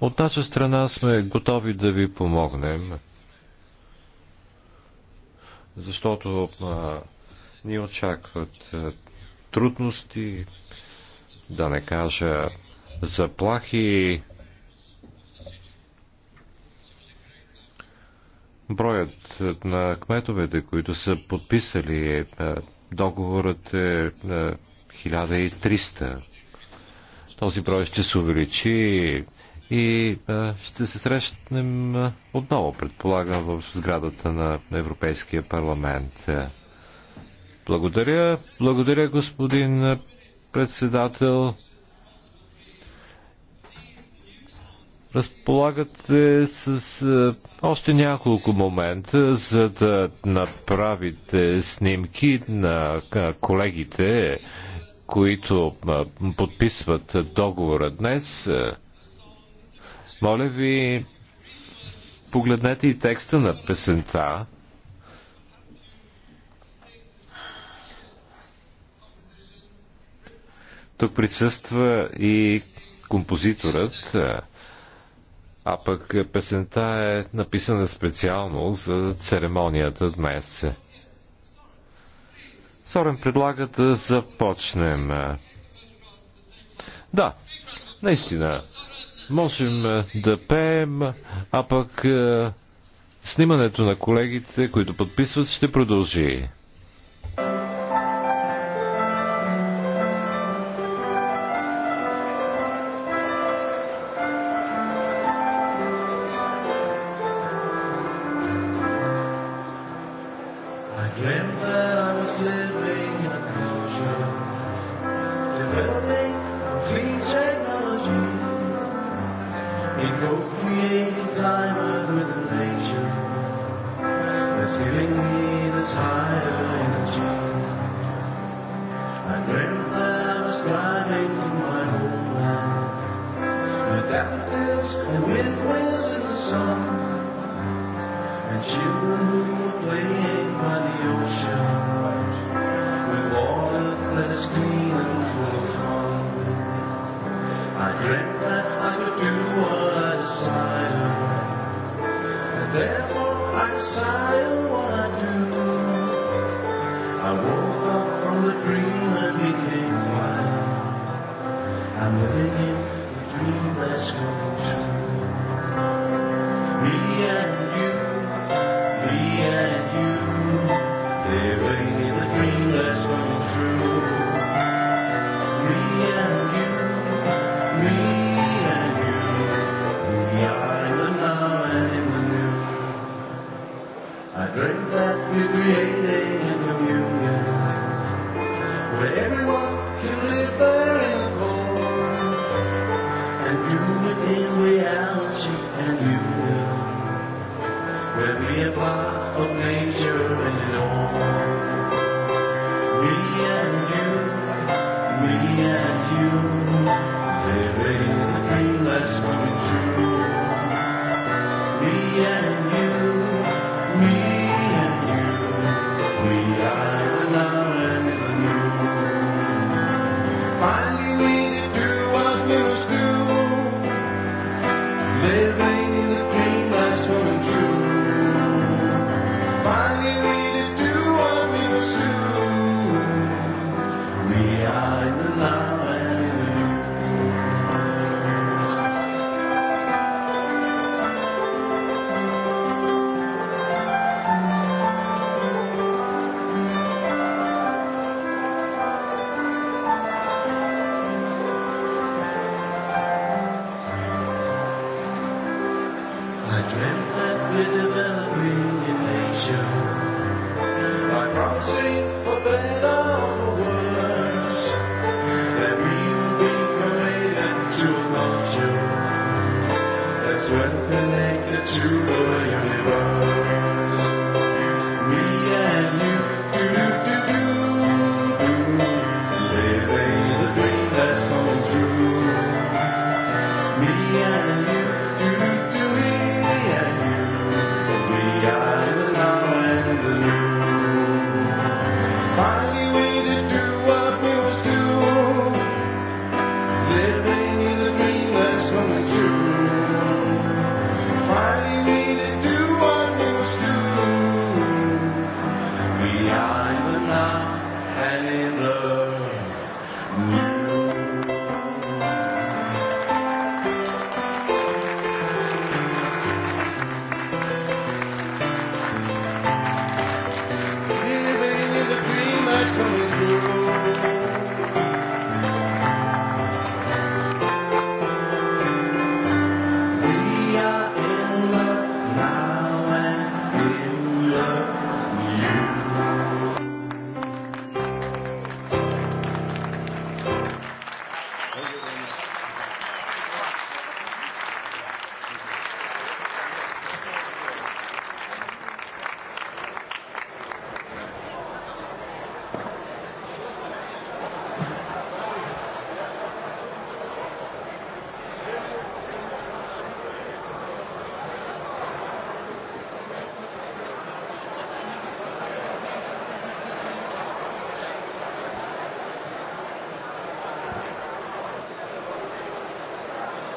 От наша страна сме готови да ви помогнем, защото а, ни очакват трудности, да не кажа заплахи. Броят на кметовете, които са подписали е, договорът е 1300. Е, Този брой ще се увеличи и е, ще се срещнем отново, предполагам, в сградата на Европейския парламент. Благодаря. Благодаря, господин председател. разполагате с а, е, още няколко момента, за да направите снимки на а, е, колегите, които а, е, подписват договора днес. Моля ви, погледнете и текста на песента. Тук присъства и композиторът, а пък песента е написана специално за церемонията днес. Сорен предлага да започнем. Да, наистина, можем да пеем, а пък снимането на колегите, които подписват, ще продължи.